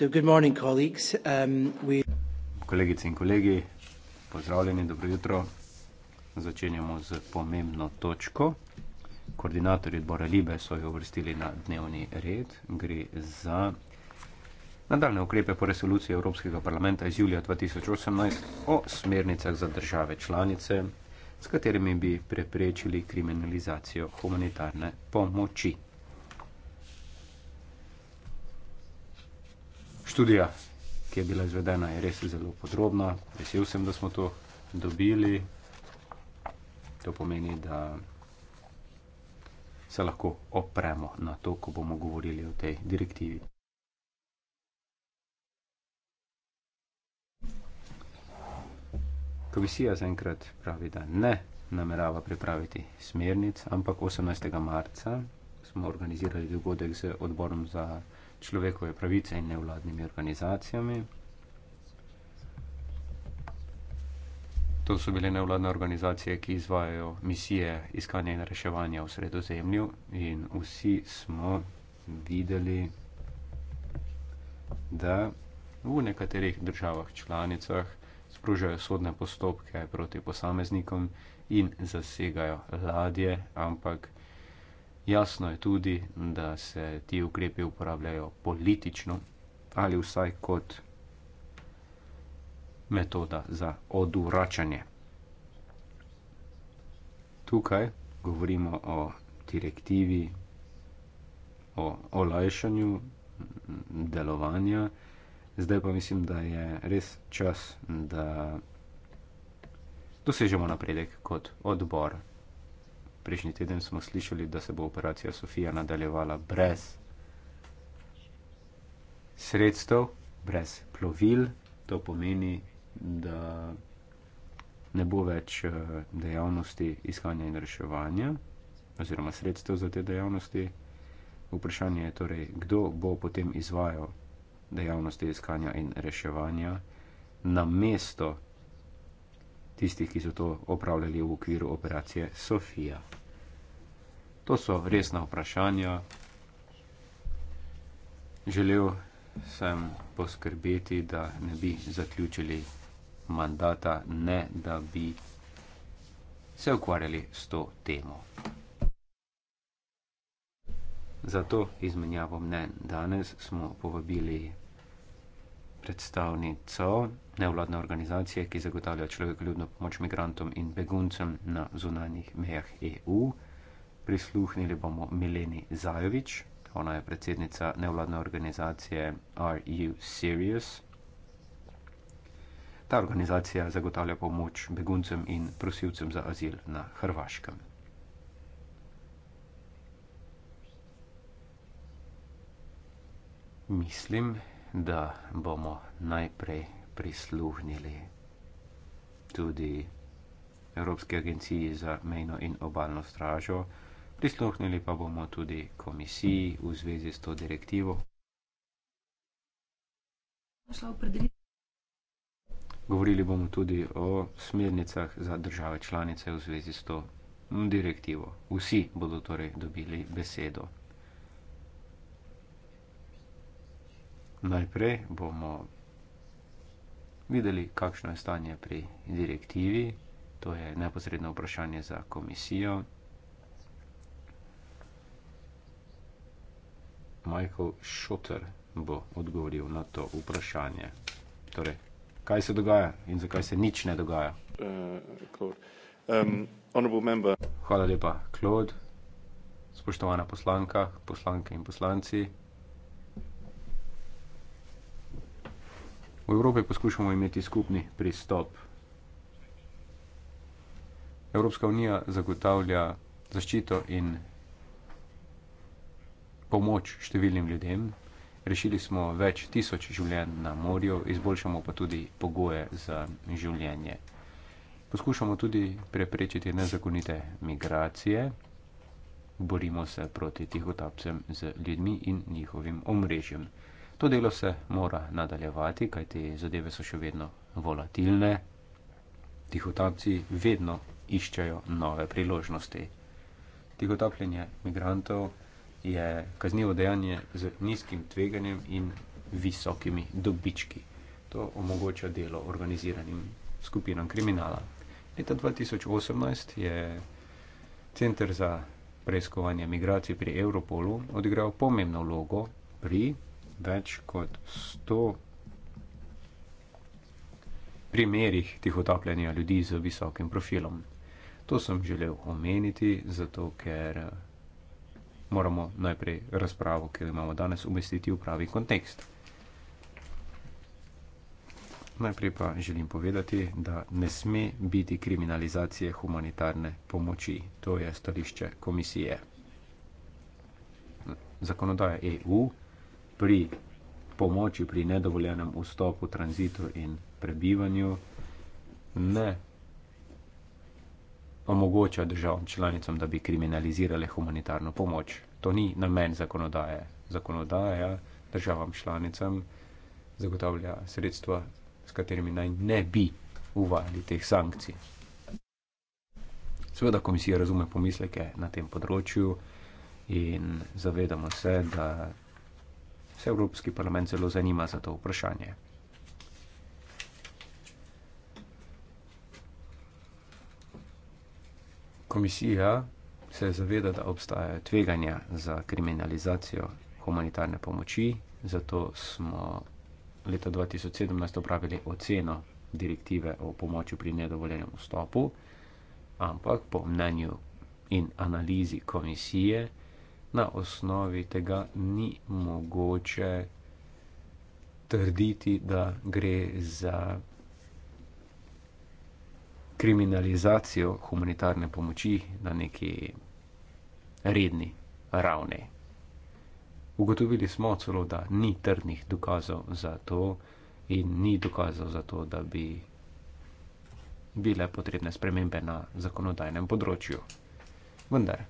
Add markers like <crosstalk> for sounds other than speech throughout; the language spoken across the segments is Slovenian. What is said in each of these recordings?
Um, Kolegice in kolegi, pozdravljeni, dobro jutro. Začenjamo z pomembno točko. Koordinatorji odbora Libe so jo vrstili na dnevni red. Gre za nadaljne ukrepe po resoluciji Evropskega parlamenta iz julija 2018 o smernicah za države članice, s katerimi bi preprečili kriminalizacijo humanitarne pomoči. študija, ki je bila izvedena, je res zelo podrobna. Vesel sem, da smo to dobili. To pomeni, da se lahko opremo na to, ko bomo govorili o tej direktivi. Komisija zaenkrat pravi, da ne namerava pripraviti smernic, ampak 18. marca smo organizirali dogodek z odborom za človekove pravice in nevladnimi organizacijami. To so bile nevladne organizacije, ki izvajajo misije iskanja in reševanja v sredozemlju in vsi smo videli, da v nekaterih državah članicah sprožajo sodne postopke proti posameznikom in zasegajo ladje, ampak Jasno je tudi, da se ti ukrepi uporabljajo politično ali vsaj kot metoda za odvračanje. Tukaj govorimo o direktivi, o olajšanju delovanja, zdaj pa mislim, da je res čas, da dosežemo napredek kot odbor Prejšnji teden smo slišali, da se bo operacija Sofija nadaljevala brez sredstev, brez plovil. To pomeni, da ne bo več eh, dejavnosti iskanja in reševanja, oziroma sredstev za te dejavnosti. Vprašanje je torej, kdo bo potem izvajal dejavnosti iskanja in reševanja na mesto tistih, ki so to opravljali v okviru operacije Sofija. To so resna vprašanja. Želel sem poskrbeti, da ne bi zaključili mandata, ne da bi se ukvarjali s to temo. Zato izmenjavo mnen danes smo povabili predstavnico nevladne organizacije, ki zagotavlja človekoljubno pomoč migrantom in beguncem na zunanjih mejah EU. Prisluhnili bomo Mileni Zajovič, ona je predsednica nevladne organizacije Are You Serious? Ta organizacija zagotavlja pomoč beguncem in prosilcem za azil na Hrvaškem. Mislim, da bomo najprej prisluhnili tudi Evropski agenciji za mejno in obaljno stražo, prisluhnili pa bomo tudi komisiji v zvezi s to direktivo. Govorili bomo tudi o smernicah za države članice v zvezi s to direktivo. Vsi bodo torej dobili besedo. Najprej bomo videli, kakšno je stanje pri direktivi, to je neposredno vprašanje za komisijo. Michael Schotter bo odgovoril na to vprašanje. Torej, kaj se dogaja in zakaj se nič ne dogaja? Uh, um, Hvala lepa, Claude. Spoštovana poslanka, poslanke in poslanci. V Evropi poskušamo imeti skupni pristop. Evropska unija zagotavlja zaščito in pomoč številnim ljudem. Rešili smo več tisoč življenj na morju, izboljšamo pa tudi pogoje za življenje. Poskušamo tudi preprečiti nezakonite migracije, borimo se proti tihotapcem z ljudmi in njihovim omrežjem. To delo se mora nadaljevati, kajti zadeve so še vedno volatilne. Tihotapci vedno iščejo nove priložnosti. Tihotapljenje migrantov je kaznivo dejanje z nizkim tveganjem in visokimi dobički. To omogoča delo organiziranim skupinam kriminala. Leta 2018 je Center za preiskovanje migracij pri Europolu odigral pomembno vlogo pri več kot 100 primerih tihotapljanja ljudi z visokim profilom. To sem želel omeniti, zato ker eh, moramo najprej razpravo, ki jo imamo danes, umestiti v pravi kontekst. Najprej pa želim povedati, da ne sme biti kriminalizacije humanitarne pomoči. To je stališče komisije. Zakonodaja EU pri pomoči pri nedovoljenem vstopu, tranzitu in prebivanju ne omogoča državam članicam, da bi kriminalizirale humanitarno pomoč. To ni namen zakonodaje. Zakonodaja državam članicam zagotavlja sredstva, s katerimi naj ne bi uvajali teh sankcij. Seveda komisija razume pomisleke na tem področju in zavedamo se, da Se Evropski parlament zelo zanima za to vprašanje. Komisija se zaveda, da obstajajo tveganja za kriminalizacijo humanitarne pomoči, zato smo leta 2017 opravili oceno direktive o pomoči pri nedovoljenem vstopu, ampak po mnenju in analizi komisije na osnovi tega ni mogoče trditi, da gre za kriminalizacijo humanitarne pomoči na neki redni ravni. Ugotovili smo celo, da ni trdnih dokazov za to in ni dokazov za to, da bi bile potrebne spremembe na zakonodajnem področju. Vendar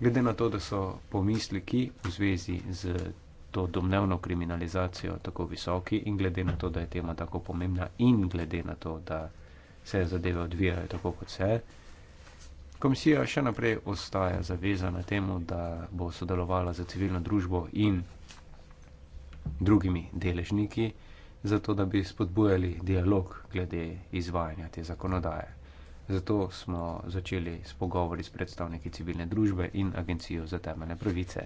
Glede na to, da so pomisleki v zvezi z to domnevno kriminalizacijo tako visoki in glede na to, da je tema tako pomembna in glede na to, da se zadeve odvijajo tako, kot se, komisija še naprej ostaja zavezana temu, da bo sodelovala za civilno družbo in drugimi deležniki, zato da bi spodbujali dialog glede izvajanja te zakonodaje. Zato smo začeli s pogovori s predstavniki civilne družbe in Agencijo za temeljne pravice.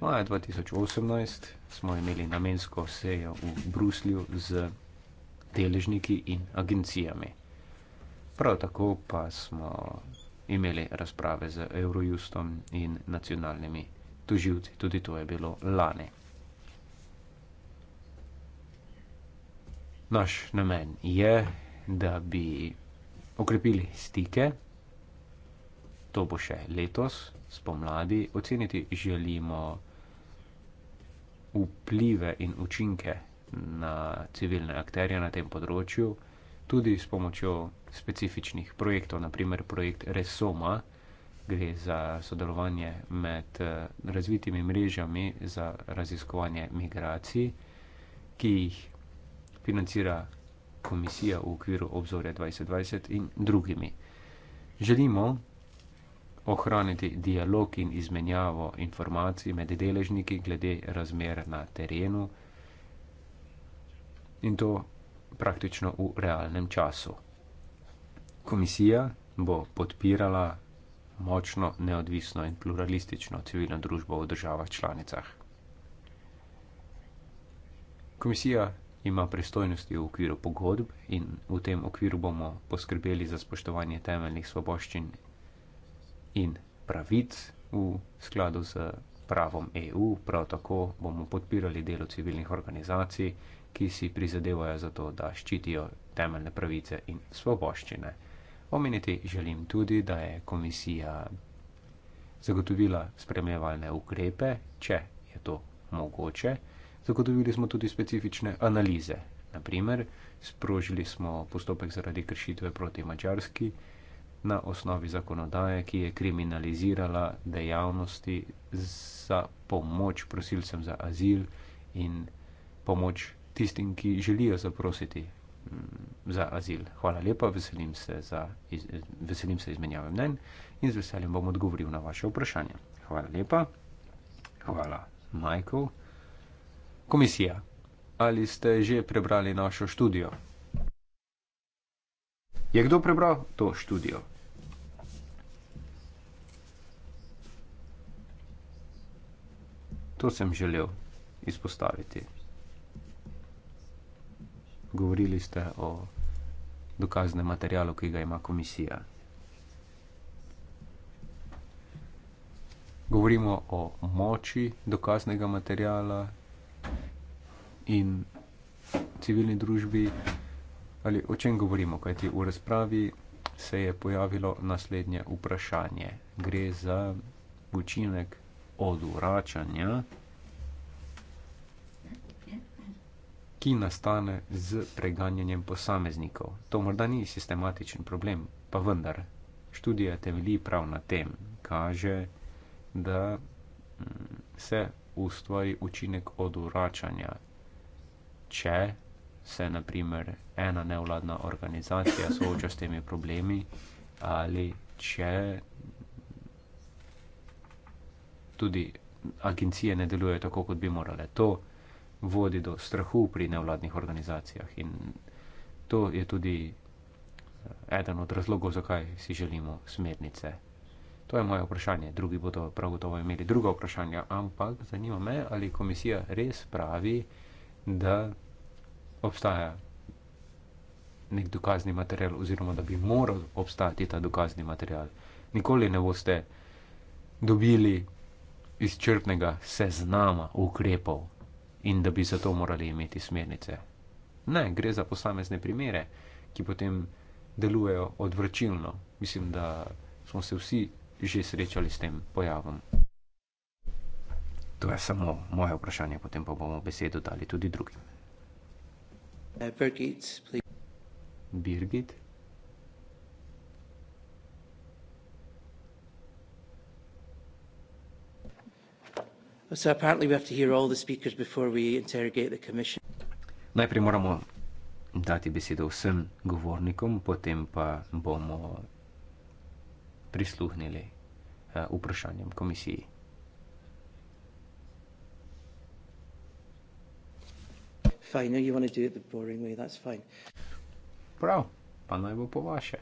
Maja 2018 smo imeli namensko sejo v Bruslju z deležniki in agencijami. Prav tako pa smo imeli razprave z Eurojustom in nacionalnimi tuživci, tudi to je bilo lani. Naš namen je, da bi okrepili stike, to bo še letos, spomladi, oceniti želimo vplive in učinke na civilne akterje na tem področju, tudi s pomočjo specifičnih projektov, naprimer projekt Resoma, gre za sodelovanje med eh, razvitimi mrežami za raziskovanje migracij, ki jih financira komisija v okviru obzorja 2020 in drugimi. Želimo ohraniti dialog in izmenjavo informacij med deležniki glede razmer na terenu in to praktično v realnem času. Komisija bo podpirala močno, neodvisno in pluralistično civilno družbo v državah članicah. Komisija ima pristojnosti v okviru pogodb in v tem okviru bomo poskrbeli za spoštovanje temeljnih svoboščin in pravic v skladu z pravom EU. Prav tako bomo podpirali delo civilnih organizacij, ki si prizadevajo za to, da ščitijo temeljne pravice in svoboščine. Omeniti želim tudi, da je komisija zagotovila spremljevalne ukrepe, če je to mogoče. Zagotovili smo tudi specifične analize. Naprimer, sprožili smo postopek zaradi kršitve proti Mačarski na osnovi zakonodaje, ki je kriminalizirala dejavnosti za pomoč prosilcem za azil in pomoč tistim, ki želijo zaprositi mm, za azil. Hvala lepa, veselim se, za, veselim se izmenjave mnen in z veseljem bom odgovoril na vaše vprašanje. Hvala lepa. Hvala, Michael. Komisija. Ali ste že prebrali našo študijo? Je kdo prebral to študijo? To sem želel izpostaviti. Govorili ste o dokaznem materialu, ki ga ima komisija. Govorimo o moči dokaznega materiala, in civilni družbi. Ali o čem govorimo? Kajti v razpravi se je pojavilo naslednje vprašanje. Gre za učinek odvračanja, ki nastane z preganjanjem posameznikov. To morda ni sistematičen problem, pa vendar. Študija temelji prav na tem, kaže, da mm, se ustvari učinek odvračanja, če se naprimer ena nevladna organizacija sooča s temi problemi ali če tudi agencije ne delujejo tako, kot bi morale. To vodi do strahu pri nevladnih organizacijah in to je tudi eh, eden od razlogov, zakaj si želimo smernice. To je moje vprašanje. Drugi bodo prav gotovo imeli druga vprašanja, ampak zanima me, ali komisija res pravi, da da obstaja nek dokazni material, oziroma da bi moral obstajati ta dokazni material. Nikoli ne boste dobili izčrpnega seznama ukrepov in da bi zato morali imeti smernice. Ne, gre za posamezne primere, ki potem delujejo odvračilno. Mislim, da smo se vsi že srečali s tem pojavom. To je samo moje vprašanje, potem pa bomo besedo dali tudi drugim. Birgit. Birgit? So apparently we have to hear all the speakers before we interrogate the commission. Najprej moramo dati besedo vsem govornikom, potem pa bomo prisluhnili uh, vprašanjem komisiji. fine. No, you want to do it the boring way, that's fine. Bro, pa naj bo po vaše.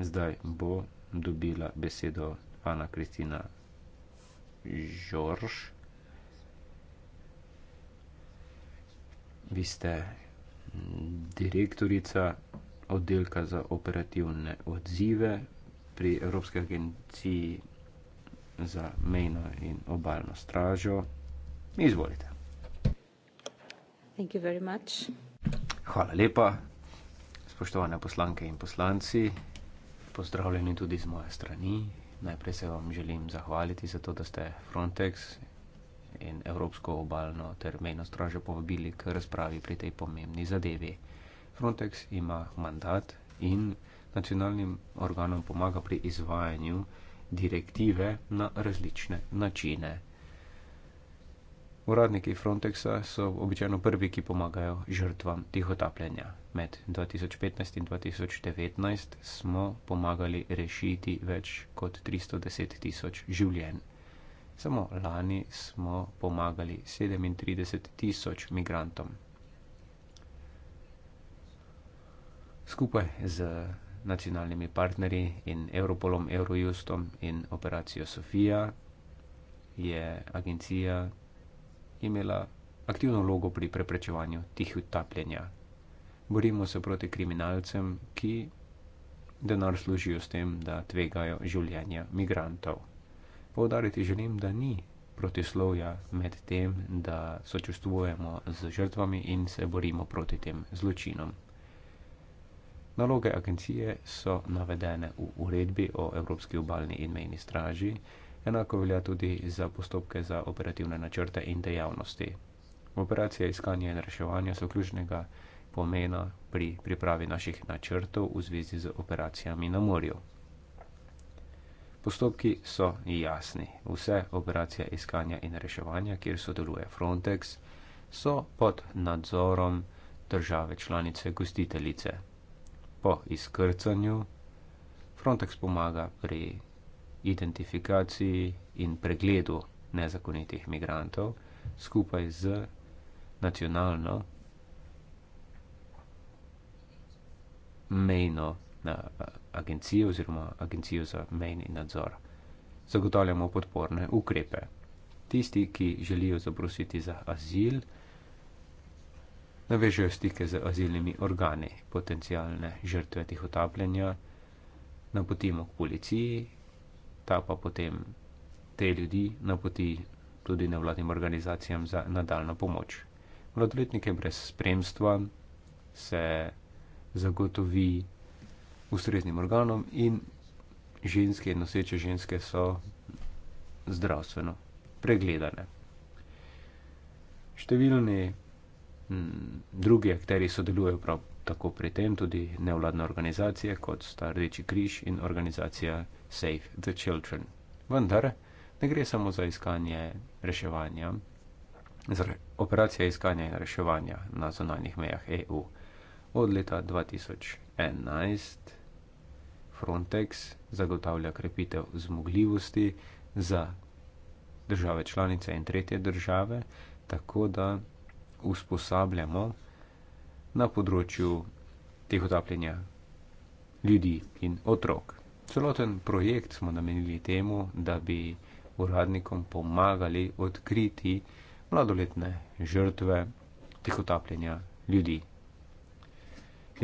Zdaj bo dobila besedo Ana Kristina Žorž. Vi ste direktorica oddelka za operativne odzive pri Evropski agenciji za mejno in obaljno stražo. Izvolite. Hvala lepa, spoštovane poslanke in poslanci. Pozdravljeni tudi z moje strani. Najprej se vam želim zahvaliti za to, da ste Frontex in Evropsko obaljno ter mejno stražo povabili k razpravi pri tej pomembni zadevi. Frontex ima mandat in nacionalnim organom pomaga pri izvajanju direktive na različne načine. Uradniki Frontexa so običajno prvi, ki pomagajo žrtvam tihotapljenja. Med 2015 in 2019 smo pomagali rešiti več kot 310 tisoč življenj. Samo lani smo pomagali 37 tisoč migrantom. Skupaj z nacionalnimi partnerji in Europolom, Eurojustom in operacijo Sofija je agencija imela aktivno vlogo pri preprečevanju tih utapljanja. Borimo se proti kriminalcem, ki denar služijo s tem, da tvegajo življenja migrantov. Povdariti želim, da ni protislovja med tem, da sočustvujemo z žrtvami in se borimo proti tem zločinom. Naloge agencije so navedene v uredbi o Evropski obalni in mejni straži, enako velja tudi za postopke za operativne načrte in dejavnosti. Operacija iskanja in reševanja so ključnega pomena pri pripravi naših načrtov v zvezi z operacijami na morju. Postopki so jasni. Vse operacije iskanja in reševanja, kjer sodeluje Frontex, so pod nadzorom države članice gostiteljice po izkrcanju. Frontex pomaga pri identifikaciji in pregledu nezakonitih migrantov skupaj z nacionalno mejno agencijo oziroma agencijo za mejni nadzor. Zagotavljamo podporne ukrepe. Tisti, ki želijo zaprositi za azil, navežejo stike z azilnimi organi, potencijalne žrtve tih otapljanja, napotimo k policiji, ta pa potem te ljudi napoti tudi nevladnim organizacijam za nadaljno pomoč. Mladoletnike brez spremstva se zagotovi ustreznim organom in ženske, noseče ženske so zdravstveno pregledane. Številni Mm, drugi akteri sodelujejo prav tako pri tem, tudi nevladne organizacije, kot sta Rdeči križ in organizacija Save the Children. Vendar ne gre samo za iskanje reševanja, za operacije iskanja in reševanja na zonalnih mejah EU. Od leta 2011 Frontex zagotavlja krepitev zmogljivosti za države članice in tretje države, tako da usposabljamo na področju tihotapljenja ljudi in otrok. Celoten projekt smo namenili temu, da bi uradnikom pomagali odkriti mladoletne žrtve tihotapljenja ljudi.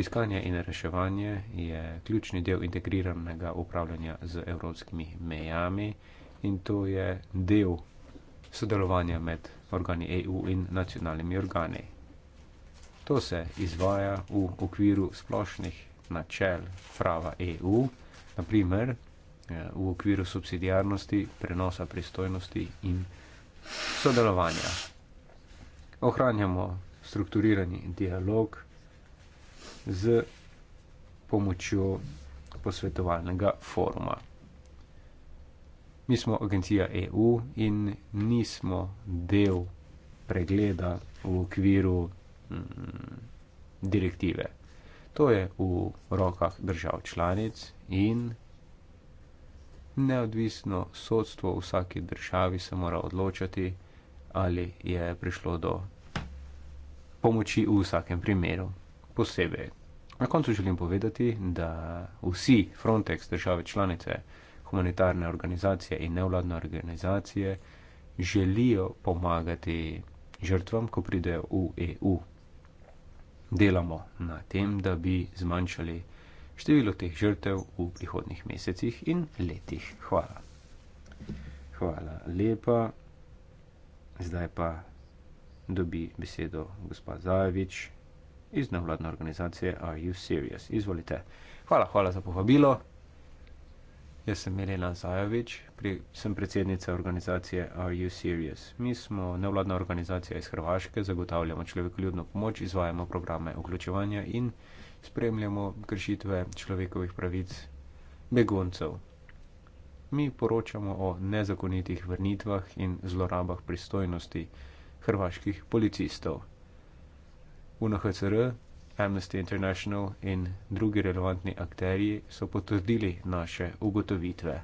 Iskanje in reševanje je ključni del integriranega upravljanja z evropskimi mejami in to je del sodelovanja med organi EU in nacionalnimi organi. To se izvaja v okviru splošnih načel prava EU, naprimer eh, v okviru subsidijarnosti, prenosa pristojnosti in sodelovanja. Ohranjamo strukturirani dialog z pomočjo posvetovalnega foruma. Mi smo agencija EU in nismo del pregleda v okviru mm, direktive. To je v rokah držav članic in neodvisno sodstvo v vsaki državi se mora odločati, ali je prišlo do pomoči v vsakem primeru posebej. Na koncu želim povedati, da vsi Frontex države članice humanitarne organizacije in nevladne organizacije želijo pomagati žrtvam, ko pridejo v EU. Delamo na tem, da bi zmanjšali število teh žrtev v prihodnih mesecih in letih. Hvala. Hvala lepa. Zdaj pa dobi besedo gospa Zajevič iz nevladne organizacije Are You Serious? Izvolite. Hvala, hvala za povabilo. Jaz sem Mirena Zajovič, pri, sem predsednica organizacije Are You Serious? Mi smo nevladna organizacija iz Hrvaške, zagotavljamo človekoljubno pomoč, izvajamo programe vključevanja in spremljamo kršitve človekovih pravic beguncev. Mi poročamo o nezakonitih vrnitvah in zlorabah pristojnosti hrvaških policistov. UNHCR Amnesty International in drugi relevantni akterji so potrdili naše ugotovitve.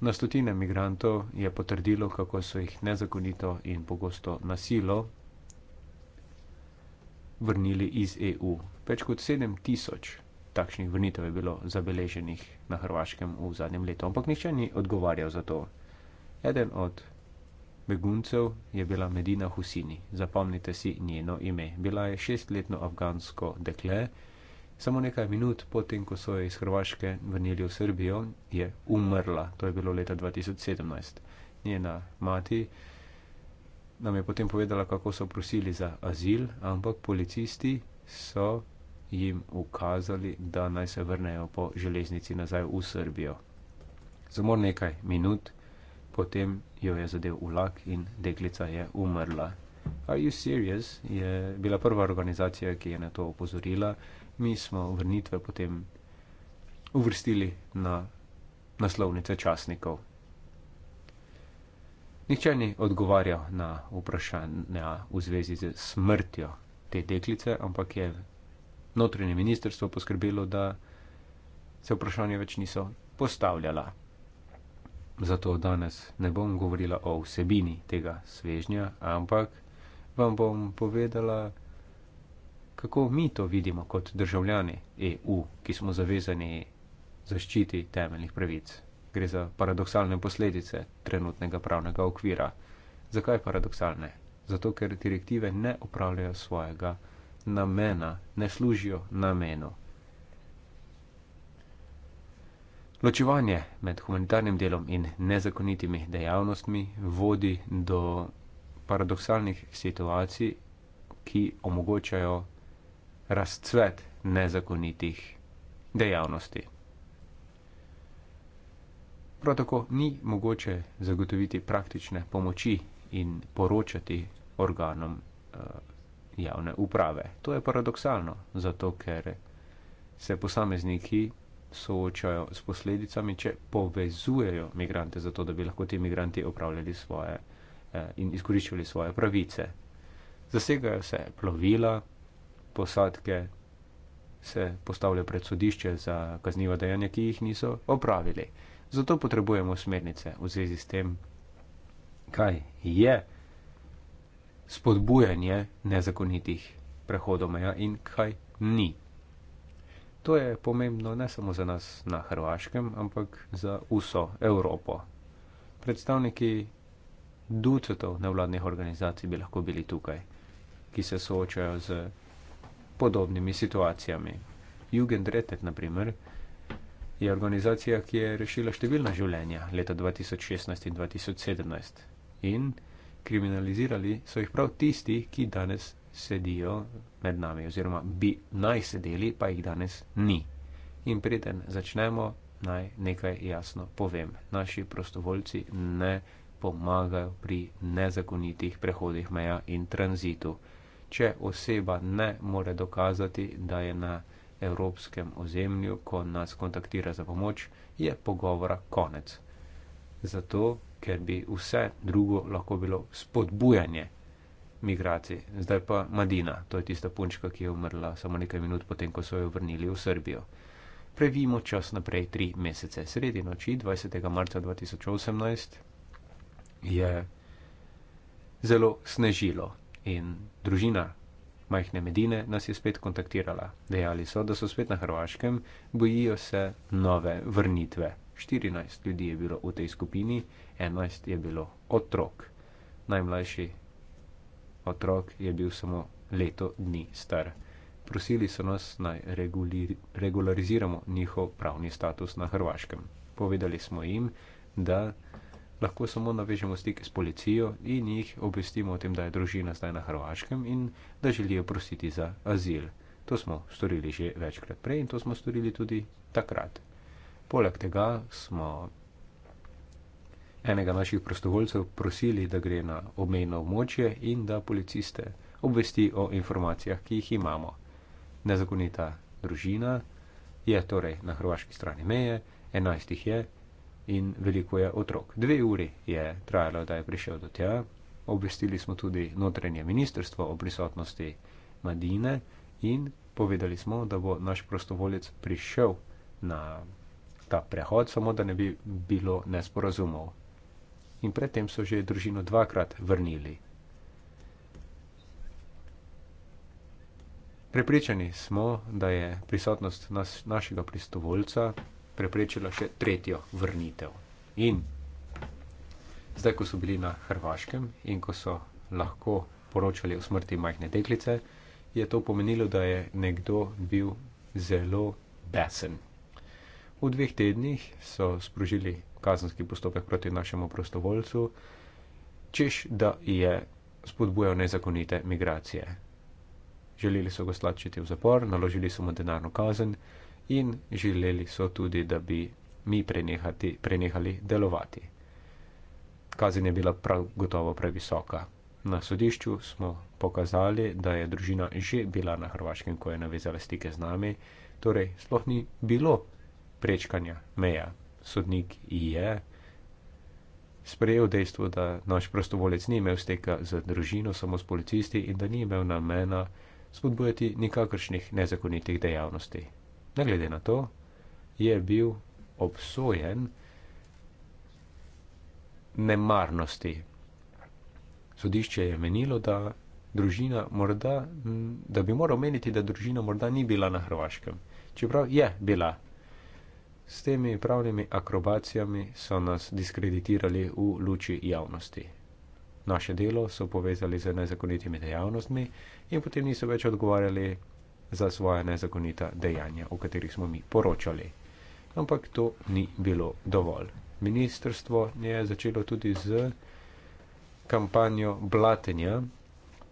Na stotine migrantov je potrdilo, kako so jih nezakonito in pogosto nasilo vrnili iz EU. Več kot 7000 takšnih vrnitev je bilo zabeleženih na Hrvaškem v zadnjem letu, ampak nišče ni odgovarjal za to. Eden od beguncev je bila Medina Husini. Zapomnite si njeno ime. Bila je šestletno afgansko dekle. Samo nekaj minut potem, ko so jo iz Hrvaške vrnili v Srbijo, je umrla. To je bilo leta 2017. Njena mati nam je potem povedala, kako so prosili za azil, ampak policisti so jim ukazali, da naj se vrnejo po železnici nazaj v Srbijo. Samo nekaj minut potem jo je zadev vlak in deklica je umrla. Are you serious? je bila prva organizacija, ki je na to opozorila. Mi smo vrnitve potem uvrstili na naslovnice časnikov. Nihče ni odgovarjal na vprašanja v zvezi z smrtjo te deklice, ampak je notranje ministrstvo poskrbelo, da se vprašanja več niso postavljala. Zato danes ne bom govorila o vsebini tega svežnja, ampak vam bom povedala, kako mi to vidimo kot državljani EU, ki smo zavezani zaščiti temeljnih pravic. Gre za paradoksalne posledice trenutnega pravnega okvira. Zakaj paradoksalne? Zato, ker direktive ne upravljajo svojega namena, ne služijo namenu. Ločevanje med humanitarnim delom in nezakonitimi dejavnostmi vodi do paradoksalnih situacij, ki omogočajo razcvet nezakonitih dejavnosti. Prav tako ni mogoče zagotoviti praktične pomoči in poročati organom eh, javne uprave. To je paradoksalno, zato ker se posamezniki soočajo s posledicami, če povezujejo migrante, zato da bi lahko ti migranti opravljali svoje eh, in izkoriščali svoje pravice. Zasegajo se plovila, posadke se postavljajo pred sodišče za kaznivo dejanje, ki jih niso opravili. Zato potrebujemo smernice v zvezi s tem, kaj je spodbujanje nezakonitih prehodov meja in kaj ni to je pomembno ne samo za nas na Hrvaškem, ampak za vso Evropo. Predstavniki ducetov nevladnih organizacij bi lahko bili tukaj, ki se soočajo z podobnimi situacijami. Jugendretet, naprimer, je organizacija, ki je rešila številna življenja leta 2016 in 2017 in kriminalizirali so jih prav tisti, ki danes sedijo med nami, oziroma bi naj sedeli, pa jih danes ni. In preden začnemo, naj nekaj jasno povem. Naši prostovoljci ne pomagajo pri nezakonitih prehodih meja in tranzitu. Če oseba ne more dokazati, da je na evropskem ozemlju, ko nas kontaktira za pomoč, je pogovora konec. Zato, ker bi vse drugo lahko bilo spodbujanje migracij. Zdaj pa Madina, to je tista punčka, ki je umrla samo nekaj minut potem, ko so jo vrnili v Srbijo. Previmo čas naprej tri mesece. Sredi noči 20. marca 2018 je zelo snežilo in družina majhne medine nas je spet kontaktirala. Dejali so, da so spet na Hrvaškem, bojijo se nove vrnitve. 14 ljudi je bilo v tej skupini, 11 je bilo otrok. Najmlajši otrok je bil samo leto dni star. Prosili so nas, naj regulariziramo njihov pravni status na Hrvaškem. Povedali smo jim, da lahko samo navežemo stik s policijo in jih obvestimo o tem, da je družina zdaj na Hrvaškem in da želijo prositi za azil. To smo storili že večkrat prej in to smo storili tudi takrat. Poleg tega smo enega naših prostovoljcev prosili, da gre na omejno območje in da policiste obvesti o informacijah, ki jih imamo. Nezakonita družina je torej na hrvaški strani meje, enajst jih je in veliko je otrok. Dve uri je trajalo, da je prišel do tja. Obvestili smo tudi notranje ministrstvo o prisotnosti Madine in povedali smo, da bo naš prostovoljec prišel na ta prehod, samo da ne bi bilo nesporazumov in predtem so že družino dvakrat vrnili. Prepričani smo, da je prisotnost nas, našega pristovoljca preprečila še tretjo vrnitev. In zdaj, ko so bili na Hrvaškem in ko so lahko poročali o smrti majhne deklice, je to pomenilo, da je nekdo bil zelo besen, V dveh tednih so sprožili kazenski postopek proti našemu prostovoljcu, češ da je spodbujal nezakonite migracije. Želeli so ga slačiti v zapor, naložili so mu denarno kazen in želeli so tudi, da bi mi prenehati, prenehali delovati. Kazen je bila prav gotovo previsoka. Na sodišču smo pokazali, da je družina že bila na Hrvaškem, ko je navezala stike z nami, torej sploh ni bilo prečkanja meja. Sodnik je sprejel dejstvo, da naš prostovolec ni imel steka z družino, samo s policisti in da ni imel namena spodbujati nikakršnih nezakonitih dejavnosti. Ne glede na to, je bil obsojen nemarnosti. Sodišče je menilo, da družina morda, da bi moral meniti, da družina morda ni bila na Hrvaškem. Čeprav je bila S temi pravnimi akrobacijami so nas diskreditirali v luči javnosti. Naše delo so povezali z nezakonitimi dejavnostmi in potem niso več odgovarjali za svoje nezakonita dejanja, o katerih smo mi poročali. Ampak to ni bilo dovolj. Ministrstvo je začelo tudi z kampanjo blatenja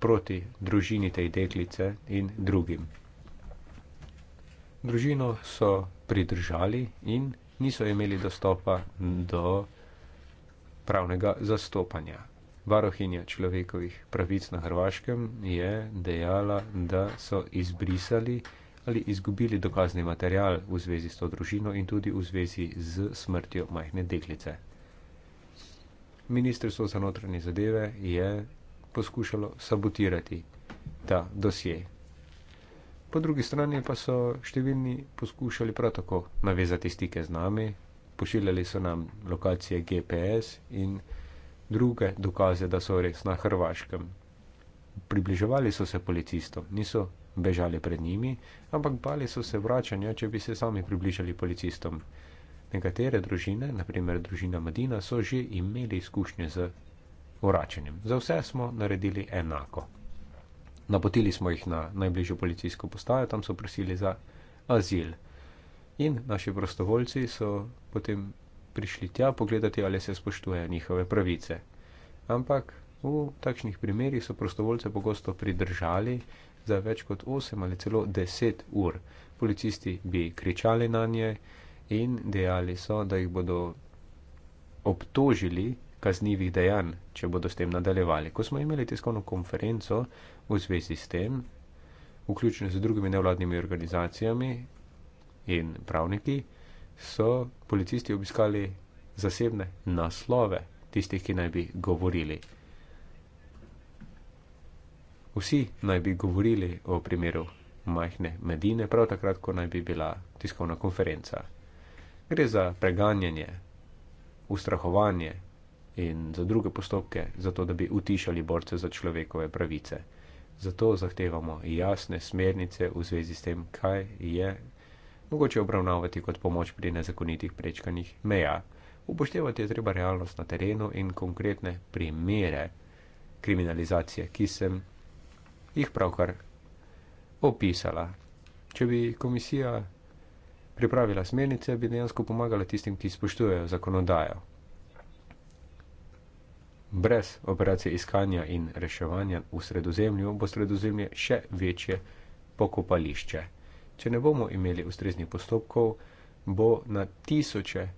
proti družini tej deklice in drugim Družino so pridržali in niso imeli dostopa do pravnega zastopanja. Varohinja človekovih pravic na Hrvaškem je dejala, da so izbrisali ali izgubili dokazni material v zvezi s to družino in tudi v zvezi z smrtjo majhne deklice. Ministrstvo za notranje zadeve je poskušalo sabotirati ta dosje. Po drugi strani pa so številni poskušali prav tako navezati stike z nami, pošiljali so nam lokacije GPS in druge dokaze, da so res na Hrvaškem. Približevali so se policistom, niso bežali pred njimi, ampak bali so se vračanja, če bi se sami približali policistom. Nekatere družine, naprimer družina Madina, so že imeli izkušnje z vračanjem. Za vse smo naredili enako napotili smo jih na najbližjo policijsko postajo, tam so prosili za azil. In naši prostovoljci so potem prišli tja pogledati, ali se spoštuje njihove pravice. Ampak v takšnih primerjih so prostovoljce pogosto pridržali za več kot 8 ali celo 10 ur. Policisti bi kričali na nje in dejali so, da jih bodo obtožili kaznjivih dejanj, če bodo s tem nadaljevali. Ko smo imeli tiskovno konferenco v zvezi s tem, vključno z drugimi nevladnimi organizacijami in pravniki, so policisti obiskali zasebne naslove tistih, ki naj bi govorili. Vsi naj bi govorili o primeru majhne medine, prav takrat, ko naj bi bila tiskovna konferenca. Gre za preganjanje, ustrahovanje, in za druge postopke, zato da bi utišali borce za človekove pravice. Zato zahtevamo jasne smernice v zvezi s tem, kaj je mogoče obravnavati kot pomoč pri nezakonitih prečkanjih meja. Upoštevati je treba realnost na terenu in konkretne primere kriminalizacije, ki sem jih pravkar opisala. Če bi komisija pripravila smernice, bi dejansko pomagala tistim, ki spoštujejo zakonodajo, Brez operacije iskanja in reševanja v sredozemlju bo sredozemlje še večje pokopališče. Če ne bomo imeli ustreznih postopkov, bo na tisoče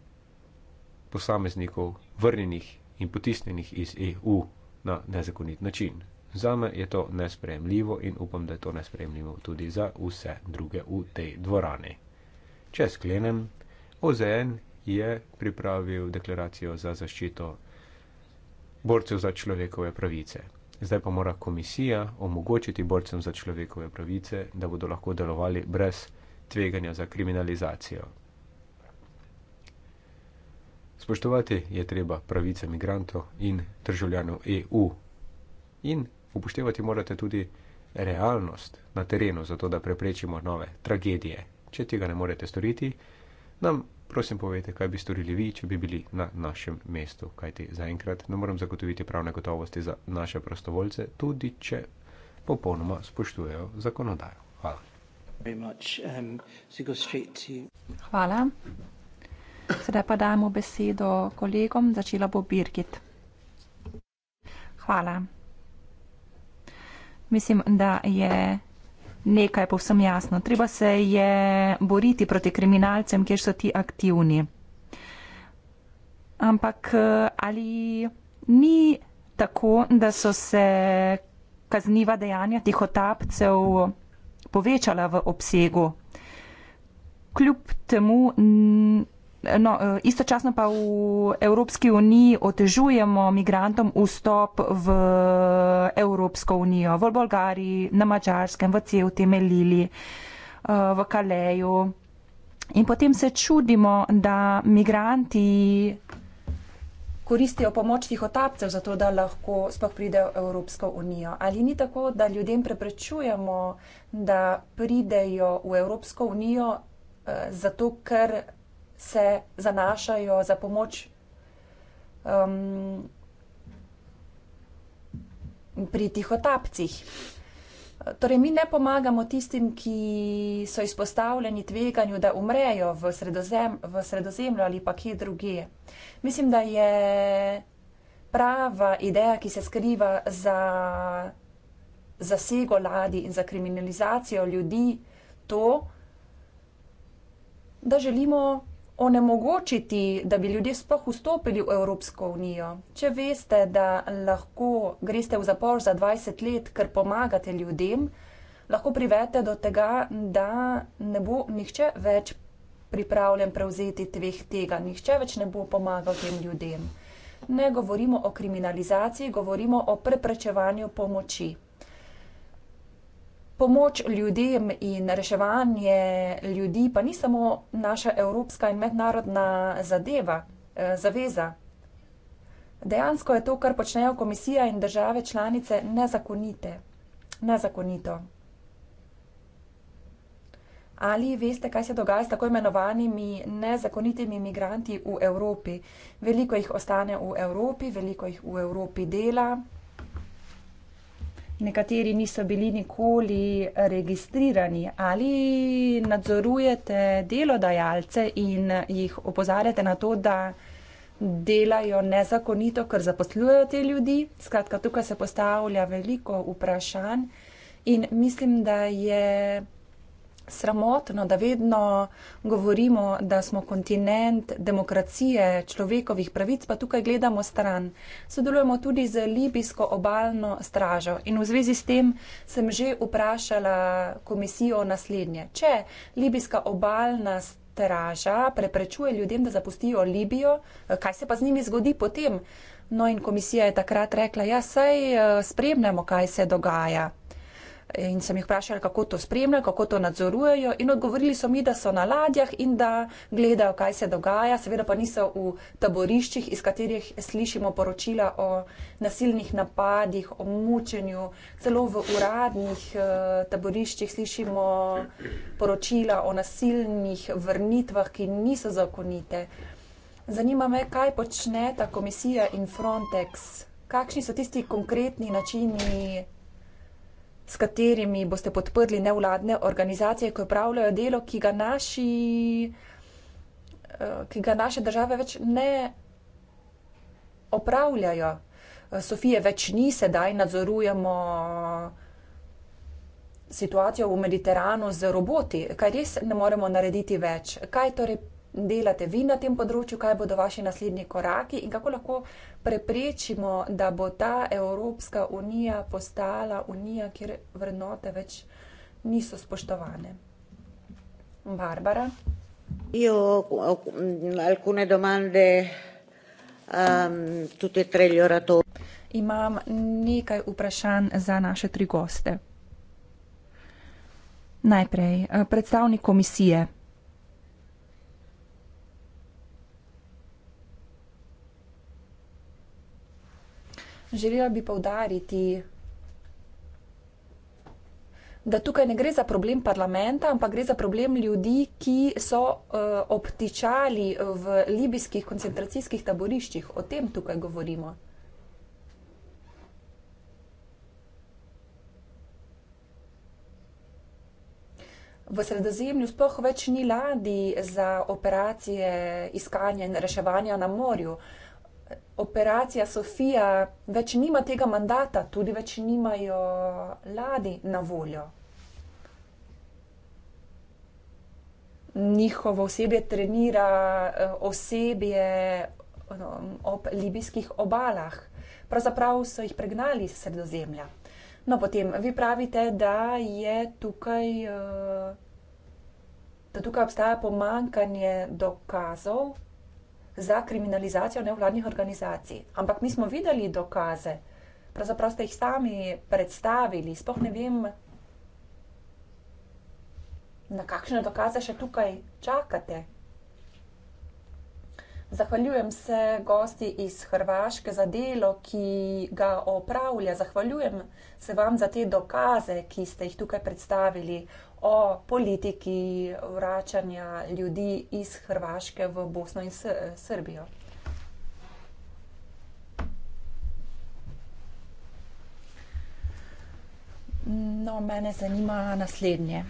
posameznikov vrnjenih in potisnjenih iz EU na nezakonit način. Zame je to nespremljivo in upam, da je to nespremljivo tudi za vse druge v tej dvorani. Če sklenem, OZN je pripravil deklaracijo za zaščito borcev za človekove pravice. Zdaj pa mora komisija omogočiti borcem za človekove pravice, da bodo lahko delovali brez tveganja za kriminalizacijo. Spoštovati je treba pravice migrantov in državljanov EU in upoštevati morate tudi realnost na terenu, zato da preprečimo nove tragedije. Če tega ne morete storiti, nam Prosim, povejte, kaj bi storili vi, če bi bili na našem mestu, kajti zaenkrat ne morem zagotoviti pravne gotovosti za naše prostovoljce, tudi če popolnoma spoštujejo zakonodajo. Hvala. Um, Hvala. Sedaj pa dajmo besedo kolegom, začela bo Birgit. Hvala. Mislim, da je nekaj povsem jasno. Treba se je boriti proti kriminalcem, kjer so ti aktivni. Ampak eh, ali ni tako, da so se kazniva dejanja tih otapcev povečala v obsegu? Kljub temu. N- No, eh, istočasno pa v Evropski uniji otežujemo migrantom vstop v Evropsko unijo, v Bolgariji, na Mačarskem, v Ceuti, Melili, eh, v Kaleju. In potem se čudimo, da migranti koristijo pomoč tih otapcev, zato da lahko sploh pridejo v Evropsko unijo. Ali ni tako, da ljudem preprečujemo, da pridejo v Evropsko unijo, eh, zato ker se zanašajo za pomoč um, pri tihotapcih. Torej, mi ne pomagamo tistim, ki so izpostavljeni tveganju, da umrejo v, sredozem, v sredozemlju ali pa kje druge. Mislim, da je prava ideja, ki se skriva za zasego ladi in za kriminalizacijo ljudi, to, da želimo onemogočiti, da bi ljudje sploh vstopili v Evropsko unijo, če veste, da lahko greste v zapor za 20 let, ker pomagate ljudem, lahko privete do tega, da ne bo nihče več pripravljen prevzeti tveh tega, nihče več ne bo pomagal tem ljudem. Ne govorimo o kriminalizaciji, govorimo o preprečevanju pomoči. Pomoč ljudem in reševanje ljudi pa ni samo naša evropska in mednarodna zadeva, eh, zaveza. Dejansko je to, kar počnejo komisija in države članice, nezakonite. nezakonito. Ali veste, kaj se dogaja s tako imenovanimi nezakonitimi imigranti v Evropi? Veliko jih ostane v Evropi, veliko jih v Evropi dela nekateri niso bili nikoli registrirani. Ali nadzorujete delodajalce in jih opozarjate na to, da delajo nezakonito, ker zaposlujejo te ljudi? Skratka, tukaj se postavlja veliko vprašanj in mislim, da je sramotno, da vedno govorimo, da smo kontinent demokracije, človekovih pravic, pa tukaj gledamo stran. Sodelujemo tudi z libijsko obalno stražo in v zvezi s tem sem že vprašala komisijo naslednje. Če libijska obalna straža preprečuje ljudem, da zapustijo Libijo, kaj se pa z njimi zgodi potem? No in komisija je takrat rekla, ja, saj eh, spremljamo, kaj se dogaja in sem jih vprašala, kako to spremljajo, kako to nadzorujejo. In odgovorili so mi, da so na ladjah in da gledajo, kaj se dogaja, seveda pa niso v taboriščih, iz katerih slišimo poročila o nasilnih napadih, o mučenju. Celo v uradnih eh, taboriščih slišimo poročila o nasilnih vrnitvah, ki niso zakonite. Zanima me, kaj počne ta komisija in Frontex. Kakšni so tisti konkretni načini s katerimi boste podprli nevladne organizacije, ki upravljajo delo, ki ga, naši, eh, ki ga naše države več ne opravljajo. Eh, Sofije več ni sedaj, nadzorujemo situacijo v Mediteranu z roboti, kaj res ne moremo narediti več. Kaj torej delate vi na tem področju, kaj bodo vaši naslednji koraki in kako lahko preprečimo, da bo ta Evropska unija postala unija, kjer vrednote več niso spoštovane. Barbara. Io ho alcune domande um, tutte e tre gli oratori. Imam nekaj vprašanj za naše tri goste. Najprej eh, predstavnik komisije. Želela bi povdariti, da tukaj ne gre za problem parlamenta, ampak gre za problem ljudi, ki so uh, obtičali v libijskih koncentracijskih taboriščih. O tem tukaj govorimo. V sredozemlju sploh več ni ladi za operacije iskanja in reševanja na morju. Uh, operacija Sofija več nima tega mandata, tudi več nimajo ladi na voljo. Njihovo osebje trenira eh, osebje um, ob libijskih obalah. Pravzaprav so jih pregnali iz sredozemlja. No, potem vi pravite, da je tukaj, eh, da tukaj obstaja pomankanje dokazov, za kriminalizacijo nevladnih organizacij. Ampak mi smo videli dokaze, pravzaprav ste jih sami predstavili, spoh ne vem, na kakšne dokaze še tukaj čakate. Zahvaljujem se gosti iz Hrvaške za delo, ki ga opravlja. Zahvaljujem se vam za te dokaze, ki ste jih tukaj predstavili o politiki vračanja ljudi iz Hrvaške v Bosno in Srbijo. No, mene zanima naslednje.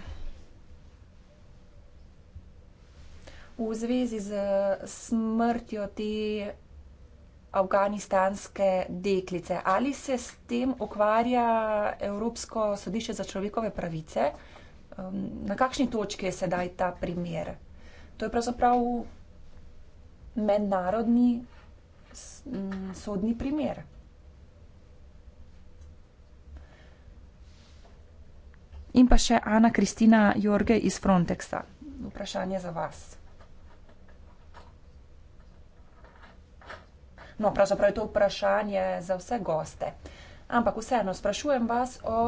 V zvezi z smrtjo te afganistanske deklice, ali se s tem ukvarja Evropsko sodišče za človekove pravice? na kakšni točki je sedaj ta primer? To je pravzaprav mednarodni sodni primer. In pa še Ana Kristina Jorge iz Frontexa. Vprašanje za vas. No, pravzaprav je to vprašanje za vse goste. Ampak vseeno, sprašujem vas o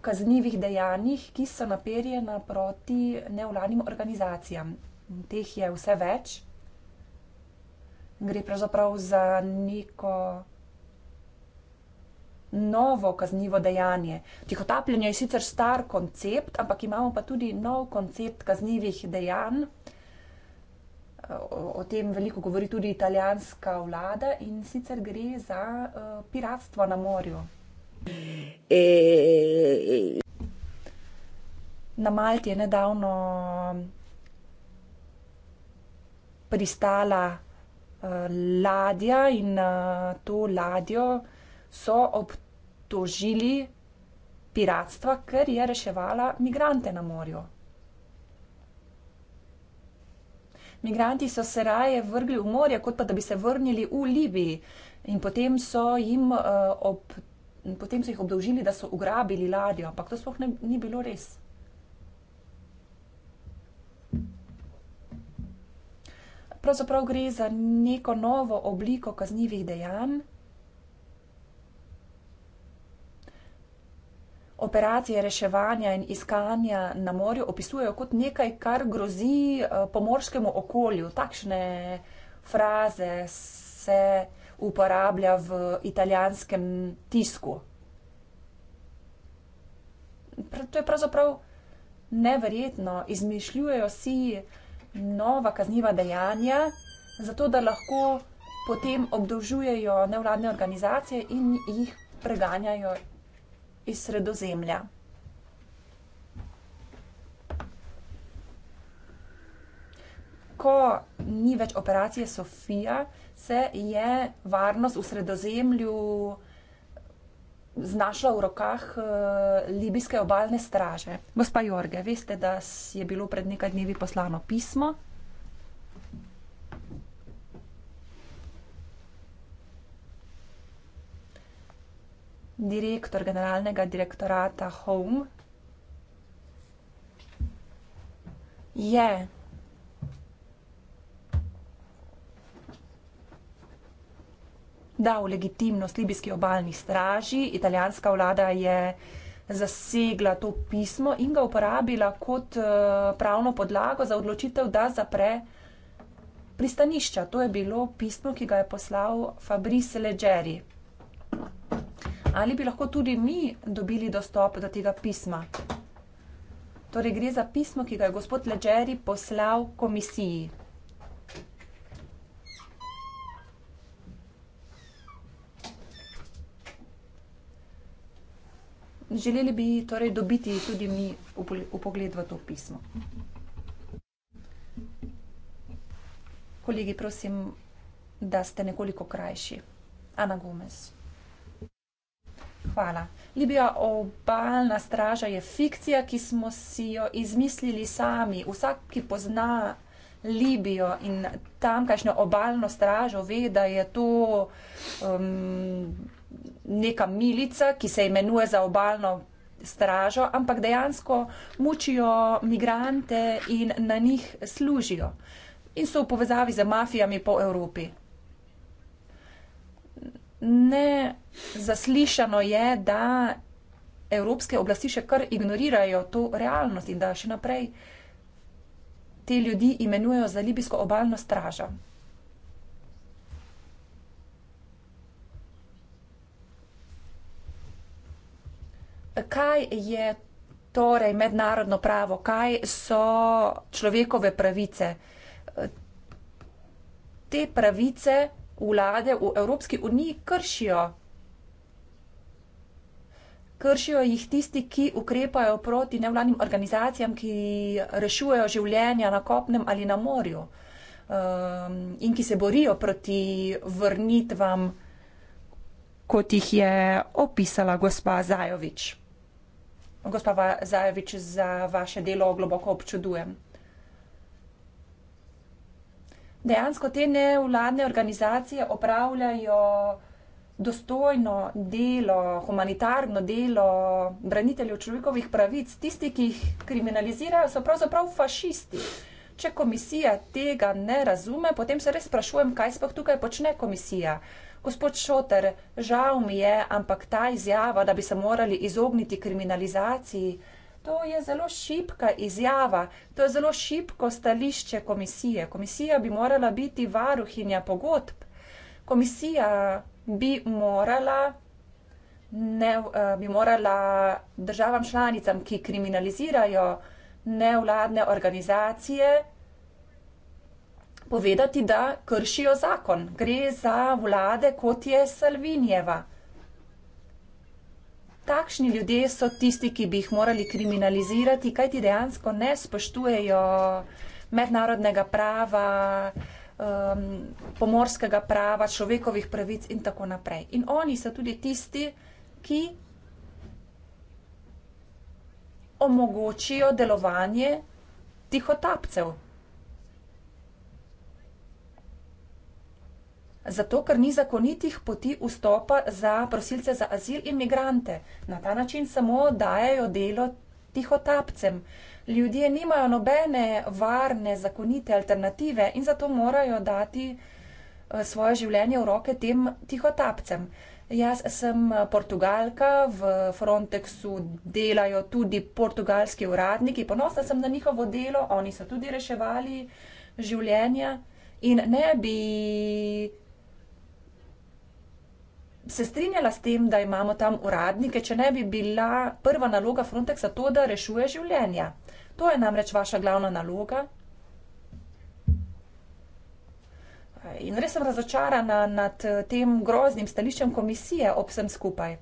kaznjivih dejanjih, ki so naperjena proti nevladnim organizacijam. Teh je vse več. Gre pravzaprav za neko novo kaznivo dejanje. Tihotapljanje je sicer star koncept, ampak imamo pa tudi nov koncept kaznivih dejanj. O tem veliko govori tudi italijanska vlada in sicer gre za uh, piratstvo na morju. Eh, eh, eh, na Malti je nedavno pristala ladja in to ladjo so obtožili piratstva, ker je reševala migrante na morju. Migranti so se raje vrgli v morje, kot pa da bi se vrnili v Libiji. In potem so jim uh, obtožili potem so jih obdolžili, da so ugrabili ladjo, ampak to sploh ne, ni bilo res. Pravzaprav gre za neko novo obliko kaznjivih dejanj. Operacije reševanja in iskanja na morju opisujejo kot nekaj, kar grozi eh, pomorskemu okolju. Takšne fraze se uporablja v italijanskem tisku. To je pravzaprav neverjetno. Izmišljujejo si nova kazniva dejanja, zato da lahko potem obdolžujejo nevladne organizacije in jih preganjajo iz sredozemlja. Ko ni več operacije Sofija, se je varnost v sredozemlju eh, znašla v rokah eh, libijske obalne straže. Gospa Jorge, veste, da je bilo pred nekaj dnevi poslano pismo. Direktor generalnega direktorata Home je da v legitimnost libijski obaljni straži. Italijanska vlada je zasegla to pismo in ga uporabila kot eh, pravno podlago za odločitev, da zapre pristanišča. To je bilo pismo, ki ga je poslal Fabrice Leggeri. Ali bi lahko tudi mi dobili dostop do tega pisma? Torej gre za pismo, ki ga je gospod Leggeri poslal komisiji. Želeli bi torej dobiti tudi mi upogled v to pismo. Kolegi, prosim, da ste nekoliko krajši. Ana Gomez. Hvala. Libija obalna straža je fikcija, ki smo si jo izmislili sami. Vsak, ki pozna Libijo in tamkajšnjo obalno stražo, ve, da je to. Um, neka milica, ki se imenuje za obalno stražo, ampak dejansko mučijo migrante in na njih služijo. In so v povezavi z mafijami po Evropi. Ne zaslišano je, da evropske oblasti še kar ignorirajo to realnost in da še naprej te ljudi imenujejo za libijsko obalno stražo. kaj je torej mednarodno pravo, kaj so človekove pravice. Te pravice vlade v Evropski uniji kršijo. Kršijo jih tisti, ki ukrepajo proti nevladnim organizacijam, ki rešujejo življenja na kopnem ali na morju um, in ki se borijo proti vrnitvam, kot jih je opisala gospa Zajovič. Gospa Zajevič, za vaše delo globoko občudujem. Dejansko te nevladne organizacije opravljajo dostojno delo, humanitarno delo braniteljev človekovih pravic. Tisti, ki jih kriminalizirajo, so pravzaprav fašisti. Če komisija tega ne razume, potem se res sprašujem, kaj spoh tukaj počne komisija. Uh, Gospod Šoter, žal mi je, ampak ta izjava, da bi se morali izogniti kriminalizaciji, to je zelo šipka izjava, to je zelo šipko stališče komisije. Komisija bi morala biti varuhinja pogodb. Komisija bi morala, ne, eh, bi morala državam članicam, ki kriminalizirajo nevladne organizacije, povedati, da kršijo zakon. Gre za vlade, kot je Salvinjeva. Takšni ljudje so tisti, ki bi jih morali kriminalizirati, kajti dejansko ne spoštujejo mednarodnega prava, um, pomorskega prava, človekovih pravic in tako naprej. In oni so tudi tisti, ki omogočijo delovanje tihotapcev. zato ker ni zakonitih poti vstopa za prosilce za azil in migrante. Na ta način samo dajajo delo tihotapcem. Ljudje nimajo nobene varne, zakonite alternative in zato morajo dati eh, svoje življenje v roke tem tihotapcem. Jaz sem eh, portugalka, v Frontexu delajo tudi portugalski uradniki, ponosna sem na njihovo delo, oni so tudi reševali življenja in ne bi se strinjala s tem, da imamo tam uradnike, če ne bi bila prva naloga Frontexa to, da rešuje življenja. To je namreč vaša glavna naloga. In res sem razočarana nad eh, tem groznim stališčem komisije ob vsem skupaj.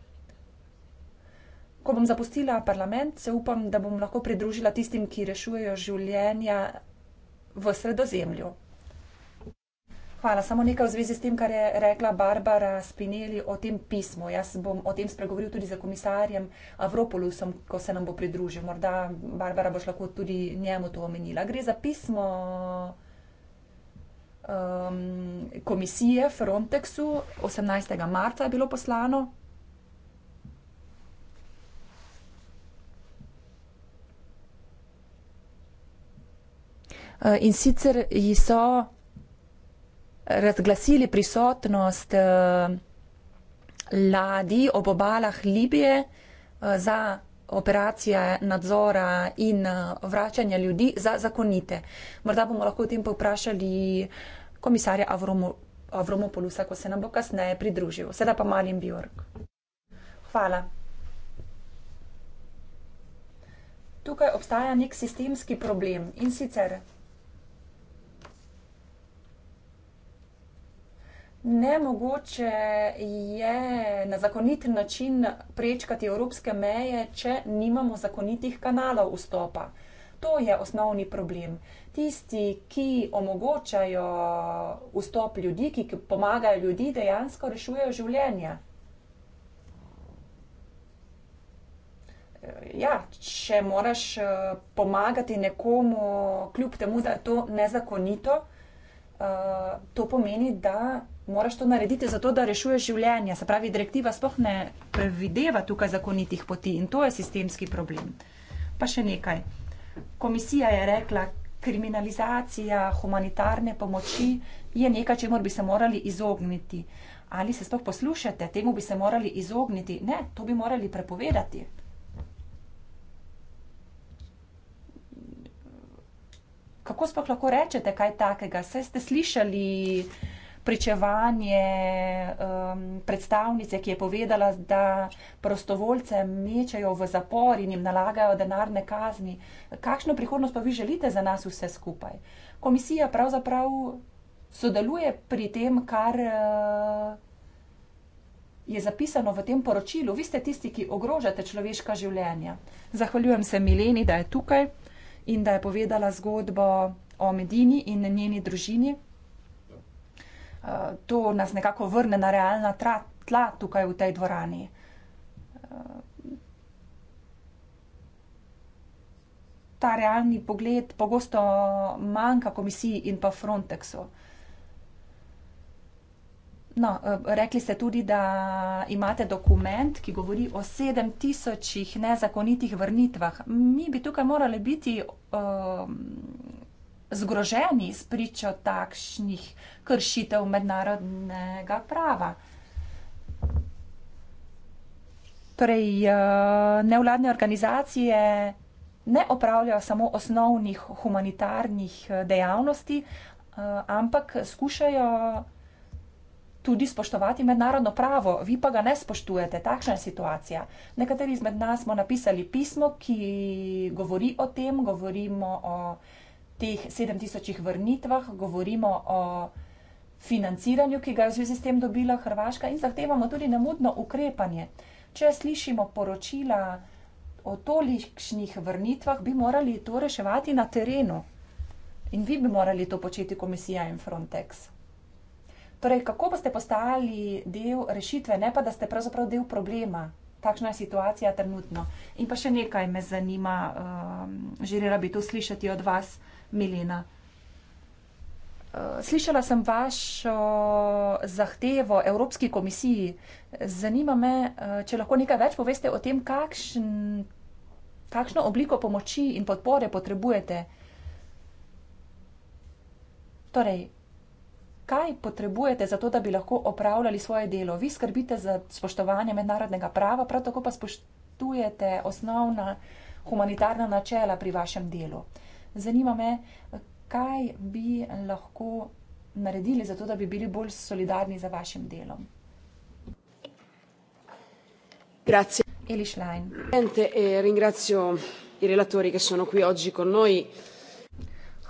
Ko bom zapustila parlament, se upam, da bom lahko pridružila tistim, ki rešujejo življenja v sredozemlju. Hvala. Samo nekaj v zvezi s tem, kar je rekla Barbara Spinelli o tem pismu. Jaz bom o tem spregovoril tudi za komisarjem Avropolusom, ko se nam bo pridružil. Morda Barbara boš lahko tudi njemu to omenila. Gre za pismo um, komisije Frontexu, 18. marca je bilo poslano. Uh, in sicer so razglasili prisotnost eh, ladij ob obalah Libije eh, za operacije nadzora in eh, vračanja ljudi za zakonite. Morda bomo lahko o tem povprašali komisarja Avromopolusa, ko se nam bo kasneje pridružil. Sedaj pa Marjan Bjork. Hvala. Tukaj obstaja nek sistemski problem in sicer Nemogoče je na zakonit način prečkati evropske meje, če nimamo zakonitih kanalov vstopa. To je osnovni problem. Tisti, ki omogočajo vstop ljudi, ki pomagajo ljudi, dejansko rešujejo življenje. Ja, če moraš eh, pomagati nekomu, kljub temu, da je to nezakonito, eh, to pomeni, da moraš to narediti zato, da rešuješ življenje. Se pravi, direktiva sploh ne predvideva tukaj zakonitih poti in to je sistemski problem. Pa še nekaj. Komisija je rekla, kriminalizacija humanitarne pomoči je nekaj, če mor bi se morali izogniti. Ali se sploh poslušate, temu bi se morali izogniti? Ne, to bi morali prepovedati. Kako sploh lahko rečete kaj takega? Saj ste slišali, uh, pričevanje um, predstavnice, ki je povedala, da prostovoljce mečejo v zapor in jim nalagajo denarne kazni. Kakšno prihodnost pa vi želite za nas vse skupaj? Komisija pravzaprav sodeluje pri tem, kar uh, je zapisano v tem poročilu. Vi ste tisti, ki ogrožate človeška življenja. Zahvaljujem se Mileni, da je tukaj in da je povedala zgodbo o Medini in njeni družini. Eh, to nas nekako vrne na realna tra, tla tukaj v tej dvorani. Eh, ta realni pogled pogosto manjka komisiji in pa Frontexu. No, eh, rekli ste tudi, da imate dokument, ki govori o 7000 nezakonitih vrnitvah. Mi bi tukaj morali biti. Um, zgroženi s pričo takšnih kršitev mednarodnega prava. Torej, eh, nevladne organizacije ne opravljajo samo osnovnih humanitarnih eh, dejavnosti, eh, ampak skušajo tudi spoštovati mednarodno pravo. Vi pa ga ne spoštujete. Takšna je situacija. Nekateri izmed nas smo napisali pismo, ki govori o tem, govorimo o teh 7000 vrnitvah, govorimo o financiranju, ki ga je v zvezi s tem dobila Hrvaška in zahtevamo tudi nemudno ukrepanje. Če slišimo poročila o tolikšnih vrnitvah, bi morali to reševati na terenu. In vi bi morali to početi, komisija in Frontex. Torej, kako boste postali del rešitve, ne pa da ste pravzaprav del problema? Takšna je situacija trenutno. In pa še nekaj me zanima, um, želela bi to slišati od vas. Milena. Eh, slišala sem vašo zahtevo Evropski komisiji. Zanima me, eh, če lahko nekaj več poveste o tem, kakšen, kakšno obliko pomoči in podpore potrebujete. Torej, kaj potrebujete za to, da bi lahko opravljali svoje delo? Vi skrbite za spoštovanje mednarodnega prava, prav tako pa spoštujete osnovna humanitarna načela pri vašem delu. Uh, Zanima me, kaj bi lahko naredili, zato da bi bili bolj solidarni za vašim delom. Grazie. Eli Schlein. Gente, eh, ringrazio i relatori che sono qui oggi con noi.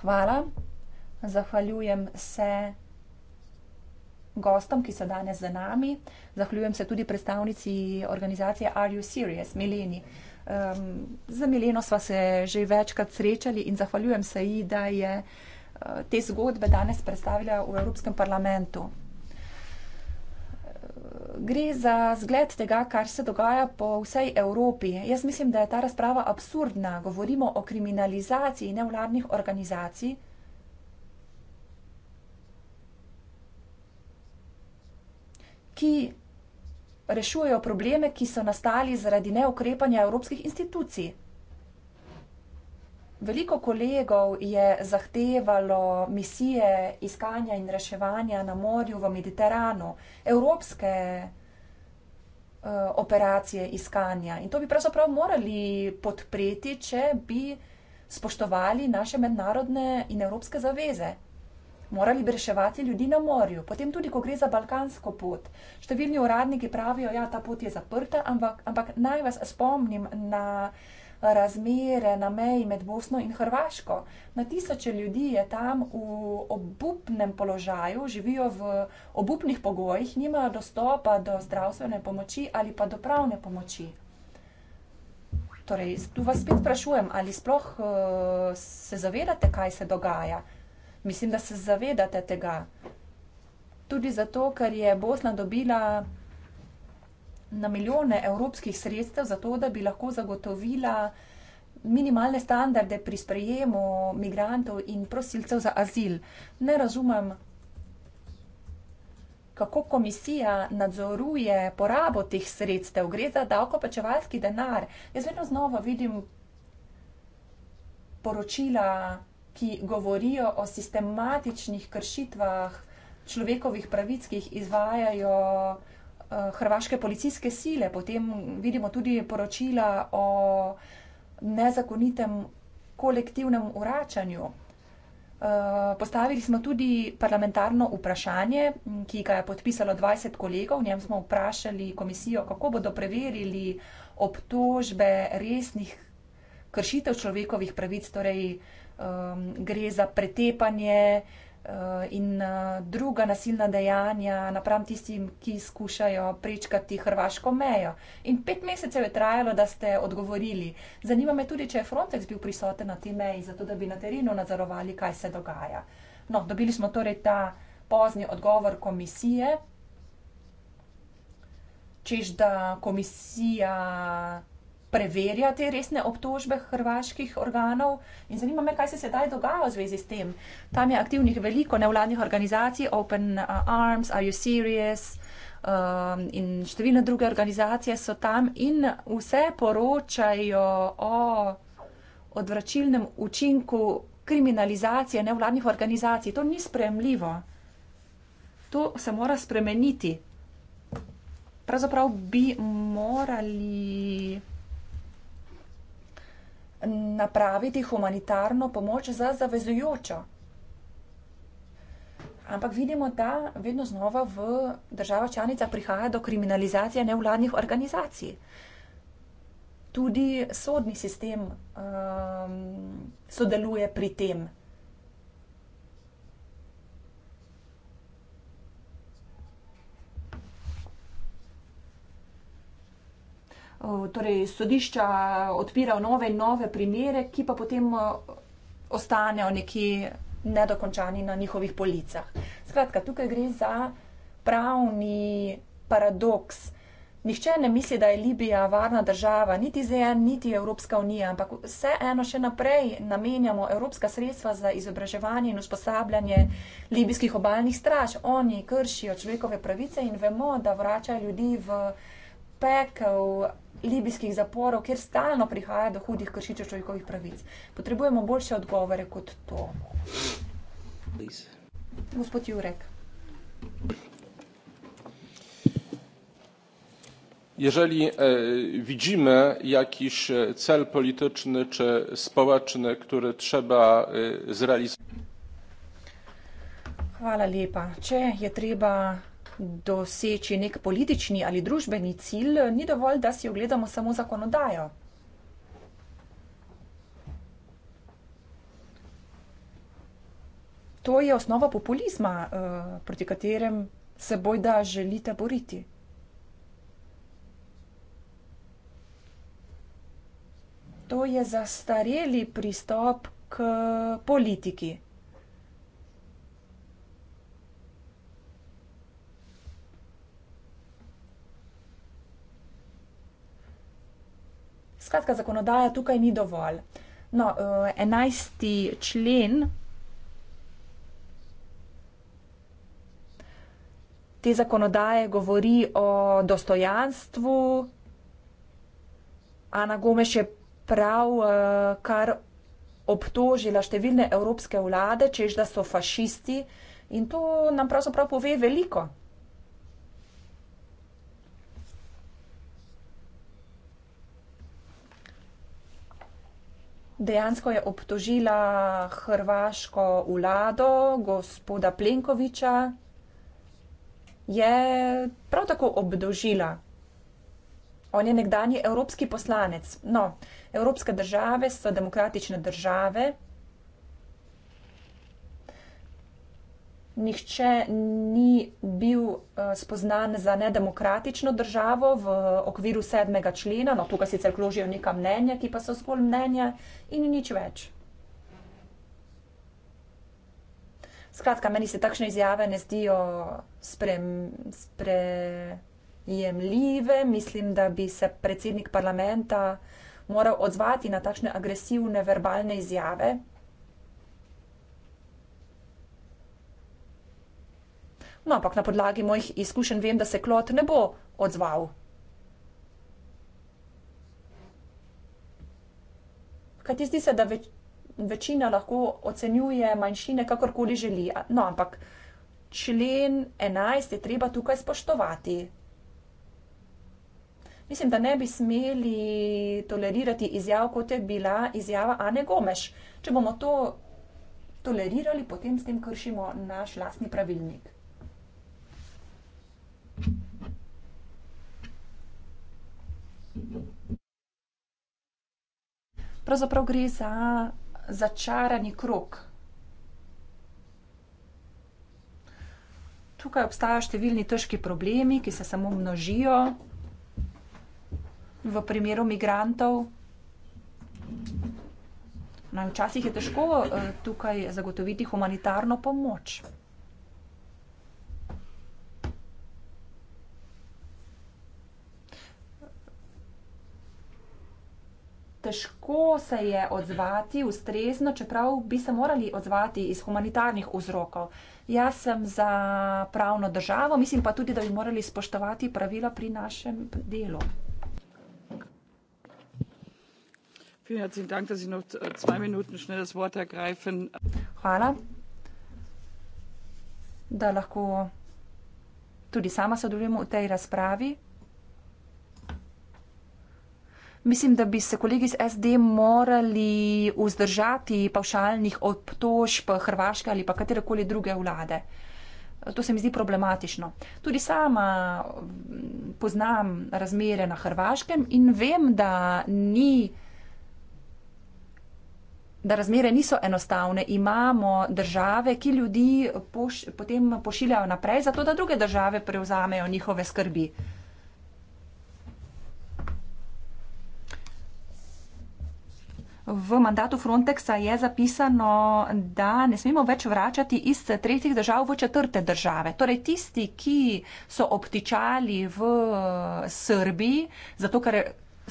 Hvala. Zahvaljujem se gostom, ki so danes z nami. Zahvaljujem se tudi predstavnici organizacije Are You Serious, Mileni. Um, za Mileno sva se že večkrat srečali in zahvaljujem se ji, da je uh, te zgodbe danes predstavila v Evropskem parlamentu. Gre za zgled tega, kar se dogaja po vsej Evropi. Jaz mislim, da je ta razprava absurdna. Govorimo o kriminalizaciji nevladnih organizacij. ki rešujejo probleme, ki so nastali zaradi neukrepanja evropskih institucij. Veliko kolegov je zahtevalo misije iskanja in reševanja na morju v Mediteranu, evropske uh, operacije iskanja. In to bi pravzaprav morali podpreti, če bi spoštovali naše mednarodne in evropske zaveze. Morali bi reševati ljudi na morju, potem tudi, ko gre za balkansko pot. Številni uradniki pravijo, da ja, ta pot je zaprta, ampak, ampak naj vas spomnim na razmere na meji med Bosno in Hrvaško. Na tisoče ljudi je tam v obupnem položaju, živijo v obupnih pogojih, nimajo dostopa do zdravstvene pomoči ali pa do pravne pomoči. Torej, tu vas spet sprašujem, ali sploh uh, se zavedate, kaj se dogaja. Mislim, da se zavedate tega. Tudi zato, ker je Bosna dobila na milijone evropskih sredstev, zato da bi lahko zagotovila minimalne standarde pri sprejemu migrantov in prosilcev za azil. Ne razumem, kako komisija nadzoruje porabo teh sredstev. Gre za davkoplačevalski denar. Jaz vedno znova vidim poročila ki govorijo o sistematičnih kršitvah človekovih pravic, ki jih izvajajo eh, hrvaške policijske sile. Potem vidimo tudi poročila o nezakonitem kolektivnem uračanju. Eh, postavili smo tudi parlamentarno vprašanje, ki ga je podpisalo 20 kolegov. V njem smo vprašali komisijo, kako bodo preverili obtožbe resnih kršitev človekovih pravic, torej uh, um, gre za pretepanje uh, in uh, druga nasilna dejanja napram tistim, ki skušajo prečkati hrvaško mejo. In pet mesecev je trajalo, da ste odgovorili. Zanima me tudi, če je Frontex bil prisoten na tej meji, zato da bi na terenu nadzorovali, kaj se dogaja. No, dobili smo torej ta pozni odgovor komisije, češ da komisija preverja te resne obtožbe hrvaških organov. In zanima me, kaj se sedaj dogaja v zvezi s tem. Tam je aktivnih veliko nevladnih organizacij, Open Arms, Are You Serious? Um, in številne druge organizacije so tam in vse poročajo o odvračilnem učinku kriminalizacije nevladnih organizacij. To ni spremljivo. To se mora spremeniti. Pravzaprav bi morali napraviti humanitarno pomoč za zavezujočo. Ampak vidimo, da vedno znova v državah članicah prihaja do kriminalizacije nevladnih organizacij. Tudi sodni sistem um, sodeluje pri tem, torej sodišča odpirajo nove in nove primere, ki pa potem ostanejo neki nedokončani na njihovih policah. Skratka, tukaj gre za pravni paradoks. Nihče ne misli, da je Libija varna država, niti ZN, niti Evropska unija, ampak vseeno še naprej namenjamo evropska sredstva za izobraževanje in usposabljanje libijskih obaljnih straž. Oni kršijo človekove pravice in vemo, da vračajo ljudi v pekel libijskih zaporov, kjer stalno prihaja do hudih kršitev človekovih pravic. Potrebujemo boljše odgovore kot to. Please. Gospod Jurek. Jeżeli e, widzimy jakiś e, cel polityczny czy społeczny, który trzeba e, zrealizować. Hvala lepa. Če je treba doseči nek politični ali družbeni cilj, ni dovolj, da si ogledamo samo zakonodajo. To je osnova populizma, eh, proti katerem se bojda želite boriti. To je zastareli pristop k politiki. Skratka, zakonodaja tukaj ni dovolj. No, 11. Eh, člen te zakonodaje govori o dostojanstvu. Ana Gomeš je prav eh, kar obtožila številne evropske vlade, čež da so fašisti. In to nam pravzaprav pove veliko. dejansko je obtožila hrvaško vlado, gospoda Plenkoviča, je prav tako obdožila. On je nekdani evropski poslanec. No, evropske države so demokratične države, nihče ni bil eh, spoznan za nedemokratično državo v okviru sedmega člena, no tukaj sicer kložijo neka mnenja, ki pa so zgolj mnenja in nič več. Skratka, meni se takšne izjave ne zdijo sprejemljive. Mislim, da bi se predsednik parlamenta moral odzvati na takšne agresivne verbalne izjave. No, ampak na podlagi mojih izkušenj vem, da se klot ne bo odzval. Kaj ti zdi se, da več, večina lahko ocenjuje manjšine, kakorkoli želi. No, ampak člen 11 je treba tukaj spoštovati. Mislim, da ne bi smeli tolerirati izjav, kot je bila izjava Ane Gomeš. Če bomo to tolerirali, potem s tem kršimo naš lastni pravilnik. Pravzaprav gre za začarani krog. Tukaj obstajajo številni težki problemi, ki se samo množijo v primeru migrantov. No, včasih je težko eh, tukaj zagotoviti humanitarno pomoč. težko se je odzvati ustrezno, čeprav bi se morali odzvati iz humanitarnih vzrokov. Jaz sem za pravno državo, mislim pa tudi, da bi morali spoštovati pravila pri našem delu. Äh, Hvala, da lahko tudi sama sodelujemo v tej razpravi. Mislim, da bi se kolegi iz SD morali vzdržati pavšalnih obtožb Hrvaške ali pa katerekoli druge vlade. To se mi zdi problematično. Tudi sama mm, poznam razmere na Hrvaškem in vem, da, ni, da razmere niso enostavne. Imamo države, ki ljudi poš, potem pošiljajo naprej, zato da druge države prevzamejo njihove skrbi. V mandatu Frontexa je zapisano, da ne smemo več vračati iz tretjih držav v četrte države. Torej tisti, ki so obtičali v eh, Srbiji, zato ker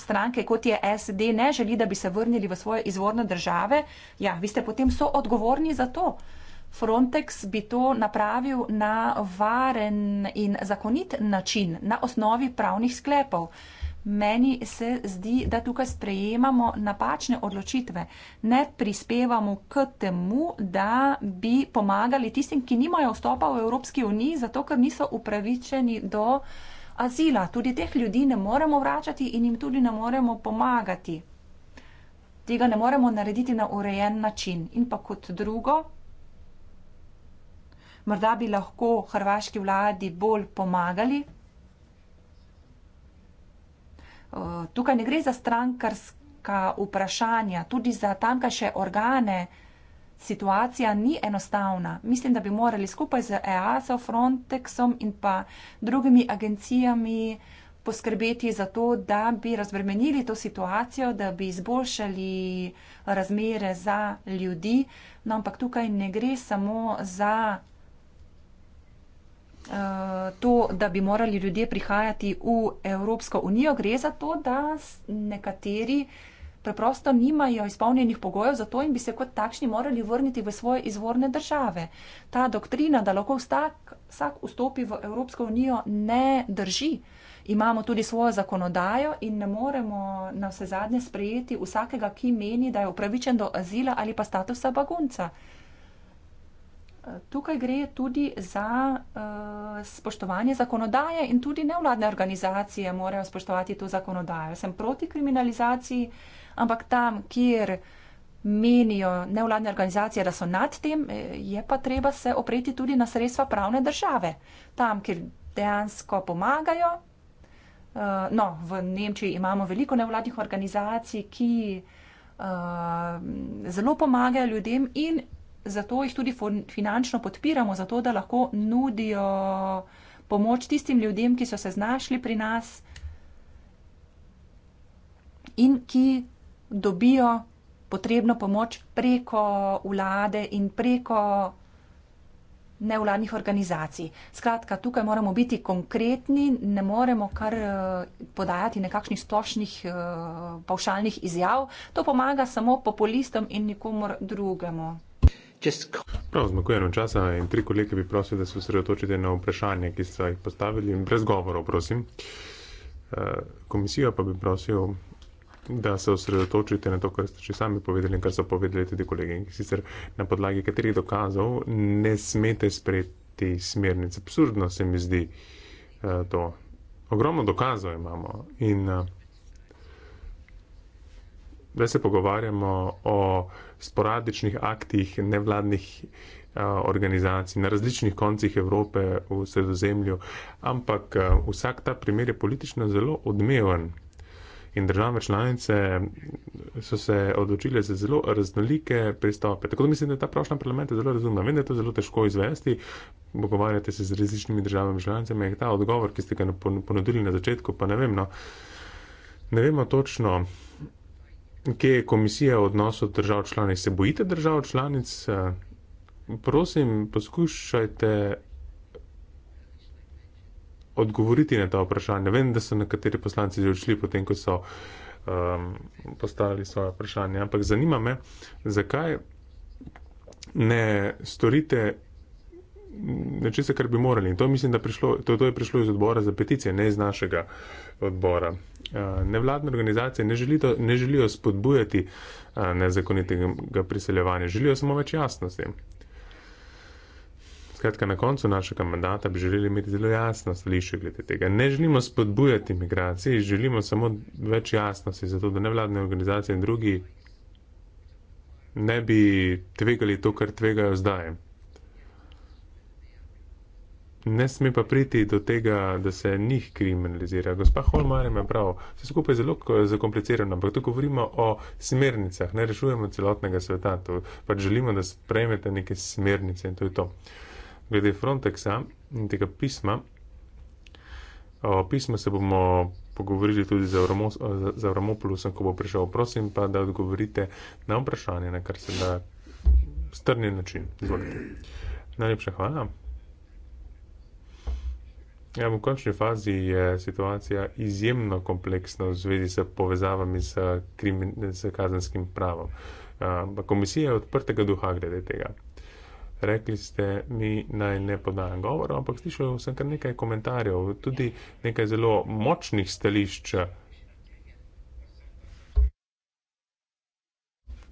stranke kot je SD ne želi, da bi se vrnili v svoje izvorne države, ja, vi ste potem so odgovorni za to. Frontex bi to napravil na varen in zakonit način, na osnovi pravnih sklepov meni se zdi, da tukaj sprejemamo napačne odločitve. Ne prispevamo k temu, da bi pomagali tistim, ki nimajo vstopa v Evropski uniji, zato ker niso upravičeni do azila. Tudi teh ljudi ne moremo vračati in jim tudi ne moremo pomagati. Tega ne moremo narediti na urejen način. In pa kot drugo, morda bi lahko hrvaški vladi bolj pomagali Eh, tukaj ne gre za strankarska vprašanja, tudi za tamkajše organe. Situacija ni enostavna. Mislim, da bi morali skupaj z EASO, Frontexom in pa drugimi agencijami poskrbeti za to, da bi razbremenili to situacijo, da bi izboljšali razmere za ljudi. No, ampak tukaj ne gre samo za Eh, to, da bi morali ljudje prihajati v Evropsko unijo, gre za to, da nekateri preprosto nimajo izpolnjenih pogojev za to in bi se kot takšni morali vrniti v svoje izvorne države. Ta doktrina, da lahko vsak, vsak vstopi v Evropsko unijo, ne drži. Imamo tudi svojo zakonodajo in ne moremo na vse zadnje sprejeti vsakega, ki meni, da je upravičen do azila ali pa statusa bagunca. Uh, Tukaj gre tudi za uh, spoštovanje zakonodaje in tudi nevladne organizacije morajo spoštovati to zakonodajo. Sem proti kriminalizaciji, ampak tam, kjer menijo nevladne organizacije, da so nad tem, eh, je pa treba se opreti tudi na sredstva pravne države. Tam, kjer dejansko pomagajo. Uh, no, v Nemčiji imamo veliko nevladnih organizacij, ki uh, zelo pomagajo ljudem in zato jih tudi finančno podpiramo, zato da lahko nudijo pomoč tistim ljudem, ki so se znašli pri nas in ki dobijo potrebno pomoč preko vlade in preko nevladnih organizacij. Skratka, tukaj moramo biti konkretni, ne moremo kar eh, podajati nekakšnih stošnih eh, pavšalnih izjav. To pomaga samo populistom in nikomor drugemu. Prav, zmakujeno časa in tri kolege bi prosil, da se osredotočite na vprašanje, ki ste jih postavili in brez govorov, prosim. Eh, komisijo pa bi prosil, da se osredotočite na to, kar ste že sami povedali in kar so povedali tudi kolege. Sicer na podlagi katerih dokazov ne smete sprejeti smernice. Absurdno se mi zdi eh, to. Ogromno dokazov imamo in eh, da se pogovarjamo o sporadičnih aktih nevladnih eh, organizacij na različnih koncih Evrope, v sredozemlju, ampak eh, vsak ta primer je politično zelo odmeven. In države članice mm, so se odločile za zelo raznolike pristope. Tako da mislim, da ta prošla parlamenta zelo razumna. Vem, da je to zelo težko izvesti, pogovarjate se z različnimi državami članicami in ta odgovor, ki ste ga ponudili na začetku, pa ne vem, no, ne vemo točno, kje je komisija v odnosu držav članic? Se bojite držav članic? Eh, prosim, poskušajte odgovoriti na ta vprašanja. Vem, da so nekateri poslanci že odšli potem, ko so um, postavili svoje vprašanje, ampak zanima me, zakaj ne storite nečesa, kar bi morali. In to, mislim, da prišlo, to, to je prišlo iz odbora za peticije, ne iz našega odbora. Eh, nevladne organizacije ne, želi to, ne želijo spodbujati eh, nezakonitega priseljevanja, želijo samo več jasnosti. Skratka, na koncu našega mandata bi želeli imeti zelo jasno stališče glede tega. Ne želimo spodbujati migracij, želimo samo več jasnosti, zato da nevladne organizacije in drugi ne bi tvegali to, kar tvegajo zdaj ne sme pa priti do tega, da se njih kriminalizira. Gospa Holmar ima prav, vse skupaj je zelo zakomplicirano, ampak tu govorimo o smernicah, ne rešujemo celotnega sveta, tu pač želimo, da sprejmete neke smernice in to je to. Glede Frontexa in tega pisma, o pismu se bomo pogovorili tudi z Avramopolusom, ko bo prišel, prosim pa, da odgovorite na vprašanje, na kar se da strnjen način. Izvolite. Najlepša hvala. Ja, v končni fazi je situacija izjemno kompleksna v zvezi s povezavami s, krimin, s kazanskim pravom. Uh, komisija je odprtega duha glede tega. Rekli ste mi naj ne podajam govor, ampak slišal sem kar nekaj komentarjev, tudi nekaj zelo močnih stališč.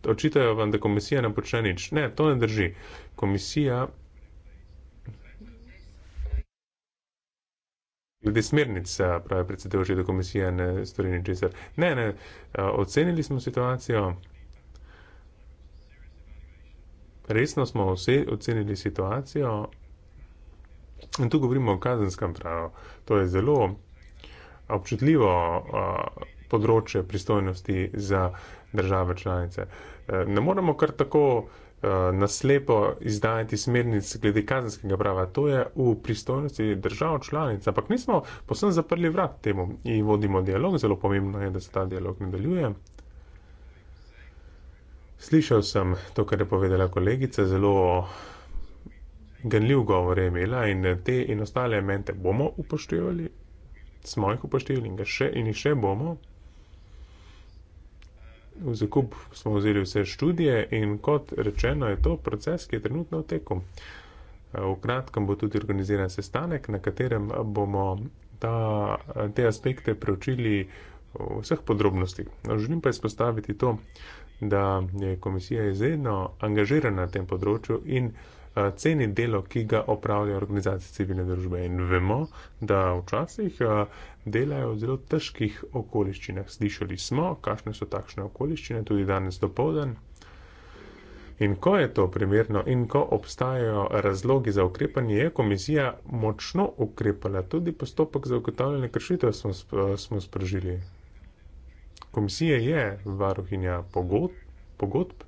Očitajo vam, da komisija ne počne nič. Ne, to ne drži. Komisija glede smernic, eh, pravi predsedujoči, da komisija ne stori ničesar. Ne, ne, eh, ocenili smo situacijo. Resno smo vse ocenili situacijo in tu govorimo o kazenskem pravu. To je zelo eh, občutljivo uh, področje pristojnosti za države članice. Uh, ne moramo kar tako uh, uh, eh, naslepo izdajati smernic glede kazenskega prava. To je v pristojnosti držav članic, ampak mi smo posem zaprli vrat temu in vodimo dialog. Zelo pomembno je, da se ta dialog nadaljuje. Slišal sem to, kar je povedala kolegica, zelo ganljiv govor je imela in te in ostale elemente bomo upoštevali, smo jih upoštevali in ga še in jih še bomo v zakup smo vzeli vse študije in kot rečeno je to proces, ki je trenutno v teku. Eh, v kratkem bo tudi organiziran sestanek, na katerem bomo ta, te aspekte preučili v vseh podrobnostih. Želim pa izpostaviti to, da je komisija izredno angažirana na tem področju in Eh, ceni delo, ki ga opravljajo organizacije civilne družbe. In vemo, da včasih eh, delajo v zelo težkih okoliščinah. Slišali smo, kakšne so takšne okoliščine, tudi danes dopoledne. In ko je to primerno in ko obstajajo razlogi za ukrepanje, je komisija močno ukrepala. Tudi postopek za ugotavljanje kršitev smo, smo sprožili. Komisija je varuhinja pogodb, pogodb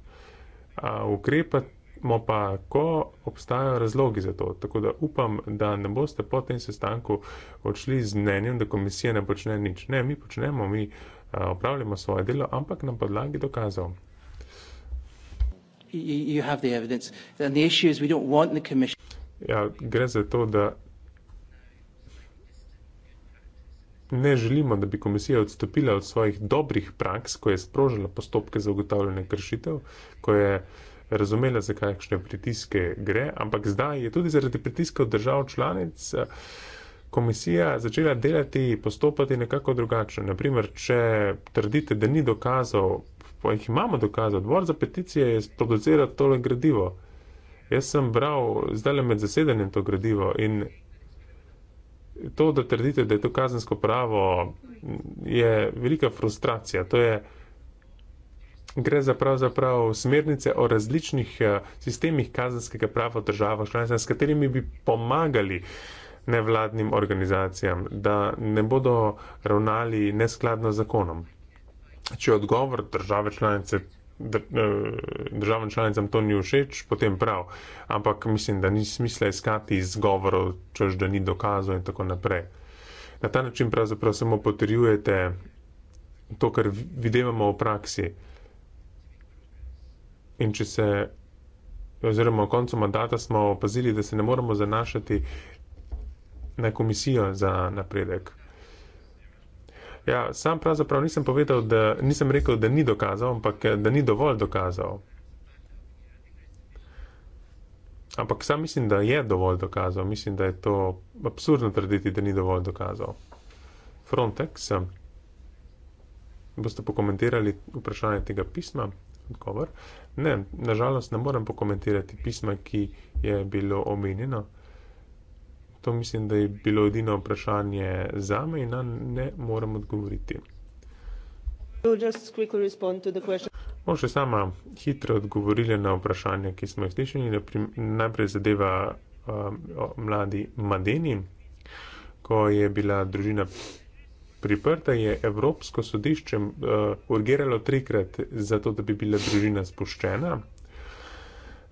a, ukrepati Vemo pa, ko obstajajo razlogi za to. Tako da upam, da ne boste po tem sestanku odšli z mnenjem, da komisija ne počne nič. Ne, mi počnemo, mi opravljamo svoje delo, ampak na podlagi dokazov. Ja, gre za to, da ne želimo, da bi komisija odstopila od svojih dobrih praks, ko je sprožila postopke za ugotavljanje kršitev, ko je uh, razumela, za kakšne pritiske gre, ampak zdaj je tudi zaradi pritiskov držav članic eh, komisija začela delati, postopati nekako drugače. Naprimer, če trdite, da ni dokazov, pa jih imamo dokazov, odbor za peticije je produciral tole gradivo. Jaz sem bral zdaj le med zasedanjem to gradivo in to, da trdite, da je to kazensko pravo, je velika frustracija. To je gre za pravzaprav smernice o različnih eh, sistemih kazenskega prava v državah članicah, s katerimi bi pomagali nevladnim organizacijam, da ne bodo ravnali neskladno z zakonom. Če odgovor države članice, eh, državam članicam to ni všeč, potem prav, ampak mislim, da ni smisla iskati izgovorov, čež da ni dokazov in tako naprej. Na ta način pravzaprav samo potrjujete to, kar videmo v praksi. In če se, oziroma koncu mandata smo opazili, da se ne moramo zanašati na komisijo za napredek. Ja, sam pravzaprav nisem povedal, da nisem rekel, da ni dokazal, ampak da ni dovolj dokazal. Ampak sam mislim, da je dovolj dokazal. Mislim, da je to absurdno trditi, da ni dovolj dokazal. Frontex, ja. boste pokomentirali vprašanje tega pisma? odgovor. Ne, nažalost ne morem pokomentirati pisma, ki je bilo omenjeno. To mislim, da je bilo edino vprašanje za me in na ne morem odgovoriti. Bom še sama hitro odgovorila na vprašanje, ki smo jih slišali. Najprej zadeva um, mladi Madeni, ko je bila družina priprta je Evropsko sodišče uh, urgiralo trikrat za to, da bi bila družina spuščena.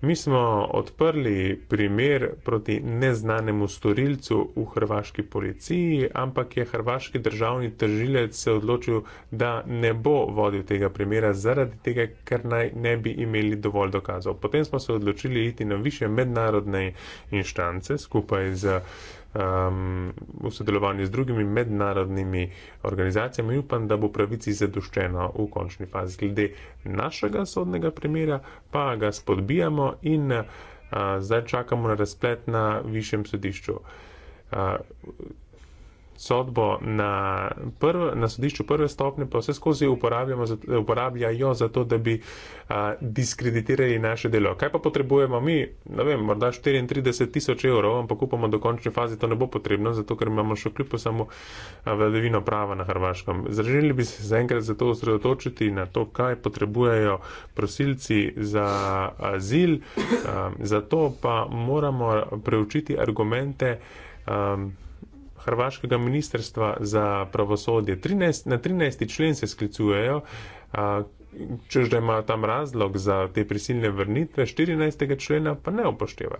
Mi smo odprli primer proti neznanemu storilcu v hrvaški policiji, ampak je hrvaški državni tržilec se odločil, da ne bo vodil tega primera zaradi tega, ker naj ne bi imeli dovolj dokazov. Potem smo se odločili iti na više mednarodne inštance skupaj z uh, um, v sodelovanju z drugimi mednarodnimi organizacijami in upam, da bo pravici zadoščeno v končni fazi. Glede našega sodnega primera pa ga spodbijamo in uh, zdaj čakamo na razplet na višjem sodišču. Uh, sodbo na, prv, na sodišču prve stopne, pa vse skozi uporabljajo za to, da bi a, diskreditirali naše delo. Kaj pa potrebujemo mi? Ne vem, morda 34 tisoč evrov, ampak upamo, da v končni fazi to ne bo potrebno, zato ker imamo še kljub samo vladavino prava na Hrvaškem. Zraželi bi se zaenkrat za to osredotočiti na to, kaj potrebujejo prosilci za azil, a, zato pa moramo preučiti argumente. A, hrvaškega ministrstva za pravosodje. 13, na 13. člen se sklicujejo, čež da ima tam razlog za te prisilne vrnitve, 14. člena pa ne upošteva.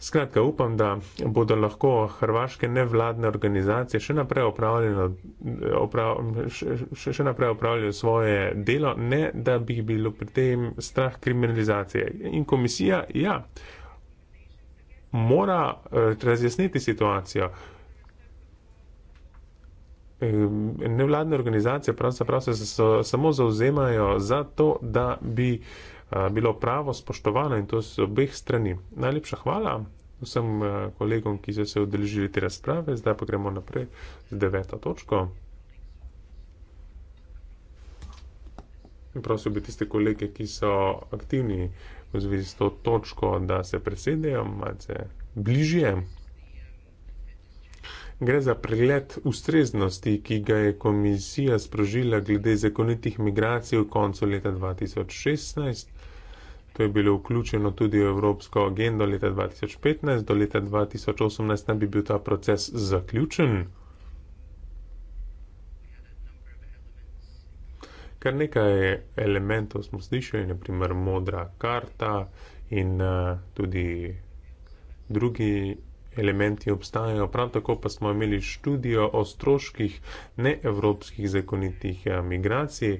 Skratka, upam, da bodo lahko hrvaške nevladne organizacije še naprej, oprav, še, še naprej opravljali svoje delo, ne da bi bilo pri tem strah kriminalizacije. In komisija, ja, mora eh, razjasniti situacijo. Uh, nevladne organizacije pravzaprav se so, samo zauzemajo za to, da bi bilo pravo spoštovano in to z obeh strani. Najlepša hvala vsem kolegom, ki so se odeležili te razprave. Zdaj pa gremo naprej z deveto točko. In prosil bi tiste kolege, ki so aktivni v zvezi s to točko, da se presedejo malce bližje Gre za pregled ustreznosti, ki ga je komisija sprožila glede zakonitih migracij v koncu leta 2016. To je bilo vključeno tudi v Evropsko agendo leta 2015. Do leta 2018 naj bi bil ta proces zaključen. Kar nekaj elementov smo slišali, naprimer modra karta in uh, tudi drugi elementi obstajajo, prav tako pa smo imeli študijo o stroških neevropskih zakonitih eh, migracij.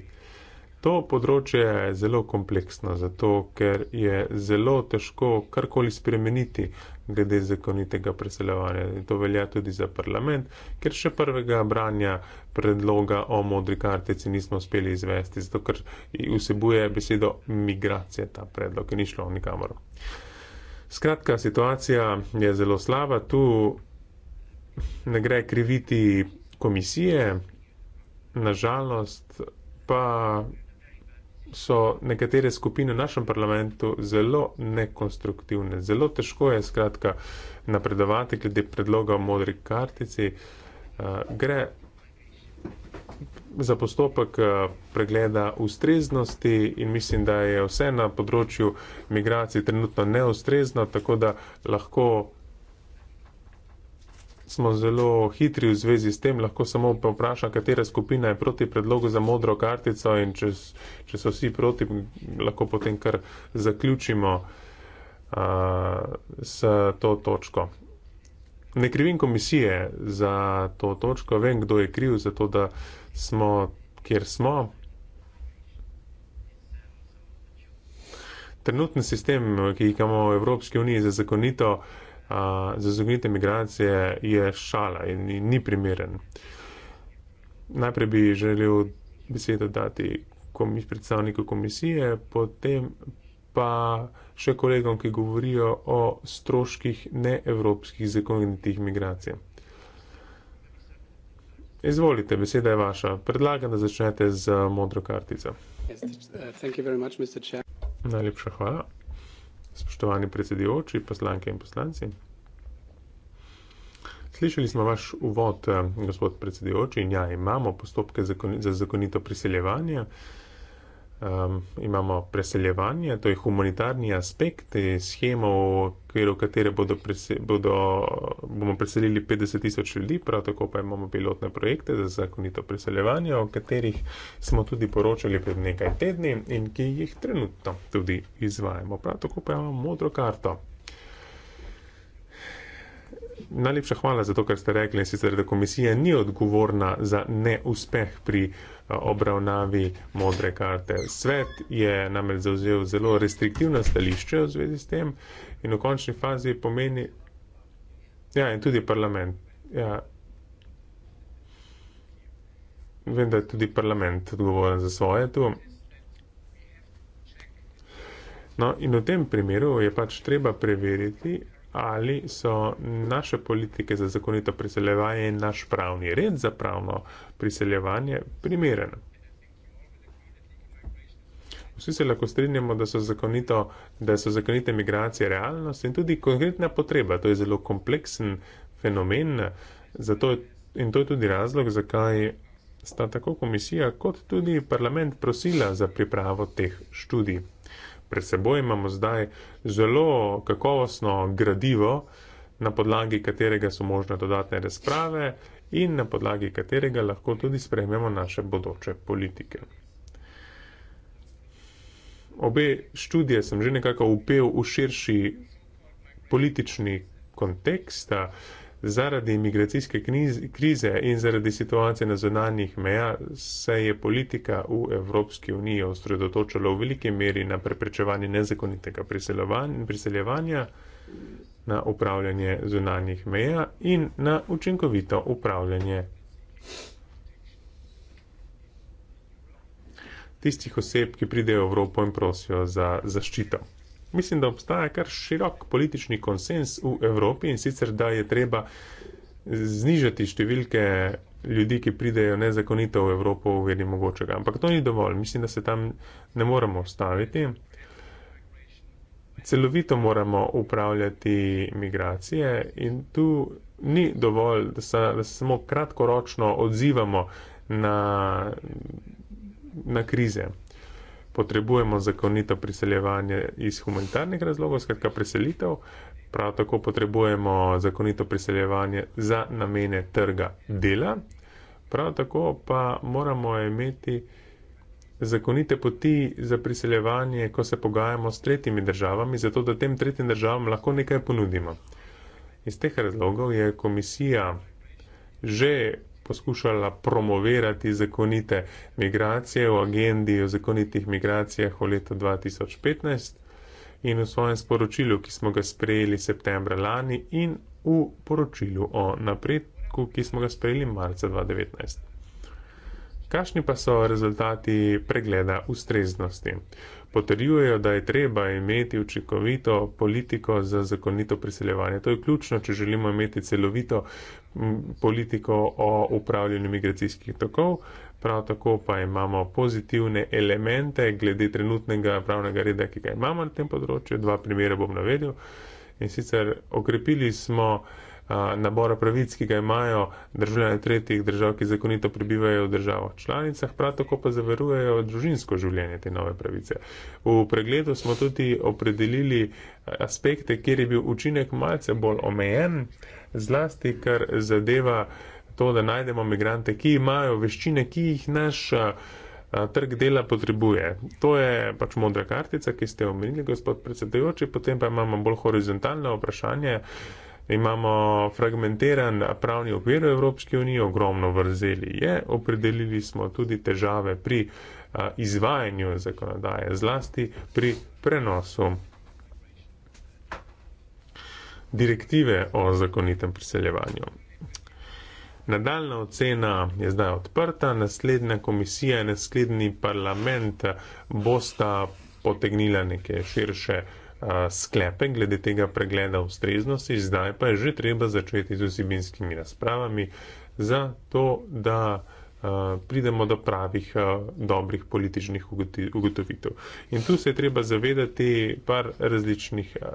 To področje je zelo kompleksno, zato ker je zelo težko karkoli spremeniti glede zakonitega preseljevanja. To velja tudi za parlament, ker še prvega branja predloga o modri kartici nismo uspeli izvesti, zato ker vsebuje besedo migracije ta predlog in ni šlo nikamor. Skratka, situacija je zelo slaba, tu ne gre kriviti komisije, nažalost pa so nekatere skupine v našem parlamentu zelo nekonstruktivne. Zelo težko je skratka napredovati glede predloga o modri kartici. Uh, gre za postopek eh, pregleda ustreznosti in mislim, da je vse na področju migracij trenutno neustrezno, tako da lahko smo zelo hitri v zvezi s tem, lahko samo vprašam, katera skupina je proti predlogu za modro kartico in če, če so vsi proti, lahko potem kar zaključimo uh, s to točko. Ne krivim komisije za to točko, vem, kdo je kriv za to, da uh, smo, kjer smo. Trenutni sistem, ki ga imamo v Evropski uniji za zakonito, uh, za zakonite migracije, je šala in ni, ni primeren. Najprej bi želel besedo dati komis, predstavniku komisije, potem pa še kolegom, ki govorijo o stroških neevropskih zakonitih migracijah. Izvolite, beseda je vaša. Predlagam, da začnete z eh, modro kartico. Najlepša hvala. Spoštovani predsedujoči, poslanke in poslanci. Slišali smo vaš uvod, eh, gospod predsedujoči, in ja, imamo postopke za zakonito priseljevanje um, imamo preseljevanje, to je humanitarni aspekt, schema, v okviru katere bodo prese, bodo, bomo preselili 50 tisoč ljudi, prav tako pa imamo pilotne projekte za zakonito preseljevanje, o katerih smo tudi poročali pred nekaj tedni in ki jih trenutno tudi izvajamo. Prav tako pa imamo modro karto. Najlepša hvala za to, kar ste rekli, in sicer, da komisija ni odgovorna za neuspeh pri obravnavi modre karte. Svet je namreč zauzel zelo restriktivno stališče v zvezi s tem in v končni fazi pomeni, ja, in tudi parlament. Ja, vem, da je tudi parlament odgovoren za svoje tu. No, in v tem primeru je pač treba preveriti, ali so naše politike za zakonito priseljevanje in naš pravni red za pravno priseljevanje primeren. Vsi se lahko strinjamo, da so, zakonito, da so zakonite migracije realnost in tudi konkretna potreba. To je zelo kompleksen fenomen zato, in to je tudi razlog, zakaj sta tako komisija kot tudi parlament prosila za pripravo teh študij pred seboj imamo zdaj zelo kakovostno gradivo, na podlagi katerega so možne dodatne razprave in na podlagi katerega lahko tudi sprejmemo naše bodoče politike. Obe študije sem že nekako upel v širši politični kontekst. Uh, zaradi imigracijske krize in zaradi situacije na zonanjih meja se je politika v Evropski uniji osredotočala v veliki meri na preprečevanje nezakonitega priseljevanja, na upravljanje zonanjih meja in na učinkovito upravljanje tistih oseb, ki pridejo v Evropo in prosijo za zaščito. Mislim, da obstaja kar širok politični konsens v Evropi in sicer, da je treba znižati številke ljudi, ki pridejo nezakonito v Evropo, vedno mogočega. Ampak to ni dovolj. Mislim, da se tam ne moramo ostaviti. Celovito moramo upravljati migracije in tu ni dovolj, da se, da se samo kratkoročno odzivamo na, na krize potrebujemo zakonito priseljevanje iz humanitarnih razlogov, skratka preselitev, prav tako potrebujemo zakonito priseljevanje za namene trga dela, prav tako pa moramo imeti zakonite poti za priseljevanje, ko se pogajamo s tretjimi državami, zato da tem tretjim državam lahko nekaj ponudimo. Iz teh razlogov je komisija že poskušala promovirati zakonite migracije v agendi o zakonitih migracijah v letu 2015 in v svojem sporočilu, ki smo ga sprejeli septembra lani in v poročilu o napredku, ki smo ga sprejeli marca 2019. Kakšni pa so rezultati pregleda ustreznosti? Potrjujejo, da je treba imeti učinkovito politiko za zakonito priseljevanje. To je ključno, če želimo imeti celovito politiko o upravljanju migracijskih tokov, prav tako pa imamo pozitivne elemente glede trenutnega pravnega reda, ki ga imamo na tem področju. Dva primera bom navedel. In sicer okrepili smo a, nabora pravic, ki ga imajo državljane tretjih držav, ki zakonito prebivajo v državah članicah, prav tako pa zaverujejo družinsko življenje te nove pravice. V pregledu smo tudi opredelili aspekte, kjer je bil učinek malce bolj omejen zlasti, kar zadeva to, da najdemo migrante, ki imajo veščine, ki jih naš a, a, trg dela potrebuje. To je pač modra kartica, ki ste omenili, gospod predsedujoči, potem pa imamo bolj horizontalno vprašanje. Imamo fragmentiran pravni okvir Evropske unije, ogromno vrzeli je, opredelili smo tudi težave pri a, izvajanju zakonodaje, zlasti pri prenosu direktive o zakonitem priseljevanju. Nadaljna ocena je zdaj odprta, naslednja komisija in naslednji parlament bosta potegnila neke širše uh, sklepe glede tega pregleda ustreznosti, zdaj pa je že treba začeti z vsebinskimi razpravami za to, da uh, pridemo do pravih uh, dobrih političnih ugotovitev. In tu se je treba zavedati par različnih. Uh,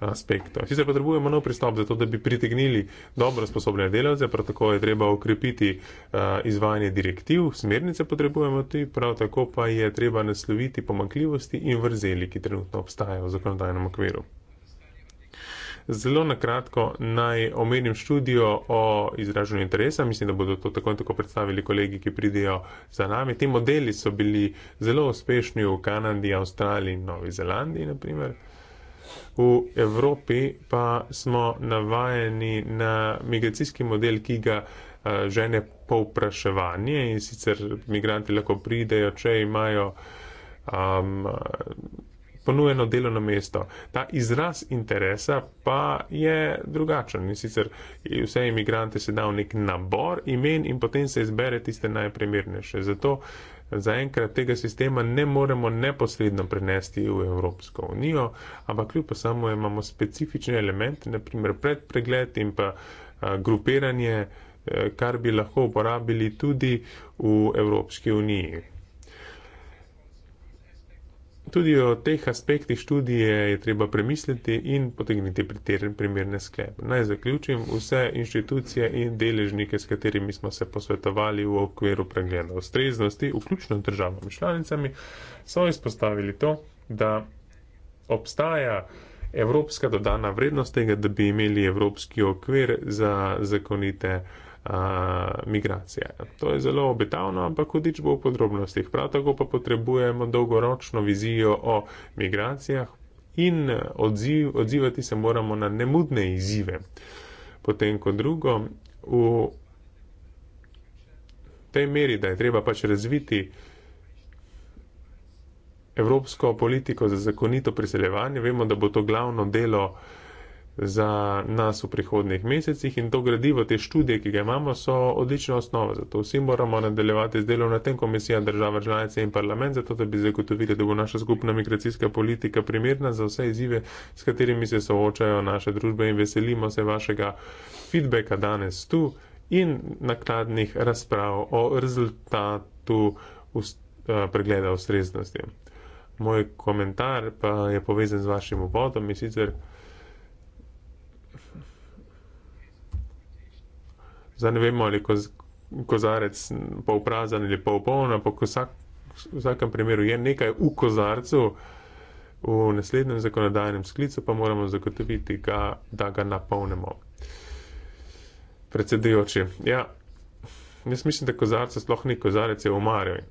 aspektu. Sicer potrebujemo nov pristop za to, da bi pritegnili dobro sposobne delavce, prav tako je treba ukrepiti eh, izvajanje direktiv, smernice potrebujemo tudi, prav tako pa je treba nasloviti pomankljivosti in vrzeli, ki trenutno obstajajo v zakonodajnem okviru. Zelo na kratko naj omenim študijo o izraženju interesa. Mislim, da bodo to tako in tako predstavili kolegi, ki pridejo za nami. Ti modeli so bili zelo uspešni v Kanadi, Avstraliji in Novi Zelandiji, naprimer. V Evropi pa smo navajeni na migracijski model, ki ga eh, žene povpraševanje in sicer migranti lahko pridejo, če imajo um, ponujeno delovno mesto. Ta izraz interesa pa je drugačen in sicer vse imigrante se da v nek nabor imen in potem se izbere tiste najprimernejše. Zato uh, zaenkrat tega sistema ne moremo neposredno prenesti v Evropsko unijo, ampak kljub samo imamo specifične elemente, naprimer predpregled in pa grupiranje, e, kar bi lahko uporabili tudi v Evropski uniji tudi o teh aspektih študije je treba premisliti in potegniti primerne sklepe. Naj zaključim vse inštitucije in deležnike, s katerimi smo se posvetovali v okviru pregleda ustreznosti, vključno državami članicami, so izpostavili to, da obstaja evropska dodana vrednost tega, da bi imeli evropski okvir za zakonite a, migracije. To je zelo obetavno, ampak hudič bo v podrobnostih. Prav tako pa potrebujemo dolgoročno vizijo o migracijah in odziv, odzivati se moramo na nemudne izzive. Potem kot drugo, v tej meri, da je treba pač razviti evropsko politiko za zakonito priseljevanje, vemo, da bo to glavno delo za nas v prihodnih mesecih in to gradivo, te študije, ki ga imamo, so odlična osnova. Zato vsi moramo nadaljevati z delom na tem komisija država članice in parlament, zato da bi zagotovili, da bo naša skupna migracijska politika primerna za vse izzive, s katerimi se soočajo naše družbe in veselimo se vašega feedbacka danes tu in nakladnih razprav o rezultatu eh, pregleda ustreznosti. Moj komentar pa je povezan z vašim uvodom in sicer Zdaj ne vemo, ali je koz, kozarec pol prazen ali pol poln, ampak vsak, v vsakem primeru je nekaj v kozarcu, v naslednjem zakonodajnem sklicu pa moramo zagotoviti, ga, da ga napolnimo. Predsedujoči, ja, jaz mislim, da kozarca sploh ni kozarec, je umarjaj.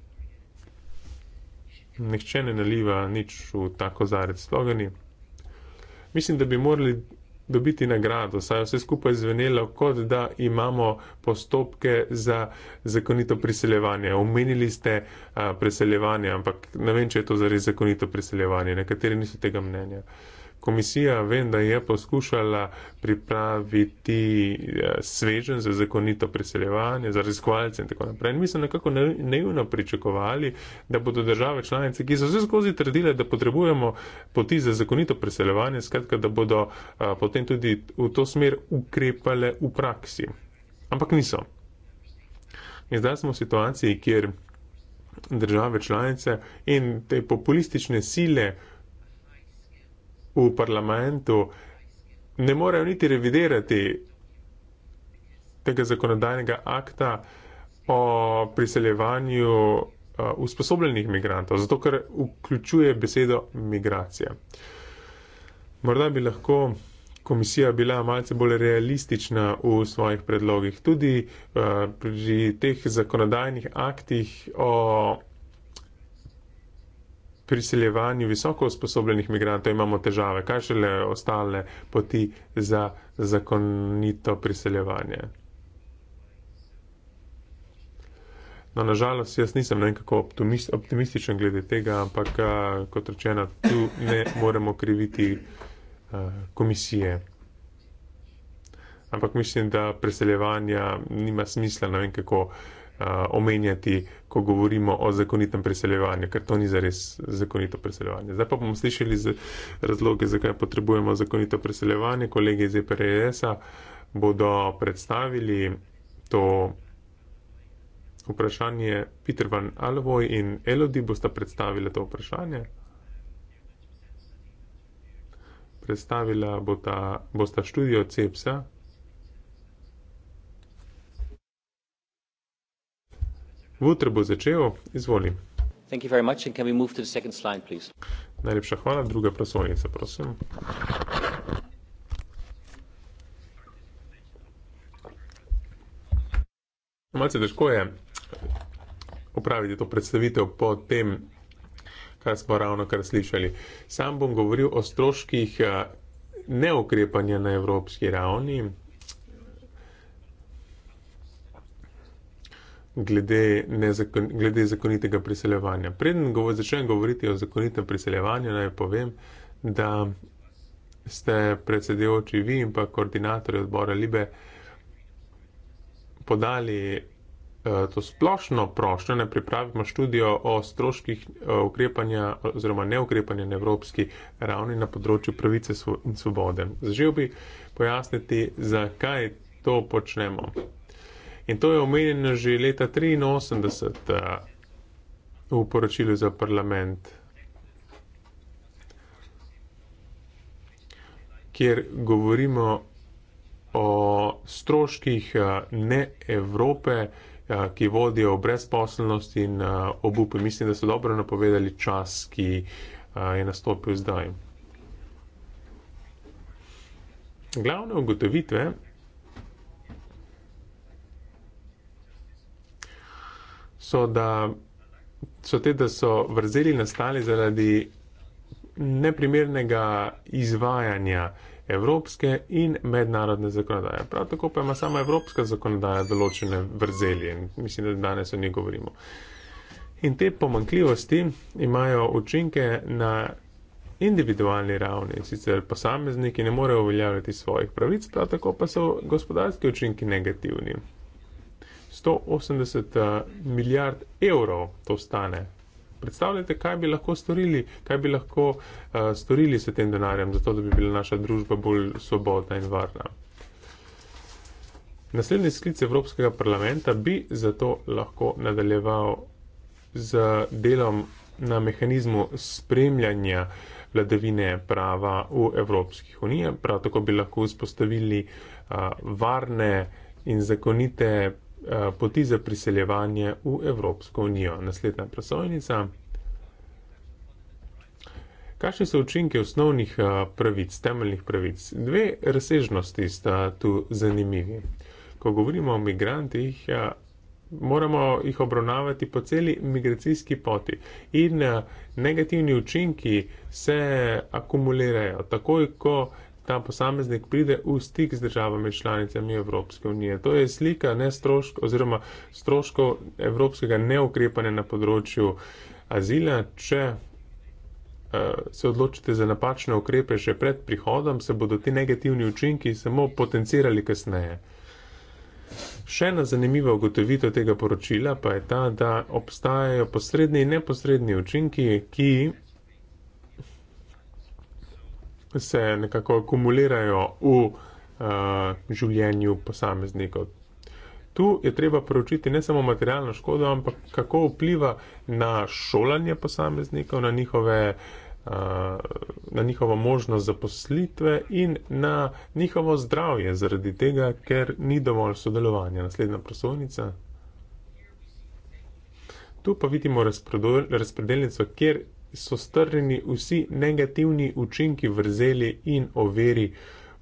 Nihče ne naliva nič v ta kozarec, sloga ni. Mislim, da bi morali dobiti nagrado. Saj vse skupaj zvenelo, kot da imamo postopke za zakonito priseljevanje. Omenili ste a, preseljevanje, ampak ne vem, če je to zares zakonito priseljevanje. Nekateri niso tega mnenja komisija vem, da je poskušala pripraviti eh, svežen za zakonito priseljevanje, za raziskovalce in tako naprej. In mi smo nekako naivno pričakovali, da bodo države članice, ki so vse skozi trdile, da potrebujemo poti za zakonito priseljevanje, skratka, da bodo a, eh, potem tudi v to smer ukrepale v praksi. Ampak niso. In zdaj smo v situaciji, kjer države članice in te populistične sile, v parlamentu ne morejo niti revidirati tega zakonodajnega akta o priseljevanju eh, usposobljenih migrantov, zato ker vključuje besedo migracija. Morda bi lahko komisija bila malce bolj realistična v svojih predlogih. Tudi uh, pri teh zakonodajnih aktih o priseljevanju visoko usposobljenih migrantov imamo težave, kaj šele ostale poti za zakonito priseljevanje. No, nažalost, jaz nisem nekako optimist, optimističen glede tega, ampak kot rečeno, tu ne moremo kriviti komisije. Ampak mislim, da preseljevanja nima smisla, ne vem kako uh, omenjati, ko govorimo o zakonitem preseljevanju, ker to ni zares zakonito preseljevanje. Zdaj pa bomo slišali razloge, zakaj potrebujemo zakonito preseljevanje. Kolegi iz EPRS-a e bodo predstavili to vprašanje. Peter van Alvoj in Elodi bosta predstavili to vprašanje. Predstavila bo ta, bosta študijo CEPS-a. Vutr bo začel, izvoli. Slide, Najlepša hvala, druga prosojnica, prosim. Malce težko je upraviti to predstavitev po tem, kar smo ravno kar slišali. Sam bom govoril o stroških eh, neokrepanja na evropski ravni. glede, nezakon, glede zakonitega priseljevanja. Preden gov začnem govoriti o zakonitem priseljevanju, naj povem, da ste predsedujoči vi in pa koordinatorji odbora Libe podali eh, to splošno prošljo, da pripravimo študijo o stroških eh, ukrepanja oziroma neukrepanja na evropski ravni na področju pravice in svobode. Zažil bi pojasniti, zakaj to počnemo. In to je omenjeno že leta 83 uh, eh, v poročilu za parlament, kjer govorimo o stroških uh, ne Evrope, uh, ki vodijo v brezposelnost in uh, obupe. Mislim, da so dobro napovedali čas, ki uh, je nastopil zdaj. Glavne ugotovitve so, da so te, da so vrzeli nastali zaradi neprimernega izvajanja evropske in mednarodne zakonodaje. Prav tako pa ima sama evropska zakonodaja določene vrzeli in mislim, da danes o njih govorimo. In te pomankljivosti imajo učinke na individualni ravni, sicer posamezniki ne morejo uveljavljati svojih pravic, prav tako pa so gospodarski učinki negativni. 180 uh, eh, milijard evrov to stane. Predstavljate, kaj bi lahko storili, kaj bi lahko uh, storili s tem denarjem, zato da bi bila naša družba bolj svobodna in varna. Naslednji sklic Evropskega parlamenta bi zato lahko nadaljeval z delom na mehanizmu spremljanja vladavine prava v Evropski uniji. Prav tako bi lahko vzpostavili uh, varne in zakonite Eh, poti za priseljevanje v Evropsko unijo. Naslednja presojnica. Kakšni so učinke osnovnih eh, pravic, temeljnih pravic? Dve razsežnosti sta tu zanimivi. Ko govorimo o migrantih, eh, moramo jih obravnavati po celi migracijski poti in negativni učinki se akumulirajo takoj, ko ta posameznik pride v stik z državami članicami Evropske unije. To je slika nestrošk oziroma stroškov evropskega neukrepanja na področju azila. Če uh, se odločite za napačne ukrepe še pred prihodom, se bodo ti negativni učinki samo potencirali kasneje. Še ena zanimiva ugotovitev tega poročila pa je ta, da obstajajo posredni in neposredni učinki, ki se nekako akumulirajo v uh, življenju posameznikov. Tu je treba proučiti ne samo materialno škodo, ampak kako vpliva na šolanje posameznikov, na, njihove, eh, na njihovo možnost zaposlitve in na njihovo zdravje, zaradi tega, ker ni dovolj sodelovanja. Naslednja prosovnica. Tu pa vidimo razpredelnico, kjer so strnjeni vsi negativni učinki vrzeli in overi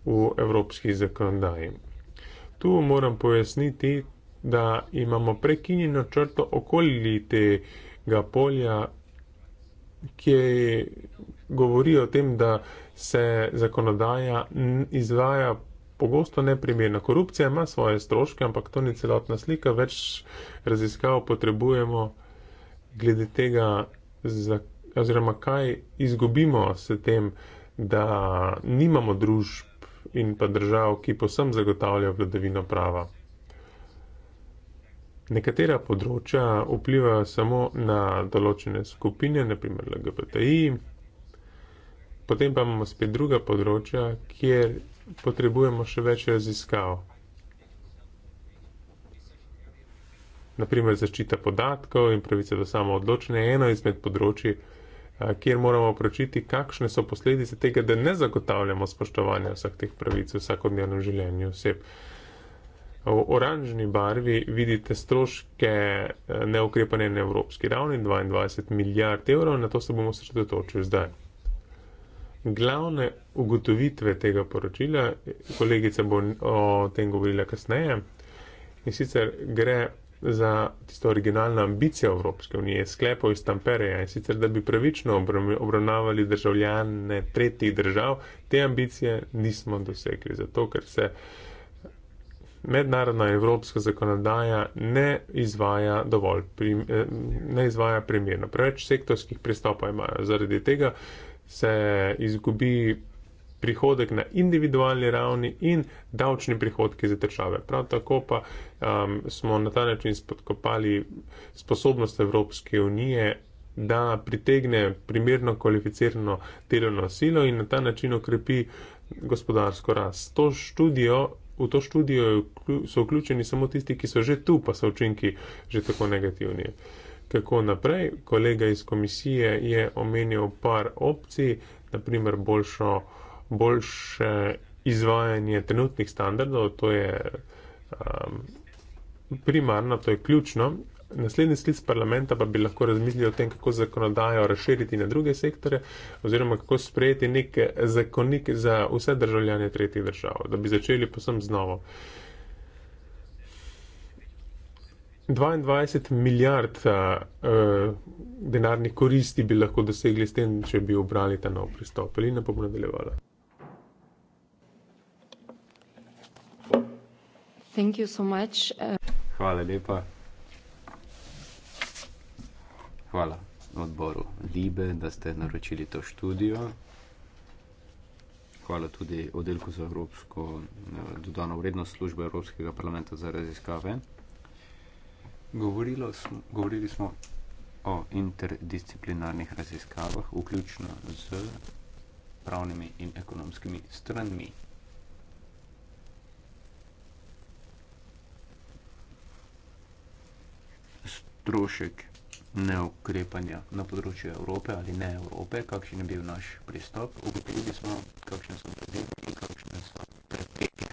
v evropski zakonodaji. Tu moram pojasniti, da imamo prekinjeno črto okoli tega polja, ki govori o tem, da se zakonodaja izvaja pogosto neprimerna. Korupcija ima svoje stroške, ampak to ni celotna slika, več raziskav potrebujemo glede tega zakonodaja oziroma kaj izgubimo s tem, da nimamo družb in pa držav, ki posem zagotavljajo vladavino prava. Nekatera področja vplivajo samo na določene skupine, naprimer LGBTI, potem pa imamo spet druga področja, kjer potrebujemo še več raziskav. Naprimer, zaščita podatkov in pravica do samo odločanja je eno izmed področji, kjer moramo pročiti, kakšne so posledice tega, da ne zagotavljamo spoštovanja vseh teh pravic v vsakodnevnem življenju oseb. V oranžni barvi vidite stroške neukrepanja na evropski ravni 22 milijard evrov, na to se bomo sredotočili zdaj. Glavne ugotovitve tega poročila, kolegica bo o tem govorila kasneje, in sicer gre za tisto originalno ambicijo Evropske unije, sklepov iz Tampereja in sicer, da bi pravično obravnavali državljane tretjih držav, te ambicije nismo dosegli, zato ker se mednarodna evropska zakonodaja ne izvaja dovolj, eh, ne izvaja primerno. Preveč sektorskih pristopov imajo. Zaradi tega se izgubi prihodek na individualni ravni in davčni prihodki za države. Prav tako pa um, smo na ta način spodkopali sposobnost Evropske unije, da pritegne primerno kvalificirano delovno silo in na ta način okrepi gospodarsko rast. To študijo. V to študijo so vključeni samo tisti, ki so že tu, pa so učinki že tako negativni. Kako naprej? Kolega iz komisije je omenil par opcij, naprimer boljšo uh, boljše izvajanje trenutnih standardov, to je um, primarno, to je ključno. Naslednji sklic parlamenta pa bi lahko razmislili o tem, kako zakonodajo razširiti na druge sektore oziroma kako sprejeti nek zakonik za vse državljane tretjih držav, da bi začeli posem znovo. 22 milijard uh, uh, denarnih koristi bi lahko dosegli s tem, če bi obrali ta nov pristop. Lina bo nadaljevala. Thank you so much. Uh... Hvala lepa. Hvala odboru Libe, da ste naročili to študijo. Hvala tudi oddelku za Evropsko eh, dodano vrednost službe Evropskega parlamenta za raziskave. Govorilo, govorili smo o interdisciplinarnih raziskavah, vključno z pravnimi in ekonomskimi stranmi. strošek neokrepanja na področju Evrope ali ne Evrope, kakšen je bil naš pristop, ugotovili smo, kakšne so predvidevke in kakšne so prepreke.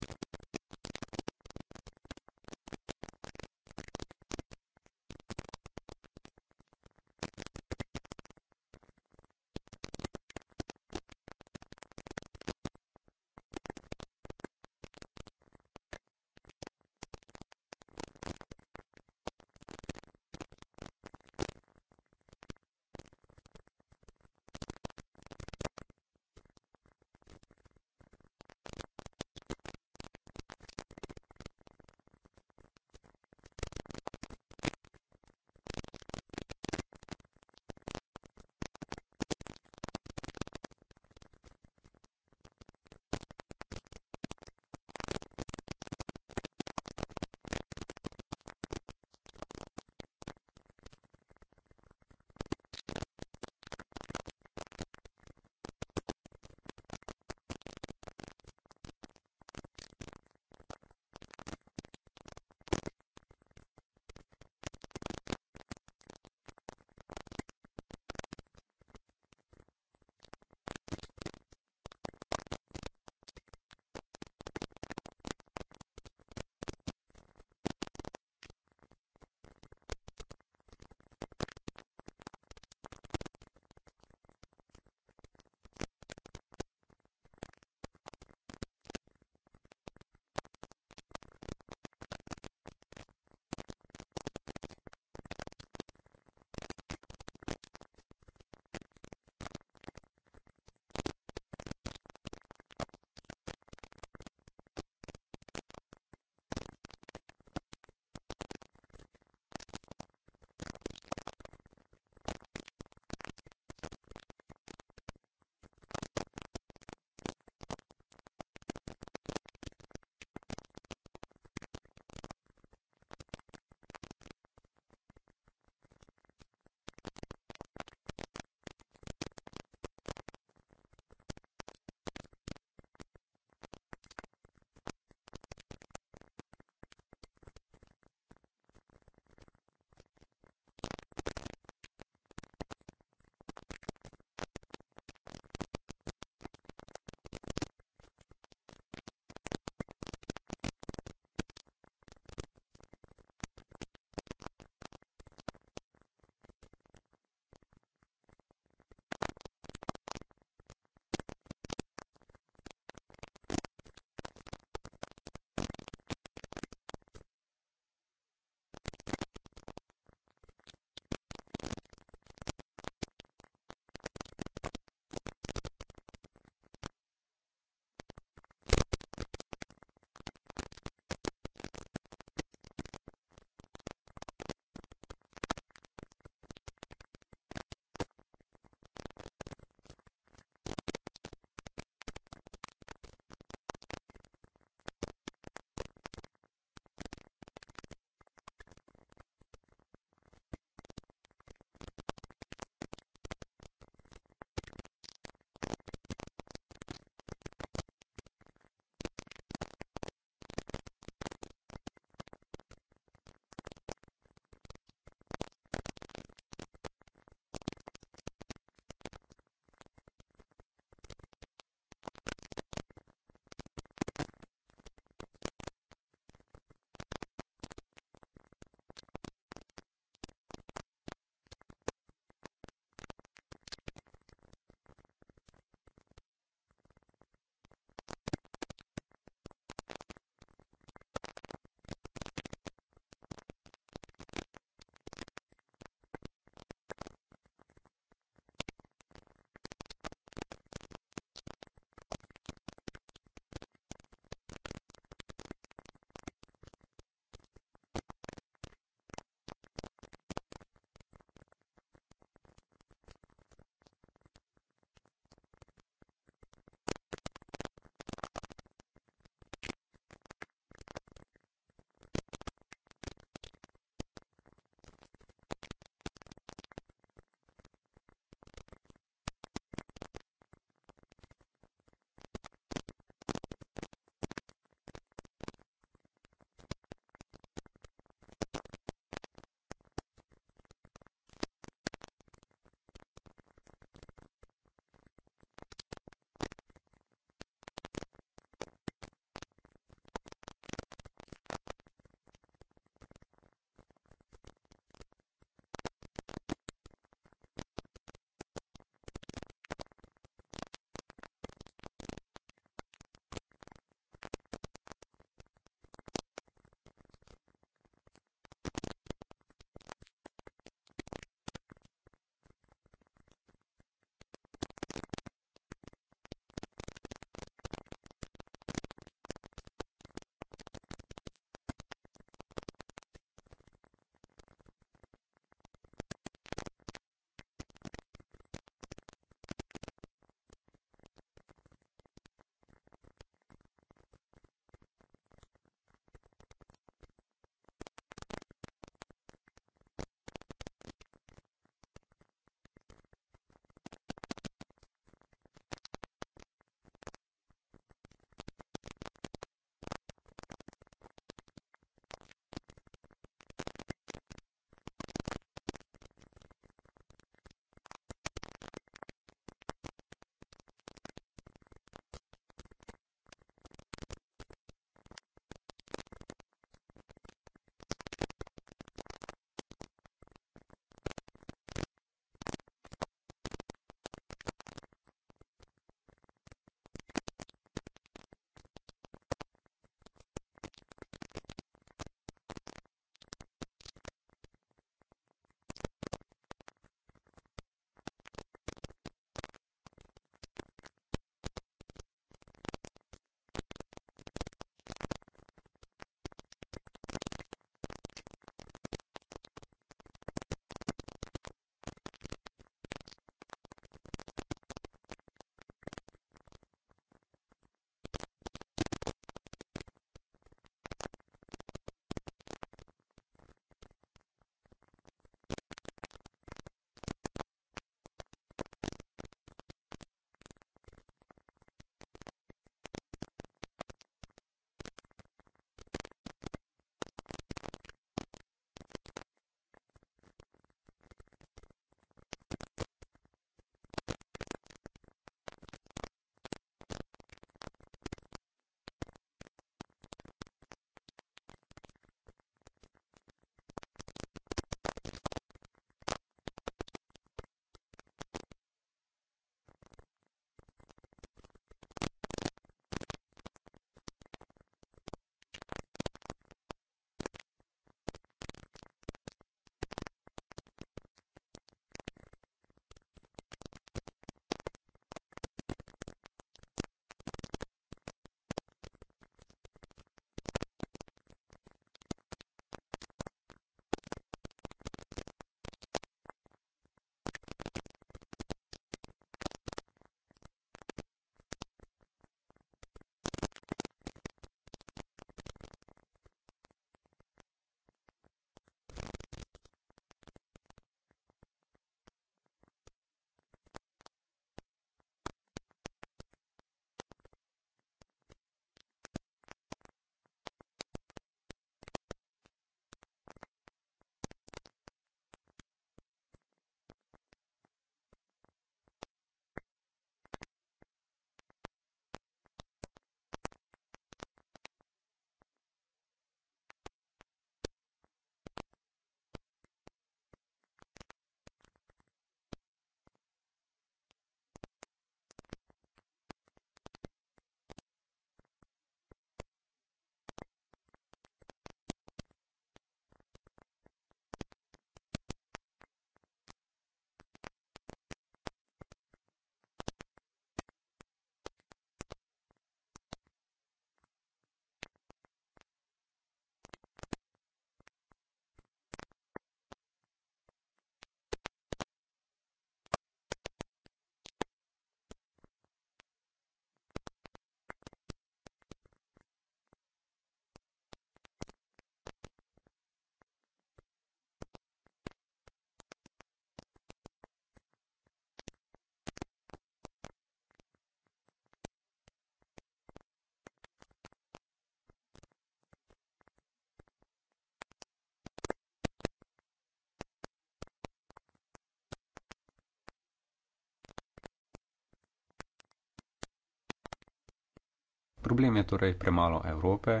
Problem je torej premalo Evrope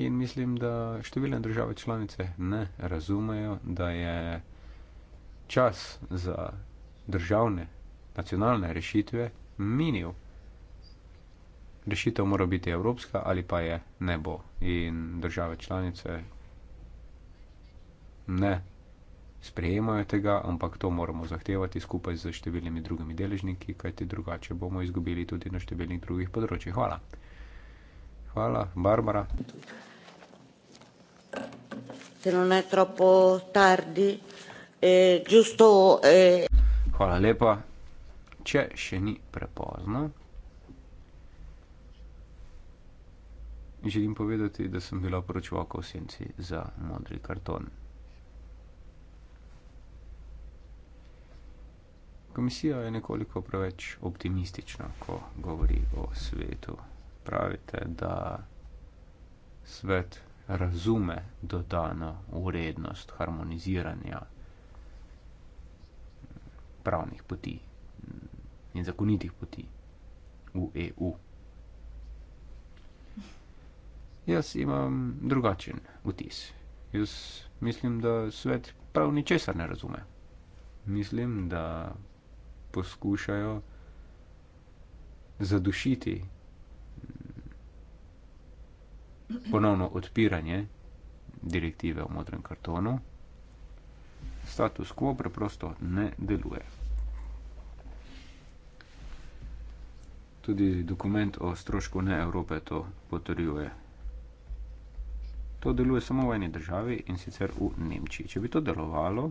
in mislim, da številne države članice ne razumejo, da je čas za državne, nacionalne rešitve minil. Rešitev mora biti evropska ali pa je ne bo in države članice ne sprejemajo tega, ampak to moramo zahtevati skupaj z številnimi drugimi deležniki, kajti drugače bomo izgubili tudi na številnih drugih področjih. Hvala. Hvala, Barbara. Se non è troppo tardi, eh, giusto. Eh... Hvala lepa, če še ni prepozno. Želim povedati, da sem bila poročevalka v senci za modri karton. Komisija je nekoliko preveč optimistična, ko govori o svetu pravite, da svet razume dodano urednost harmoniziranja pravnih poti in zakonitih poti v EU. Jaz imam drugačen vtis. Jaz mislim, da svet prav ničesar ne razume. Mislim, da poskušajo zadušiti ponovno odpiranje direktive o modrem kartonu. Status quo preprosto ne deluje. Tudi dokument o strošku ne Evrope to potrjuje. To deluje samo v eni državi in sicer v Nemčiji. Če bi to delovalo,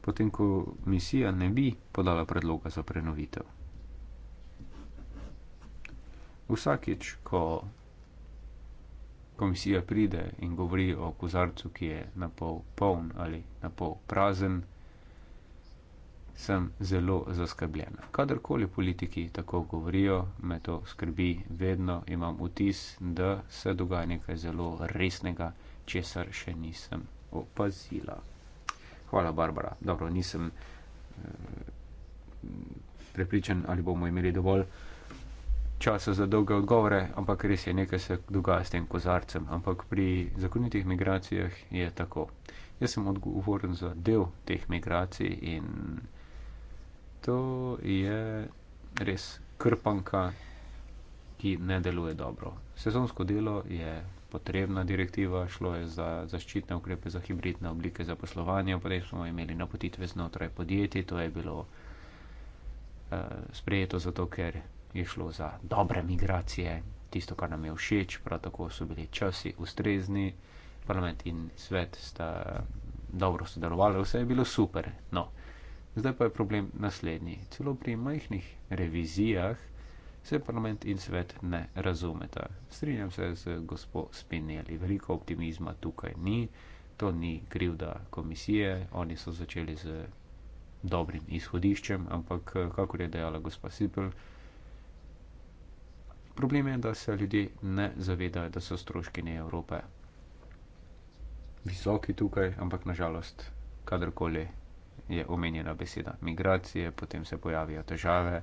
potem ko misija ne bi podala predloga za prenovitev. Vsakič, ko komisija pride in govori o kozarcu, ki je na pol poln ali na pol prazen, sem zelo zaskrbljena. Kadarkoli politiki tako govorijo, me to skrbi vedno, imam vtis, da se dogaja nekaj zelo resnega, česar še nisem opazila. Hvala, Barbara. Dobro, nisem eh, prepričan, ali bomo imeli dovolj časa za dolge odgovore, ampak res je nekaj se dogaja s tem kozarcem. Ampak pri zakonitih migracijah je tako. Jaz sem odgovoren za del teh migracij in to je res krpanka, ki ne deluje dobro. Sezonsko delo je potrebna direktiva, šlo je za zaščitne ukrepe, za hibridne oblike zaposlovanja, potem smo imeli napotitve znotraj podjetij, to je bilo uh, sprejeto zato, ker je šlo za dobre migracije, tisto, kar nam je všeč, prav tako so bili časi ustrezni, parlament in svet sta dobro sodelovali, vse je bilo super. No, zdaj pa je problem naslednji. Celo pri majhnih revizijah se parlament in svet ne razumeta. Strinjam se z gospo Spinelli, veliko optimizma tukaj ni, to ni krivda komisije, oni so začeli z dobrim izhodiščem, ampak eh, kakor je dejala gospa Sipel, Problem je, da se ljudje ne zavedajo, da so stroški ne Evrope visoki tukaj, ampak nažalost, kadarkoli je omenjena beseda migracije, potem se pojavijo težave,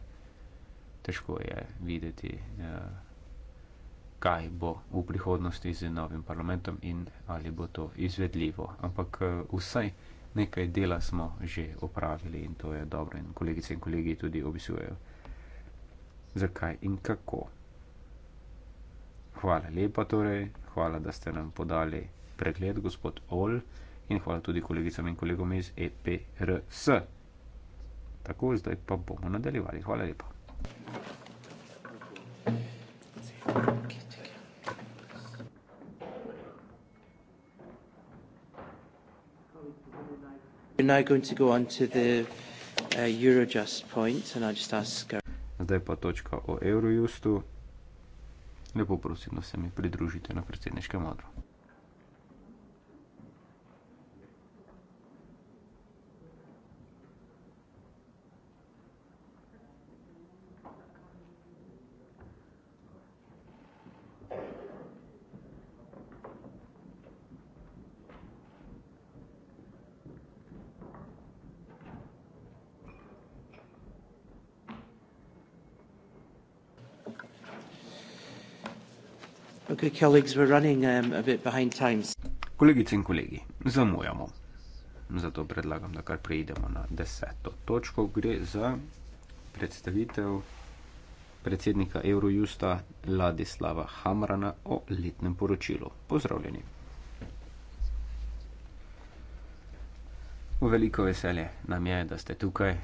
težko je videti, eh, kaj bo v prihodnosti z novim parlamentom in ali bo to izvedljivo. Ampak eh, vsaj nekaj dela smo že opravili in to je dobro in kolegice in kolegi tudi obisujejo. Zakaj in kako? Hvala lepa torej, hvala, da ste nam podali pregled, gospod Ol, in hvala tudi kolegicam in kolegom iz EPRS. Tako, zdaj pa bomo nadaljevali. Hvala lepa. Uh, uh, zdaj pa točka o Eurojustu lepo prosim, da se mi pridružite na predsedniškem odru. Um, Kolegice in kolegi, zamujamo. Zato predlagam, da kar preidemo na deseto točko. Gre za predstavitev predsednika Eurojusta Ladislava Hamrana o letnem poročilu. Pozdravljeni. V veliko veselje nam je, da ste tukaj.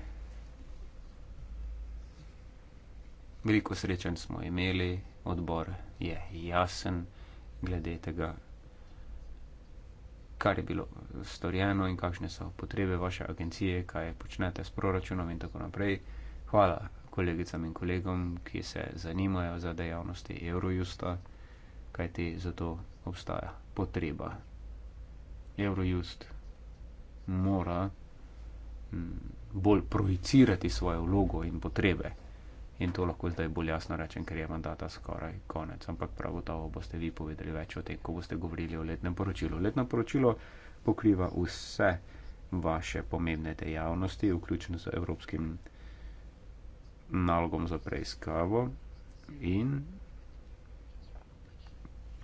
veliko srečen smo imeli, odbor je jasen glede tega, kar je bilo storjeno in kakšne so potrebe vaše agencije, kaj počnete s proračunom in tako naprej. Hvala kolegicam in kolegom, ki se zanimajo za dejavnosti Eurojusta, kajti zato obstaja potreba. Eurojust mora mm, bolj projicirati svojo vlogo in potrebe. In to lahko zdaj bolj jasno rečem, ker je mandata skoraj konec. Ampak prav gotovo boste vi povedali več o tem, ko boste govorili o letnem poročilu. Letno poročilo pokriva vse vaše pomembne dejavnosti, vključno z evropskim nalogom za preiskavo. In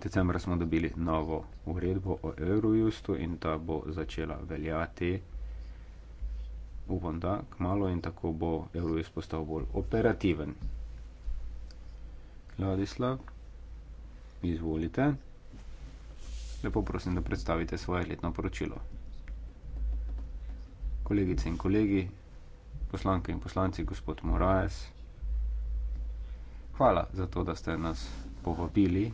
decembra smo dobili novo uredbo o Eurojustu in ta bo začela veljati upam, da kmalo in tako bo Eurovis postal bolj operativen. Vladislav, izvolite. Lepo prosim, da predstavite svoje letno poročilo. Kolegice in kolegi, poslanke in poslanci, gospod Moraes, hvala za to, da ste nas povabili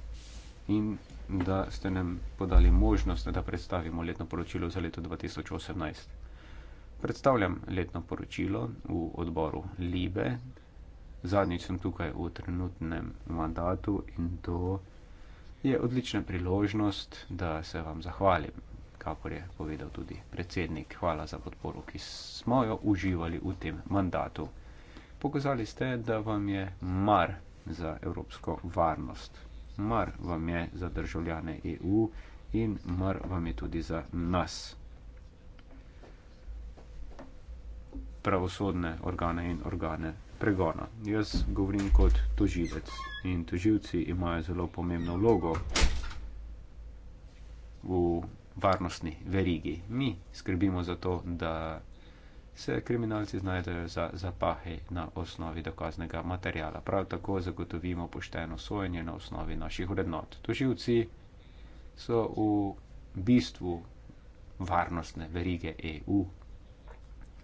in da ste nam podali možnost, da predstavimo letno poročilo za leto 2018. Predstavljam letno poročilo v odboru Libe. Zadnjič sem tukaj v trenutnem mandatu in to je odlična priložnost, da se vam zahvalim, kakor je povedal tudi predsednik. Hvala za podporo, ki smo jo uživali v tem mandatu. Pokazali ste, da vam je mar za evropsko varnost. Mar vam je za državljane EU in mar vam je tudi za nas. pravosodne organe in organe pregona. Jaz govorim kot tožilec in tožilci imajo zelo pomembno vlogo v varnostni verigi. Mi skrbimo za to, da se kriminalci znajdejo za zapahe na osnovi dokaznega materijala. Prav tako zagotovimo pošteno sojenje na osnovi naših vrednot. Tožilci so v bistvu varnostne verige EU,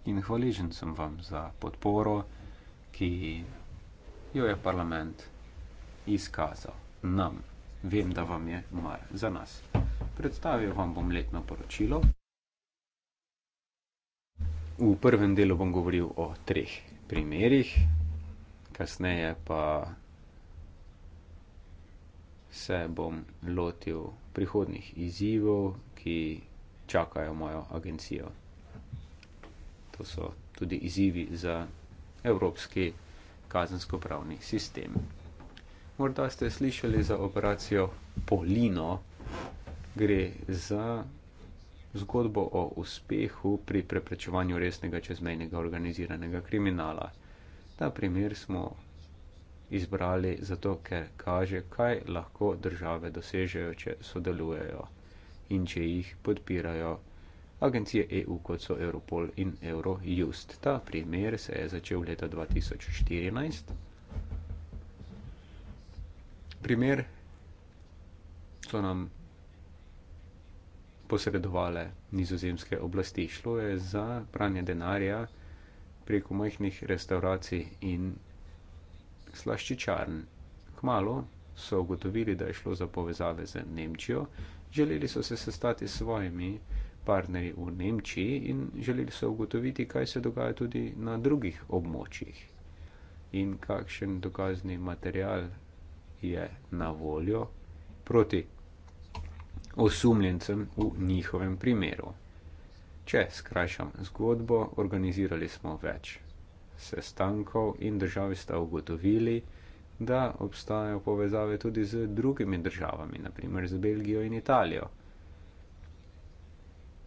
in hvaležen sem vam za podporo, ki jo je parlament izkazal nam. Vem, da vam je mar za nas. Predstavil vam bom letno poročilo. V prvem delu bom govoril o treh primerih, kasneje pa se bom lotil prihodnih izzivov, ki čakajo mojo agencijo to so tudi izzivi za evropski kazensko-pravni sistem. Morda ste slišali za operacijo Polino, gre za zgodbo o uspehu pri preprečevanju resnega čezmejnega organiziranega kriminala. Ta primer smo izbrali zato, ker kaže, kaj lahko države dosežejo, če sodelujejo in če jih podpirajo agencije EU, kot so Europol in Eurojust. Ta primer se je začel leta 2014. Primer so nam posredovale nizozemske oblasti. Šlo je za pranje denarja preko majhnih restauracij in slaščičarn. Kmalo so ugotovili, da je šlo za povezave z Nemčijo, želeli so se sestati s svojimi partnerji v Nemčiji in želeli so ugotoviti, kaj se dogaja tudi na drugih območjih in kakšen dokazni material je na voljo proti osumljencem v njihovem primeru. Če skrajšam zgodbo, organizirali smo več sestankov in državi sta ugotovili, da obstajajo povezave tudi z drugimi državami, naprimer z Belgijo in Italijo.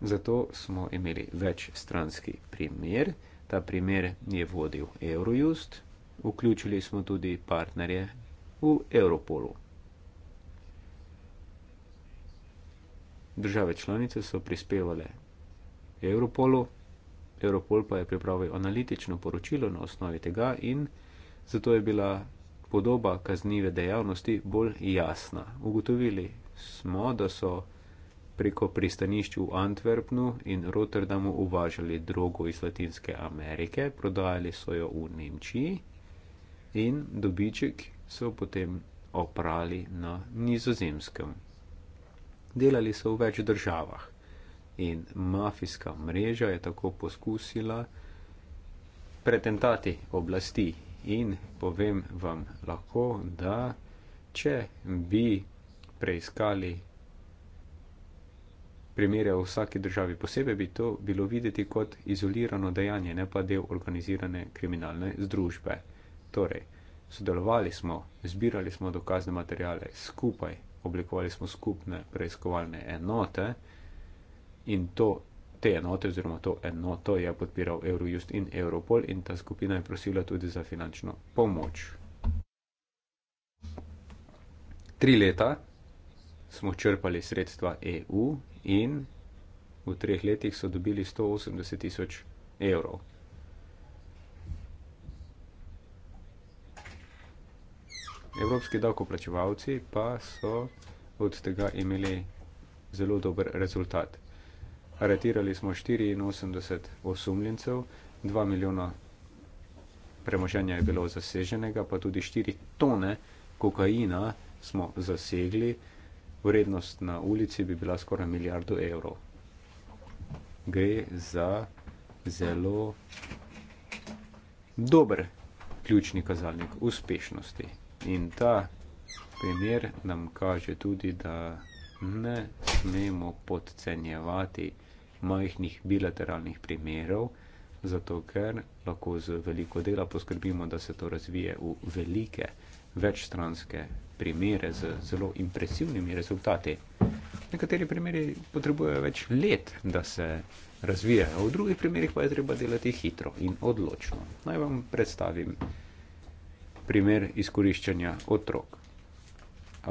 Zato smo imeli več stranski primer. Ta primer je vodil Eurojust, vključili smo tudi partnerje v Europolu. Države članice so prispevale Europolu, Europol pa je pripravil analitično poročilo na osnovi tega in zato je bila podoba kaznive dejavnosti bolj jasna. Ugotovili smo, da so preko pristanišč v Antwerpnu in Rotterdamu uvažali drogo iz Latinske Amerike, prodajali so jo v Nemčiji in dobiček so potem oprali na nizozemskem. Delali so v več državah in mafijska mreža je tako poskusila pretentati oblasti in povem vam lahko, da če bi preiskali primerjal vsaki državi posebej, bi to bilo videti kot izolirano dejanje, ne pa del organizirane kriminalne združbe. Torej, sodelovali smo, zbirali smo dokazne materijale skupaj, oblikovali smo skupne preiskovalne enote in to, te enote oziroma to enoto je podpiral Eurojust in Europol in ta skupina je prosila tudi za finančno pomoč. Tri leta smo črpali sredstva EU in v treh letih so dobili 180 tisoč evrov. Evropski davkoplačevalci pa so od tega imeli zelo dober rezultat. Aretirali smo 84 osumljencev, 2 milijona premoženja je bilo zaseženega, pa tudi 4 tone kokaina smo zasegli vrednost na ulici bi bila skoraj milijardo evrov. Gre za zelo dober ključni kazalnik uspešnosti. In ta primer nam kaže tudi, da ne smemo podcenjevati majhnih bilateralnih primerov, zato ker lahko z veliko dela poskrbimo, da se to razvije v velike večstranske primere z zelo impresivnimi rezultati. Nekateri primeri potrebujejo več let, da se razvijajo, v drugih primerih pa je treba delati hitro in odločno. Naj vam predstavim primer izkoriščanja otrok.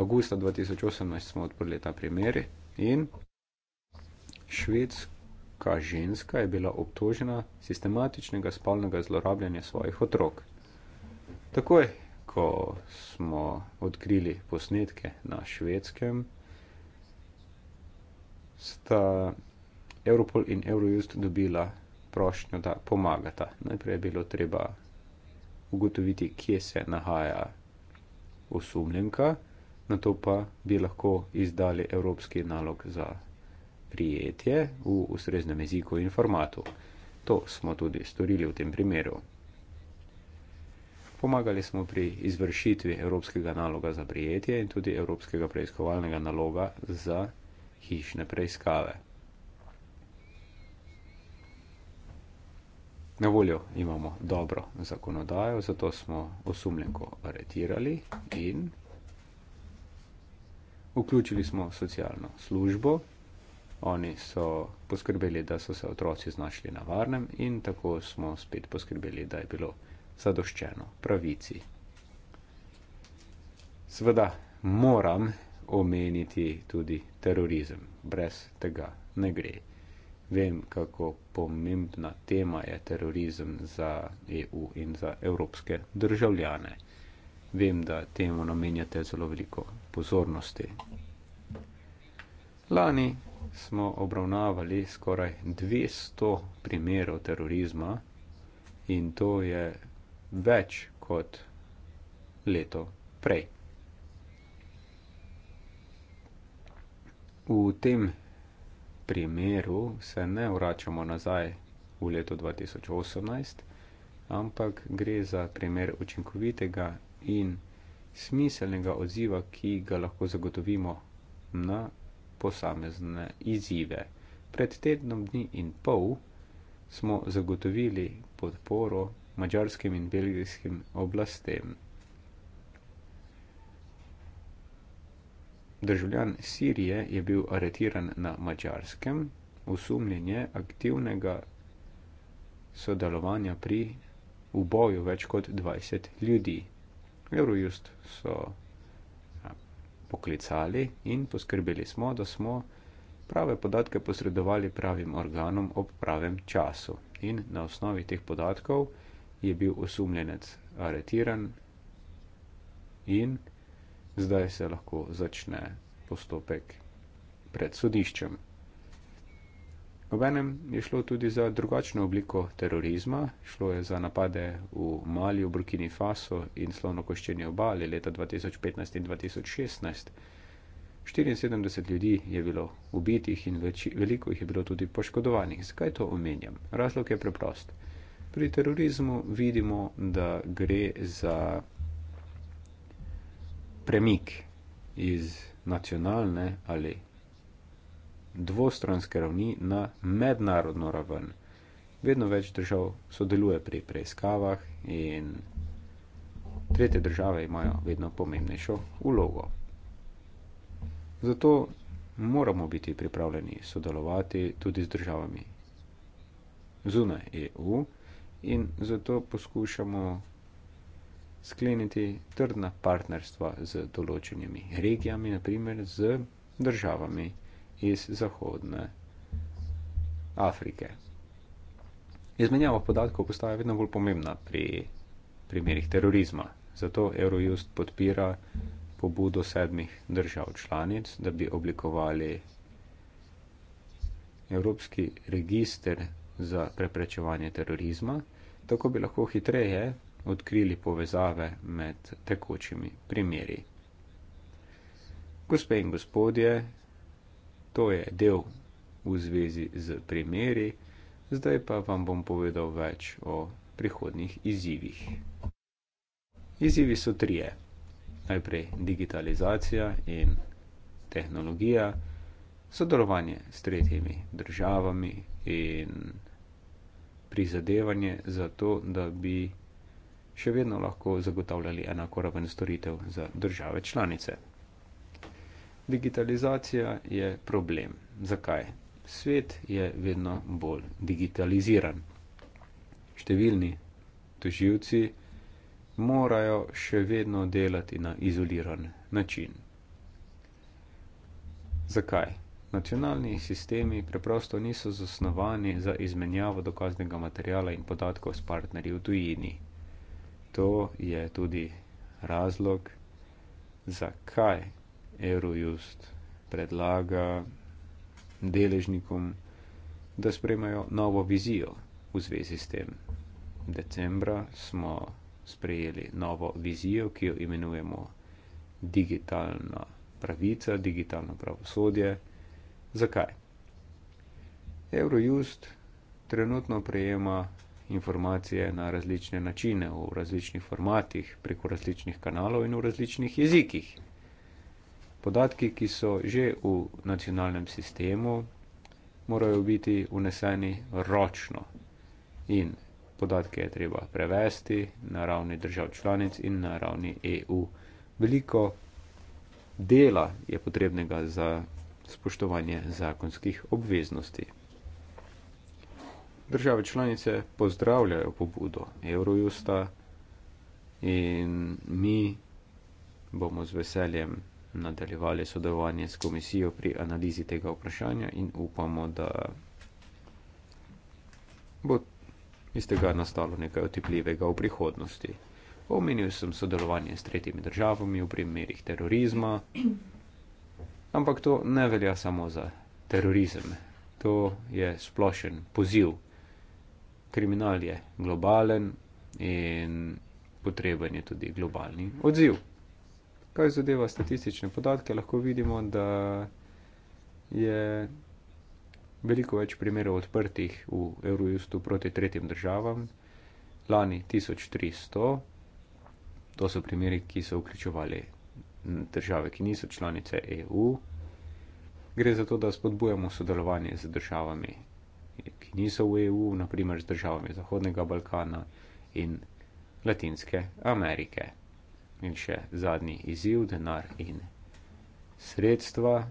Augusta 2018 smo odprli ta primer in švedska ženska je bila obtožena sistematičnega spolnega zlorabljanja svojih otrok. Takoj ko smo odkrili posnetke na švedskem, sta Europol in Eurojust dobila prošnjo, da pomagata. Najprej je bilo treba ugotoviti, kje se nahaja osumljenka, na to pa bi lahko izdali evropski nalog za prijetje v ustreznem jeziku in formatu. To smo tudi storili v tem primeru. Pomagali smo pri izvršitvi evropskega naloga za prijetje in tudi evropskega preiskovalnega naloga za hišne preiskave. Na voljo imamo dobro zakonodajo, zato smo osumljenko aretirali in vključili smo socialno službo. Oni so poskrbeli, da so se otroci znašli na varnem in tako smo spet poskrbeli, da je bilo zadoščeno pravici. Sveda moram omeniti tudi terorizem, brez tega ne gre. Vem, kako pomembna tema je terorizem za EU in za evropske državljane. Vem, da temu namenjate zelo veliko pozornosti. Lani smo obravnavali skoraj 200 primerov terorizma in to je več kot leto prej. V tem primeru se ne vračamo nazaj v leto 2018, ampak gre za primer učinkovitega in smiselnega odziva, ki ga lahko zagotovimo na posamezne izzive. Pred tednom dni in pol smo zagotovili podporo mačarskim in belgijskim oblastem. Državljan Sirije je bil aretiran na mačarskem, usumljenje aktivnega sodelovanja pri uboju več kot 20 ljudi. Eurojust so poklicali in poskrbeli smo, da smo prave podatke posredovali pravim organom ob pravem času. In na osnovi teh podatkov je bil osumljenec aretiran in zdaj se lahko začne postopek pred sodiščem. Obenem je šlo tudi za drugačno obliko terorizma, šlo je za napade v Maliju, Burkini Faso in slonokoščeni obali leta 2015 in 2016. 74 ljudi je bilo ubitih in veči, veliko jih je bilo tudi poškodovanih. Zakaj to omenjam? Razlog je preprost pri terorizmu vidimo, da gre za premik iz nacionalne ali dvostranske ravni na mednarodno raven. Vedno več držav sodeluje pri preiskavah in tretje države imajo vedno pomembnejšo ulogo. Zato moramo biti pripravljeni sodelovati tudi z državami zunaj EU in zato poskušamo skleniti trdna partnerstva z določenimi regijami, naprimer z državami iz Zahodne Afrike. Izmenjava podatkov postaja vedno bolj pomembna pri primerih terorizma. Zato Eurojust podpira pobudo sedmih držav članic, da bi oblikovali evropski register za preprečevanje terorizma, tako bi lahko hitreje odkrili povezave med tekočimi primeri. Gospe in gospodje, to je del v zvezi z primeri, zdaj pa vam bom povedal več o prihodnih izzivih. Izzivi so trije. Najprej digitalizacija in tehnologija, sodelovanje s tretjimi državami in prizadevanje za to, da bi še vedno lahko zagotavljali enako raven storitev za države članice. Digitalizacija je problem. Zakaj? Svet je vedno bolj digitaliziran. Številni toživci morajo še vedno delati na izoliran način. Zakaj? Nacionalni sistemi preprosto niso zasnovani za izmenjavo dokaznega materijala in podatkov s partnerji v tujini. To je tudi razlog, zakaj Eurojust predlaga deležnikom, da sprejmajo novo vizijo v zvezi s tem. Decembra smo sprejeli novo vizijo, ki jo imenujemo digitalna pravica, digitalno pravosodje. Zakaj? Eurojust trenutno prejema informacije na različne načine, v različnih formatih, preko različnih kanalov in v različnih jezikih. Podatki, ki so že v nacionalnem sistemu, morajo biti uneseni ročno in podatke je treba prevesti na ravni držav članic in na ravni EU. Veliko dela je potrebnega za spoštovanje zakonskih obveznosti. Države članice pozdravljajo pobudo Eurojusta in mi bomo z veseljem nadaljevali sodelovanje s komisijo pri analizi tega vprašanja in upamo, da bo iz tega nastalo nekaj otipljivega v prihodnosti. Omenil sem sodelovanje s tretjimi državami v primerih terorizma. Ampak to ne velja samo za terorizem. To je splošen poziv. Kriminal je globalen in potreben je tudi globalni odziv. Kaj zadeva statistične podatke, lahko vidimo, da je veliko več primerov odprtih v Eurojustu proti tretjim državam. Lani 1300, to so primeri, ki so vključovali države, ki niso članice EU. Gre za to, da spodbujamo sodelovanje z državami, ki niso v EU, naprimer z državami Zahodnega Balkana in Latinske Amerike. In še zadnji izziv, denar in sredstva.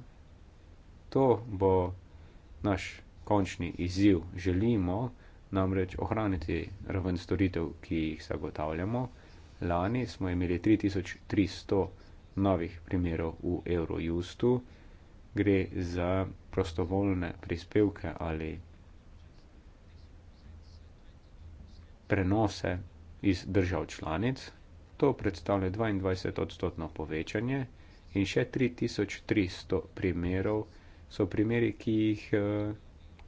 To bo naš končni izziv. Želimo namreč ohraniti raven storitev, ki jih zagotavljamo. Lani smo imeli 3300 novih primerov v Eurojustu, gre za prostovoljne prispevke ali prenose iz držav članic. To predstavlja 22 odstotno povečanje in še 3300 primerov so primeri, ki jih eh,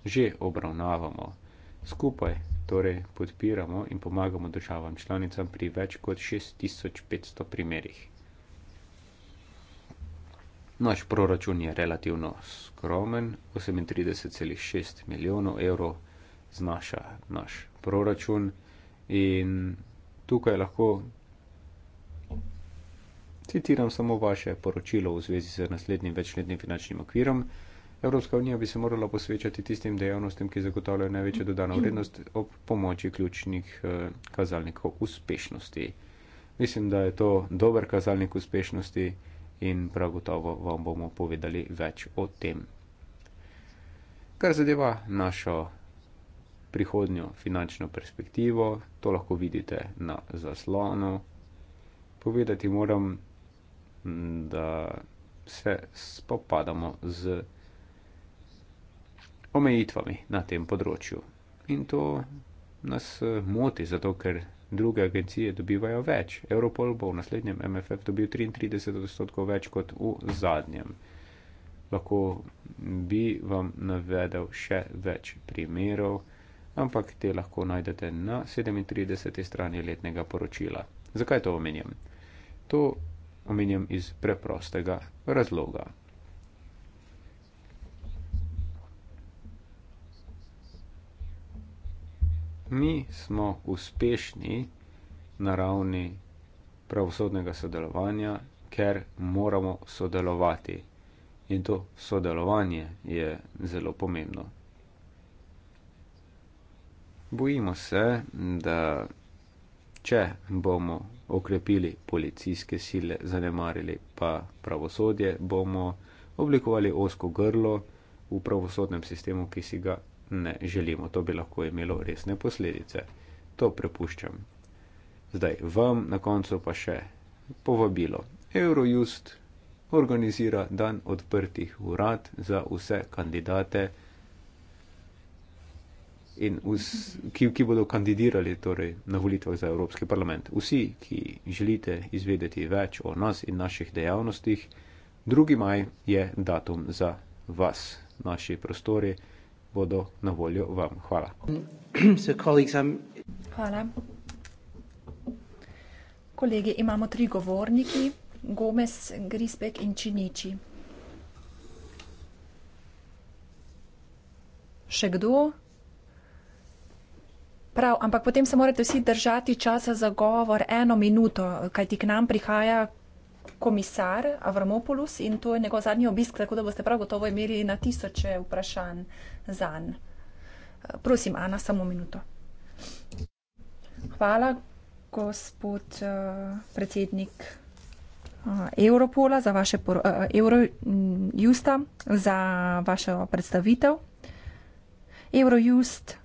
že obravnavamo. Skupaj torej podpiramo in pomagamo državam članicam pri več kot 6500 primerih. Naš proračun je relativno skromen, 38,6 milijonov evrov znaša naš proračun in tukaj lahko citiram samo vaše poročilo v zvezi z naslednjim večletnim finančnim okvirom. Evropska unija bi se morala posvečati tistim dejavnostim, ki zagotavljajo največjo dodano vrednost ob pomoči ključnih eh, kazalnikov uspešnosti. Mislim, da je to dober kazalnik uspešnosti in prav gotovo vam bomo povedali več o tem. Kar zadeva našo prihodnjo finančno perspektivo, to lahko vidite na zaslonu. Povedati moram, da se spopadamo z omejitvami na tem področju. In to nas moti, zato ker druge agencije dobivajo več. Europol bo v naslednjem MFF dobil 33 odstotkov več kot v zadnjem. Lahko bi vam navedel še več primerov, ampak te lahko najdete na 37. strani letnega poročila. Zakaj to omenjam? To omenjam iz preprostega razloga. mi smo uspešni na ravni pravosodnega sodelovanja, ker moramo sodelovati. In to sodelovanje je zelo pomembno. Bojimo se, da če bomo okrepili policijske sile, zanemarili pa pravosodje, bomo oblikovali osko grlo v pravosodnem sistemu, ki si ga ne želimo, to bi lahko imelo resne posledice. To prepuščam. Zdaj, vam na koncu pa še povabilo. Eurojust organizira dan odprtih urad za vse kandidate, vs, ki, ki bodo kandidirali torej, na volitvah za Evropski parlament. Vsi, ki želite izvedeti več o nas in naših dejavnostih, 2. maj je datum za vas, naši prostori bodo na voljo vam. Hvala. <clears throat> Hvala. Kolegi, imamo tri govorniki, Gomez, Grisbek in Činiči. Še kdo? Prav, ampak potem se morate vsi držati časa za govor eno minuto, kajti k nam prihaja komisar Avramopoulos in to je njegov zadnji obisk, tako da boste prav gotovo imeli na tisoče vprašanj zanj. Prosim, Ana, samo minuto. Hvala, gospod uh, predsednik uh, Europola, za vaše por, uh, eh, Eurojusta, za vašo predstavitev. Eurojust.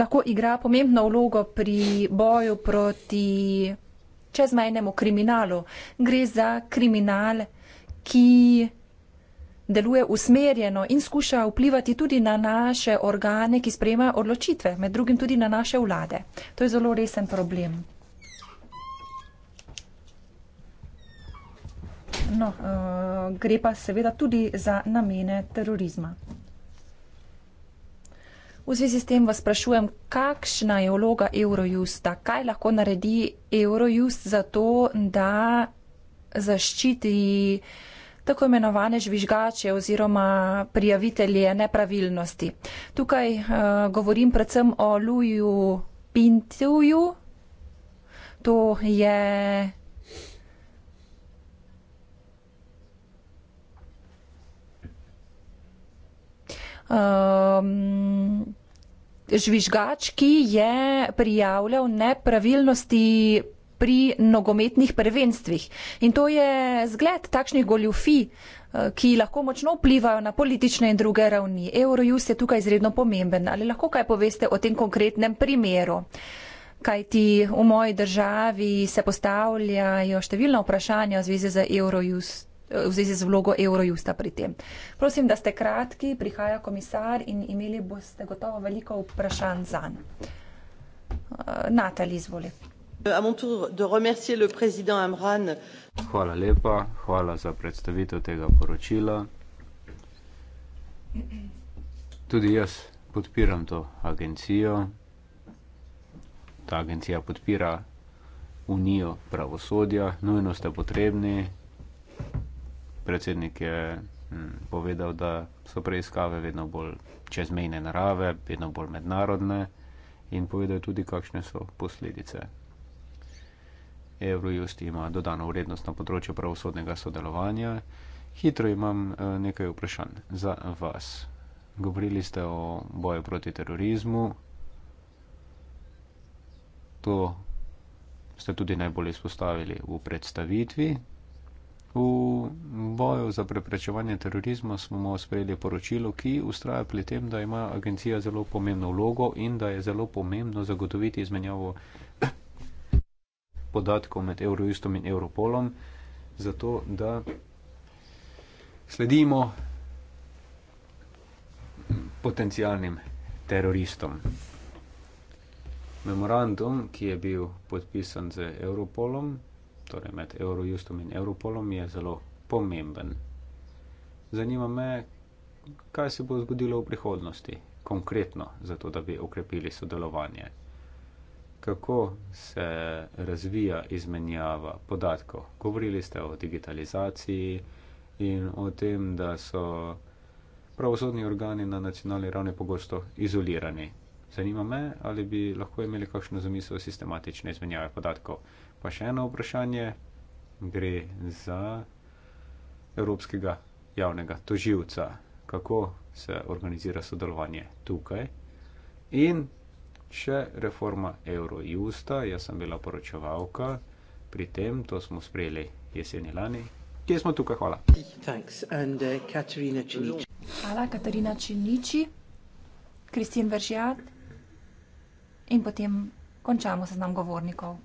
lahko igra pomembno vlogo pri boju proti čezmejnemu kriminalu. Gre za kriminal, ki deluje usmerjeno in skuša vplivati tudi na naše organe, ki sprejemajo odločitve, med drugim tudi na naše vlade. To je zelo resen problem. No, uh, gre pa seveda tudi za namene terorizma. V zvezi s tem vas sprašujem, kakšna je vloga Eurojusta, kaj lahko naredi Eurojust za to, da zaščiti tako imenovane žvižgače oziroma prijavitelje nepravilnosti. Tukaj uh, govorim predvsem o Luju Pintuju. To je um, žvižgač, ki je prijavljal nepravilnosti pri nogometnih prvenstvih. In to je zgled takšnih goljufi, eh, ki lahko močno vplivajo na politične in druge ravni. Eurojust je tukaj izredno pomemben. Ali lahko kaj poveste o tem konkretnem primeru? Kaj ti v moji državi se postavljajo številna vprašanja v zvezi z Eurojust? v zvezi z vlogo Eurojusta pri tem. Prosim, da ste kratki, prihaja komisar in imeli boste gotovo veliko vprašanj za njega. Eh, Natalij, izvoli. Hvala lepa, hvala za predstavitev tega poročila. Tudi jaz podpiram to agencijo. Ta agencija podpira unijo pravosodja, nujno ste potrebni, predsednik je hm, povedal, da so preiskave vedno bolj čezmejne narave, vedno bolj mednarodne in povedal tudi, kakšne so posledice. Eurojust ima dodano vrednost na področju pravosodnega sodelovanja. Hitro imam eh, nekaj vprašanj za vas. Govorili ste o boju proti terorizmu. To ste tudi najbolj izpostavili v predstavitvi, V boju za preprečevanje terorizma smo sprejeli poročilo, ki ustraja pri tem, da ima agencija zelo pomembno vlogo in da je zelo pomembno zagotoviti izmenjavo podatkov med Eurojustom in Europolom, zato da sledimo potencijalnim teroristom. Memorandum, ki je bil podpisan z Europolom, torej med Eurojustom in Europolom, je zelo pomemben. Zanima me, kaj se bo zgodilo v prihodnosti, konkretno, zato da bi okrepili sodelovanje. Kako se razvija izmenjava podatkov? Govorili ste o digitalizaciji in o tem, da so pravosodni organi na nacionalni ravni pogosto izolirani. Zanima me, ali bi lahko imeli kakšno zamisel sistematične izmenjave podatkov. Pa še eno vprašanje, gre za evropskega javnega toživca, kako se organizira sodelovanje tukaj. In še reforma Eurojusta, jaz sem bila poročevalka pri tem, to smo sprejeli jeseni lani. Kje smo tukaj? Hvala. And, uh, Hvala, Katarina Činiči, Kristin Veržjat in potem končamo seznam govornikov.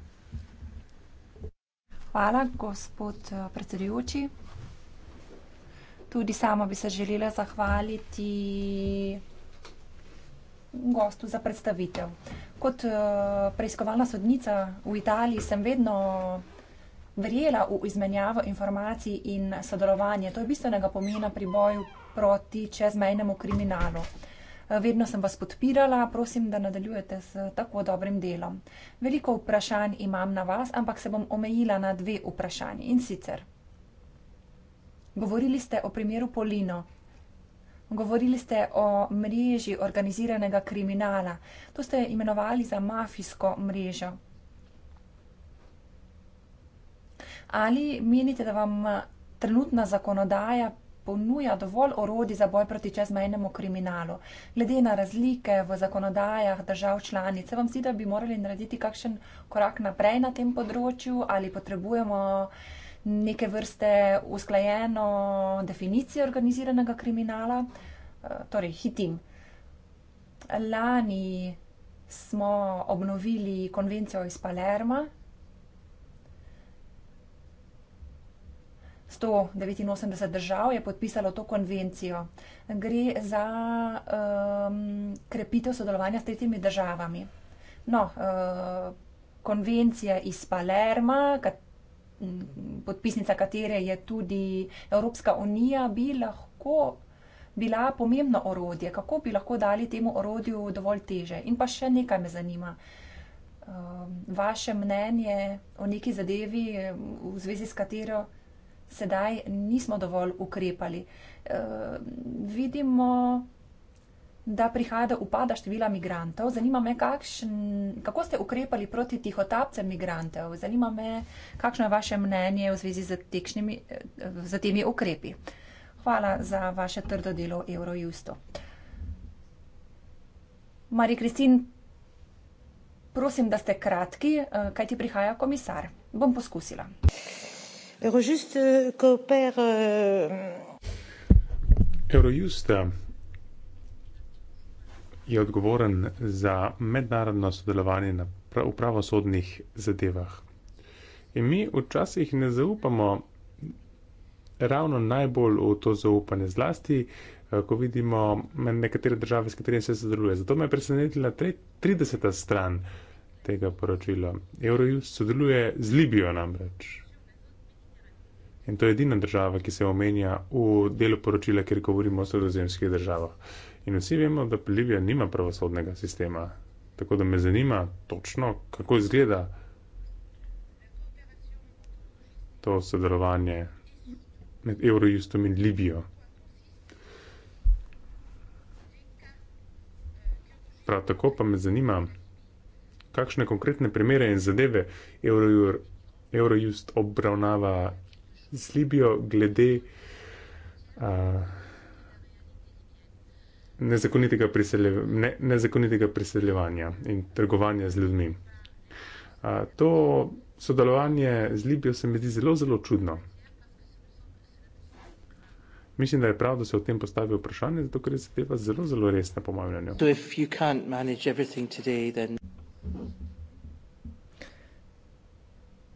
Hvala, gospod eh, predsedujoči. Tudi sama bi se želela zahvaliti gostu za predstavitev. Kot eh, preiskovalna sodnica v Italiji sem vedno verjela v izmenjavo informacij in sodelovanje. To je bistvenega pomena pri boju proti čezmejnemu kriminalu. Vedno sem vas podpirala, prosim, da nadaljujete s tako dobrim delom. Veliko vprašanj imam na vas, ampak se bom omejila na dve vprašanji. In sicer, govorili ste o primeru Polino, govorili ste o mreži organiziranega kriminala, to ste imenovali za mafijsko mrežo. Ali menite, da vam trenutna zakonodaja ponuja dovolj orodi za boj proti čezmejnemu kriminalu. Glede na razlike v zakonodajah držav članice, vam zdi, da bi morali narediti kakšen korak naprej na tem področju ali potrebujemo neke vrste usklajeno definicijo organiziranega kriminala, eh, torej hitim. Lani smo obnovili konvencijo iz Palerma, 189 držav je podpisalo to konvencijo. Gre za um, krepitev sodelovanja s tretjimi državami. No, uh, konvencija iz Palerma, kat, podpisnica katere je tudi Evropska unija, bi lahko bila pomembno orodje. Kako bi lahko dali temu orodju dovolj teže? In pa še nekaj me zanima. Uh, vaše mnenje o neki zadevi, v zvezi s katero sedaj nismo dovolj ukrepali. Uh, vidimo, da prihaja do upada števila migrantov. Zanima me, kakšn, kako ste ukrepali proti tihotapcem migrantov. Zanima me, kakšno je vaše mnenje v zvezi z, tekšnimi, eh, z temi ukrepi. Hvala za vaše trdo delo v Eurojustu. Marija Kristin, prosim, da ste kratki, eh, kaj ti prihaja komisar. Bom poskusila. Eurojust euh, coopère. Euh... Eurojust je odgovoren za mednarodno sodelovanje v pravosodnih zadevah. In mi včasih ne zaupamo ravno najbolj v to zaupanje, zlasti eh, ko vidimo nekatere države, s katerimi se sodeluje. Zato me je presenetila 30. stran tega poročila. Eurojust sodeluje z Libijo namreč. In to je edina država, ki se omenja v delu poročila, kjer govorimo o sredozemskih državah. In vsi vemo, da Libija nima pravosodnega sistema. Tako da me zanima točno, kako izgleda to sodelovanje med Eurojustom in Libijo. Prav tako pa me zanima, kakšne konkretne primere in zadeve Eurojust obravnava z Libijo glede uh, nezakonitega, ne, nezakonitega priseljevanja in trgovanja z ljudmi. Uh, to sodelovanje z Libijo se mi zdi zelo, zelo čudno. Mislim, da je prav, da se o tem postavi vprašanje, zato ker je zadeva zelo, zelo resna po mojem mnenju.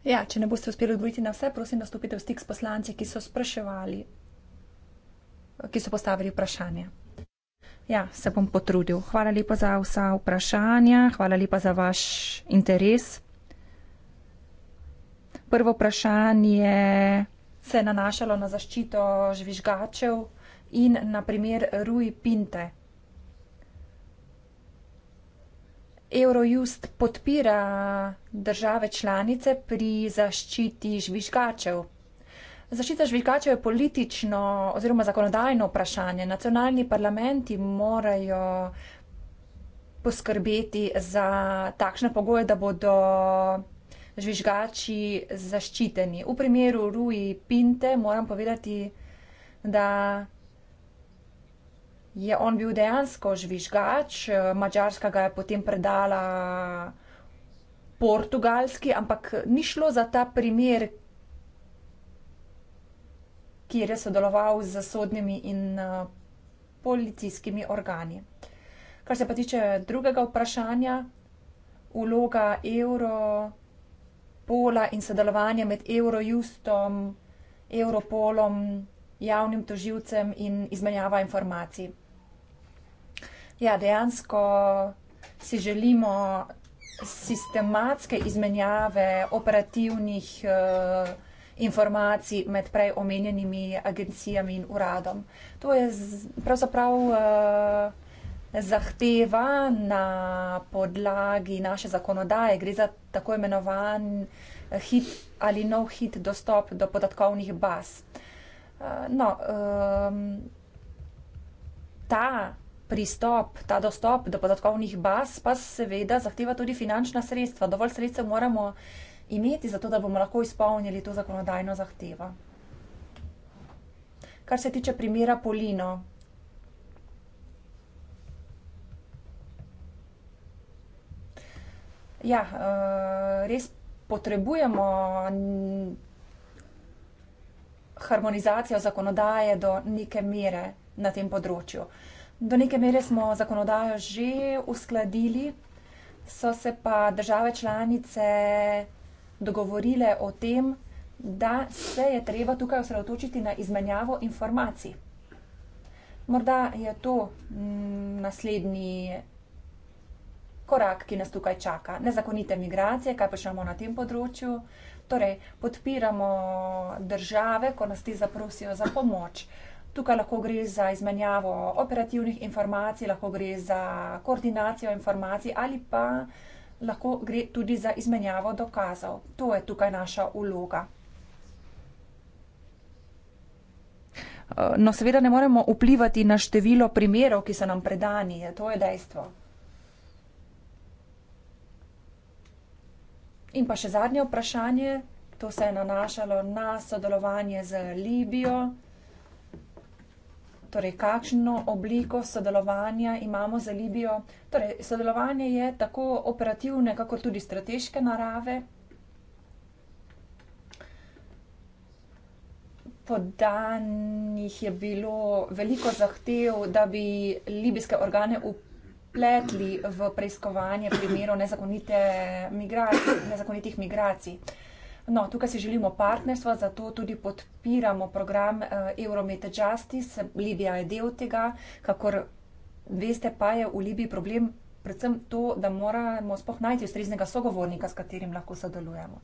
Ja, če ne boste uspeli odgovoriti na vse, prosim, da stopite v stik s poslanci, ki so spraševali, ki so postavili vprašanje. Ja, se bom potrudil. Hvala lepa za vsa vprašanja, hvala lepa za vaš interes. Prvo vprašanje se je nanašalo na zaščito žvižgačev in na primer Rui Pinte. Eurojust podpira države članice pri zaščiti žvižgačev. Zaščita žvižgačev je politično oziroma zakonodajno vprašanje. Nacionalni parlamenti morajo poskrbeti za takšne pogoje, da bodo žvižgači zaščiteni. V primeru Rui Pinte moram povedati, da je on bil dejansko žvižgač, eh, Mačarska ga je potem predala portugalski, ampak ni šlo za ta primer, kjer je sodeloval z zasodnimi in eh, policijskimi organi. Kar se pa tiče drugega vprašanja, uloga Euro, Pola in sodelovanje med Eurojustom, Europolom, javnim toživcem in izmenjava informacij ja, dejansko si želimo sistematske izmenjave operativnih uh, informacij med prej omenjenimi agencijami in uradom. To je pravzaprav uh, zahteva na podlagi naše zakonodaje. Gre za tako imenovan eh, hit ali no hit dostop do podatkovnih baz. Uh, no, um, ta pristop, ta dostop do podatkovnih baz, pa seveda zahteva tudi finančna sredstva. Dovolj sredstev moramo imeti, zato da bomo lahko izpolnili to zakonodajno zahtevo. Kar se tiče primera Polino. Ja, eh, res potrebujemo harmonizacijo zakonodaje do neke mere na tem področju. Do neke mere smo zakonodajo že uskladili, so se pa države članice dogovorile o tem, da se je treba tukaj osredotočiti na izmenjavo informacij. Morda je to mm, naslednji korak, ki nas tukaj čaka. Nezakonite migracije, kaj počnemo na tem področju. Torej, podpiramo države, ko nas ti zaprosijo za pomoč. Uh, Tukaj lahko gre za izmenjavo operativnih informacij, lahko gre za koordinacijo informacij ali pa lahko gre tudi za izmenjavo dokazov. To je tukaj naša uloga. No, seveda ne moremo vplivati na število primerov, ki so nam predani, to je dejstvo. In pa še zadnje vprašanje, to se je nanašalo na sodelovanje z Libijo torej kakšno obliko sodelovanja imamo za Libijo. Torej, sodelovanje je tako operativne, kako tudi strateške narave. Podanih je bilo veliko zahtev, da bi libijske organe upletli v preiskovanje primerov nezakonite migracij, nezakonitih migracij. No, tukaj si želimo partnerstva, zato tudi podpiramo program eh, Euromete Justice. Libija je del tega, kakor veste, pa je v Libiji problem predvsem to, da moramo spoh najti ustreznega sogovornika, s katerim lahko sodelujemo.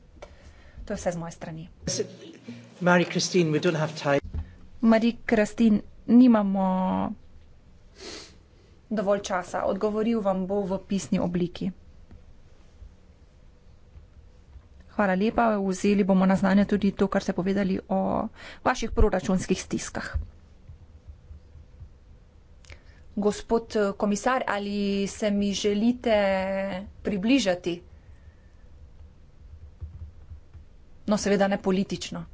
To je vse z moje strani. Marie Kristin, nimamo dovolj časa. Odgovoril vam bo v pisni obliki. Hvala lepa. Vzeli bomo na znanje tudi to, kar ste povedali o vaših proračunskih stiskah. Gospod eh, komisar, ali se mi želite približati? No, seveda ne politično.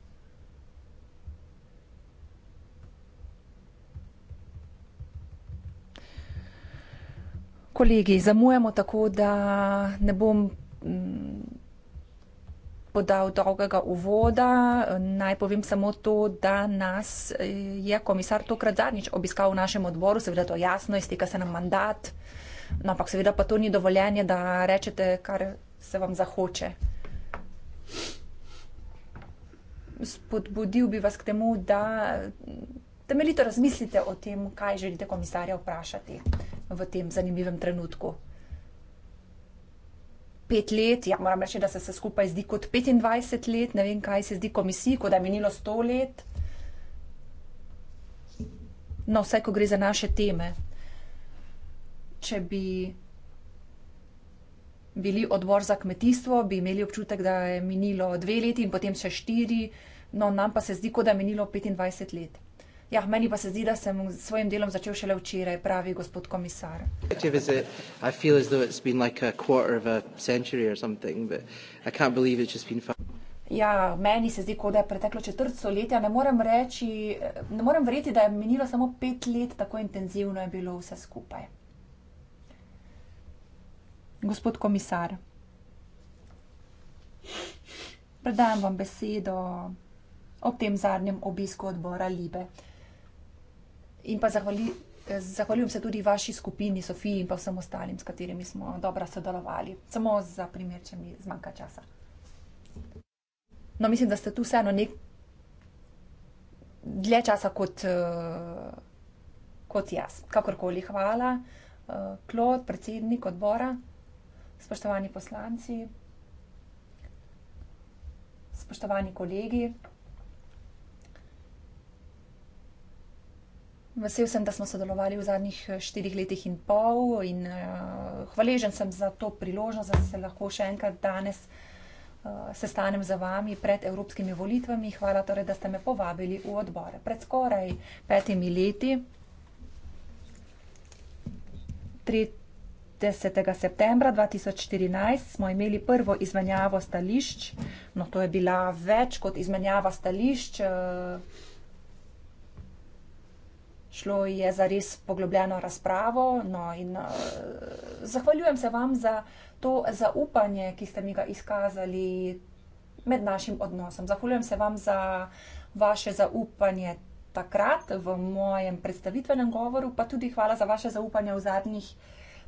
Kolegi, zamujamo tako, da ne bom. Mm, podal dolgega uvoda. Naj povem samo to, da nas eh, je komisar tokrat zadnjič obiskal v našem odboru, seveda to jasno, izteka se nam mandat, no, ampak seveda pa to ni dovoljenje, da rečete, kar se vam zahoče. Spodbudil bi vas k temu, da temeljito razmislite o tem, kaj želite komisarja vprašati v tem zanimivem trenutku pet let, ja, moram reči, da se vse skupaj zdi kot 25 let, ne vem, kaj se zdi komisiji, kot da je minilo 100 let. No, vse, ko gre za naše teme. Če bi bili odbor za kmetijstvo, bi imeli občutek, da je minilo dve leti in potem še štiri, no, nam pa se zdi, kot da je minilo 25 let. Ja, meni pa se zdi, da sem s svojim delom začel šele včeraj, pravi gospod komisar. Ja, meni se zdi, kot da je preteklo četrt stoletja. Ne morem reči, ne morem verjeti, da je minilo samo pet let, tako intenzivno je bilo vse skupaj. Gospod komisar, predajam vam besedo ob tem zadnjem obisku odbora Libe. In pa zahvali, eh, zahvaljujem se tudi vaši skupini, Sofiji in pa vsem ostalim, s katerimi smo dobro sodelovali. Samo za primer, če mi zmanjka časa. No, mislim, da ste tu vseeno nek dlje časa kot, eh, kot jaz. Kakorkoli, hvala. Eh, Klod, predsednik odbora, spoštovani poslanci, spoštovani kolegi. Vesel sem, da smo sodelovali v zadnjih eh, štirih letih in pol in uh, hvaležen sem za to priložnost, da se lahko še enkrat danes uh, sestanem za vami pred evropskimi volitvami. Hvala torej, da ste me povabili v odbore. Pred skoraj petimi leti, 30. septembra 2014, smo imeli prvo izmenjavo stališč. No, to je bila več kot izmenjava stališč. Uh, šlo je za res poglobljeno razpravo. No, in, uh, zahvaljujem se vam za to zaupanje, ki ste mi ga izkazali med našim odnosom. Zahvaljujem se vam za vaše zaupanje takrat v mojem predstavitvenem govoru, pa tudi hvala za vaše zaupanje v zadnjih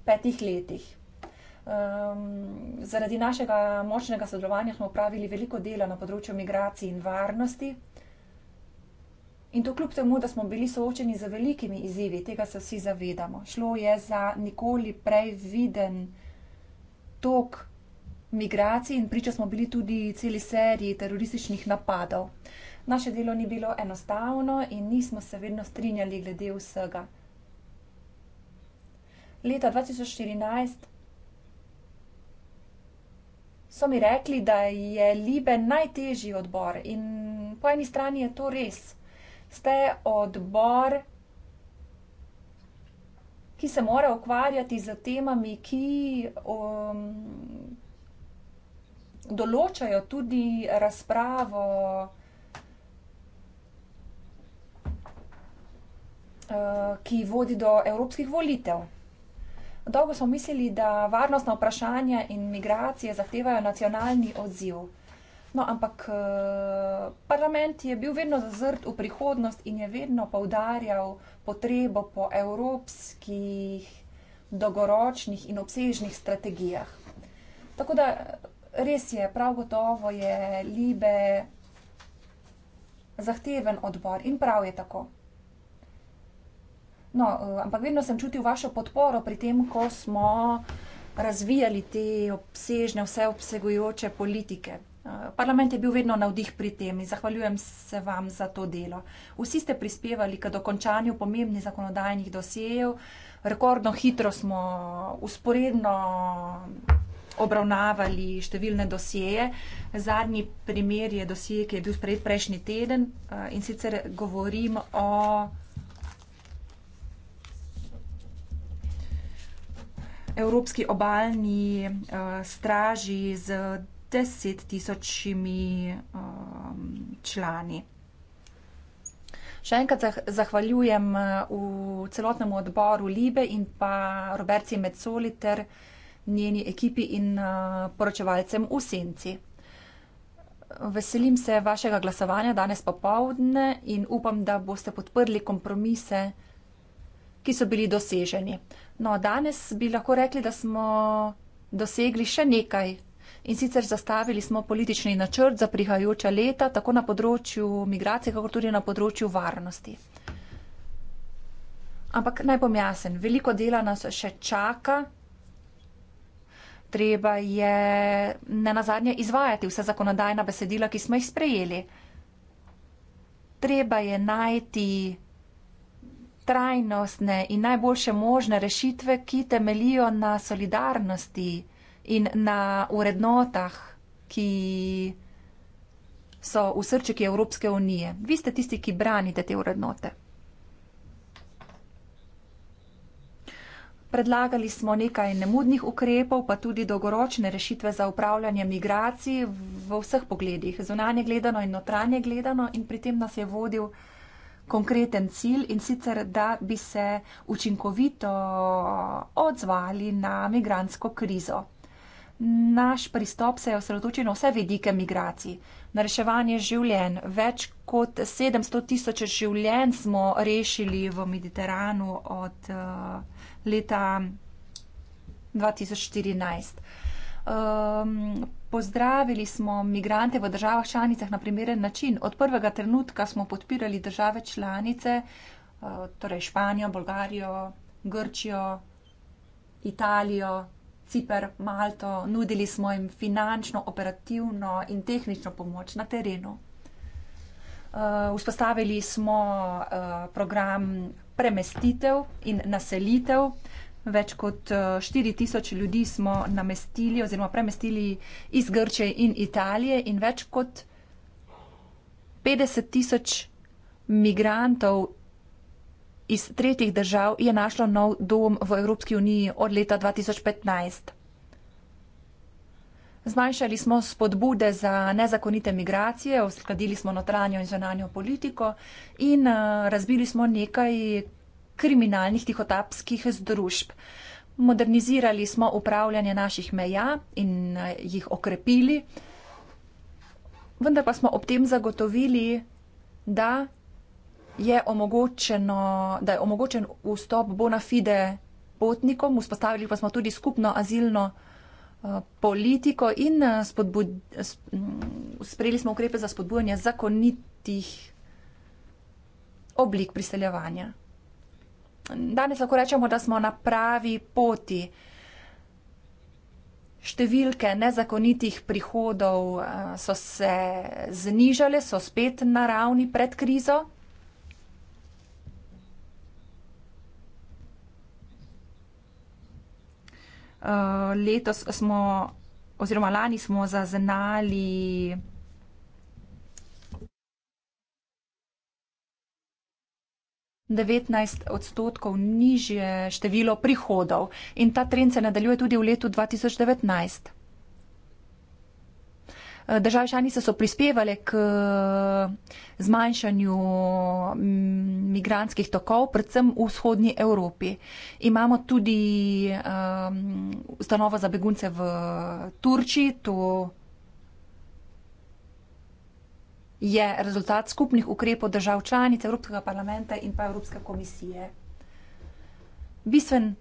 petih letih. Um, zaradi našega močnega sodelovanja smo upravili veliko dela na področju migracij in varnosti, In to kljub temu, da smo bili soočeni z velikimi izzivi, tega se vsi zavedamo. Šlo je za nikoli prej viden tok migracij in priča smo bili tudi celi seriji terorističnih napadov. Naše delo ni bilo enostavno in nismo se vedno strinjali glede vsega. Leta 2014 so mi rekli, da je Libe najtežji odbor in po eni strani je to res ste odbor, ki se mora ukvarjati z temami, ki um, določajo tudi razpravo uh, Ki vodi do evropskih volitev. Dolgo smo mislili, da varnostna vprašanja in migracije zahtevajo nacionalni odziv. No, ampak eh, parlament je bil vedno zazrt v prihodnost in je vedno poudarjal potrebo po evropskih dolgoročnih in obsežnih strategijah. Tako da res je, prav gotovo je Libe zahteven odbor in prav je tako. No, eh, ampak vedno sem čutil vašo podporo pri tem, ko smo razvijali te obsežne, vseobsegujoče politike. Parlament je bil vedno navdih pri tem in zahvaljujem se vam za to delo. Vsi ste prispevali k dokončanju pomembnih zakonodajnih dosejev, rekordno hitro smo usporedno obravnavali številne dosjeje. Zadnji primer je dosje, ki je bil sprejet prejšnji teden eh, in sicer govorim o Evropski obaljni eh, straži z deset tisočimi um, člani. Še enkrat zahvaljujem uh, v celotnemu odboru Libe in pa Roberci Medsoli ter njeni ekipi in uh, poročevalcem v Senci. Veselim se vašega glasovanja danes popovdne in upam, da boste podprli kompromise, ki so bili doseženi. No, danes bi lahko rekli, da smo dosegli še nekaj In sicer zastavili smo politični načrt za prihajajoča leta, tako na področju migracije, kako tudi na področju varnosti. Ampak naj bom jasen, veliko dela nas še čaka. Treba je ne na zadnje izvajati vse zakonodajna besedila, ki smo jih sprejeli. Treba je najti trajnostne in najboljše možne rešitve, ki temelijo na solidarnosti in na urednotah, ki so v srčiki Evropske unije. Vi ste tisti, ki branite te urednote. Predlagali smo nekaj nemudnih ukrepov, pa tudi dolgoročne rešitve za upravljanje migracij v vseh pogledih, zunanje gledano in notranje gledano, in pri tem nas je vodil konkreten cilj in sicer, da bi se učinkovito odzvali na migransko krizo naš pristop se je osredotočil na vse vedike migracij, na reševanje življenj. Več kot 700 tisoč življenj smo rešili v Mediteranu od uh, leta 2014. Um, ehm, Pozdravili smo migrante v državah članicah na primeren način. Od prvega trenutka smo podpirali države članice, eh, torej Španijo, Bolgarijo, Grčijo, Italijo, Ciper, Malto, nudili smo jim finančno, operativno in tehnično pomoč na terenu. Eh, vzpostavili smo eh, program premestitev in naselitev. Več kot 4000 eh, ljudi smo namestili oziroma premestili iz Grče in Italije in več kot 50 tisoč migrantov iz tretjih držav je našlo nov dom v Evropski uniji od leta 2015. Zmanjšali smo spodbude za nezakonite migracije, uskladili smo notranjo in zonanjo politiko in eh, razbili smo nekaj kriminalnih tihotapskih združb. Modernizirali smo upravljanje naših meja in eh, jih okrepili, vendar pa smo ob tem zagotovili, da je omogočeno, da je omogočen vstop bona fide potnikom, vzpostavili pa smo tudi skupno azilno eh, politiko in eh, mm, sprejeli smo ukrepe za spodbujanje zakonitih oblik priseljevanja. Danes lahko rečemo, da smo na pravi poti. Številke nezakonitih prihodov eh, so se znižale, so spet na ravni pred krizo. Eh, letos smo, oziroma lani smo zaznali. devetnajst odstotkov nižje število prihodov in ta trend se nadaljuje tudi v letu dva tisoč devetnajst države članice so prispevale k eh, zmanjšanju mm, migranskih tokov, predvsem v vzhodnji Evropi. Imamo tudi um, eh, ustanovo za begunce v eh, Turčiji. To je rezultat skupnih ukrepov držav članic Evropskega parlamenta in pa Evropske komisije. Bistven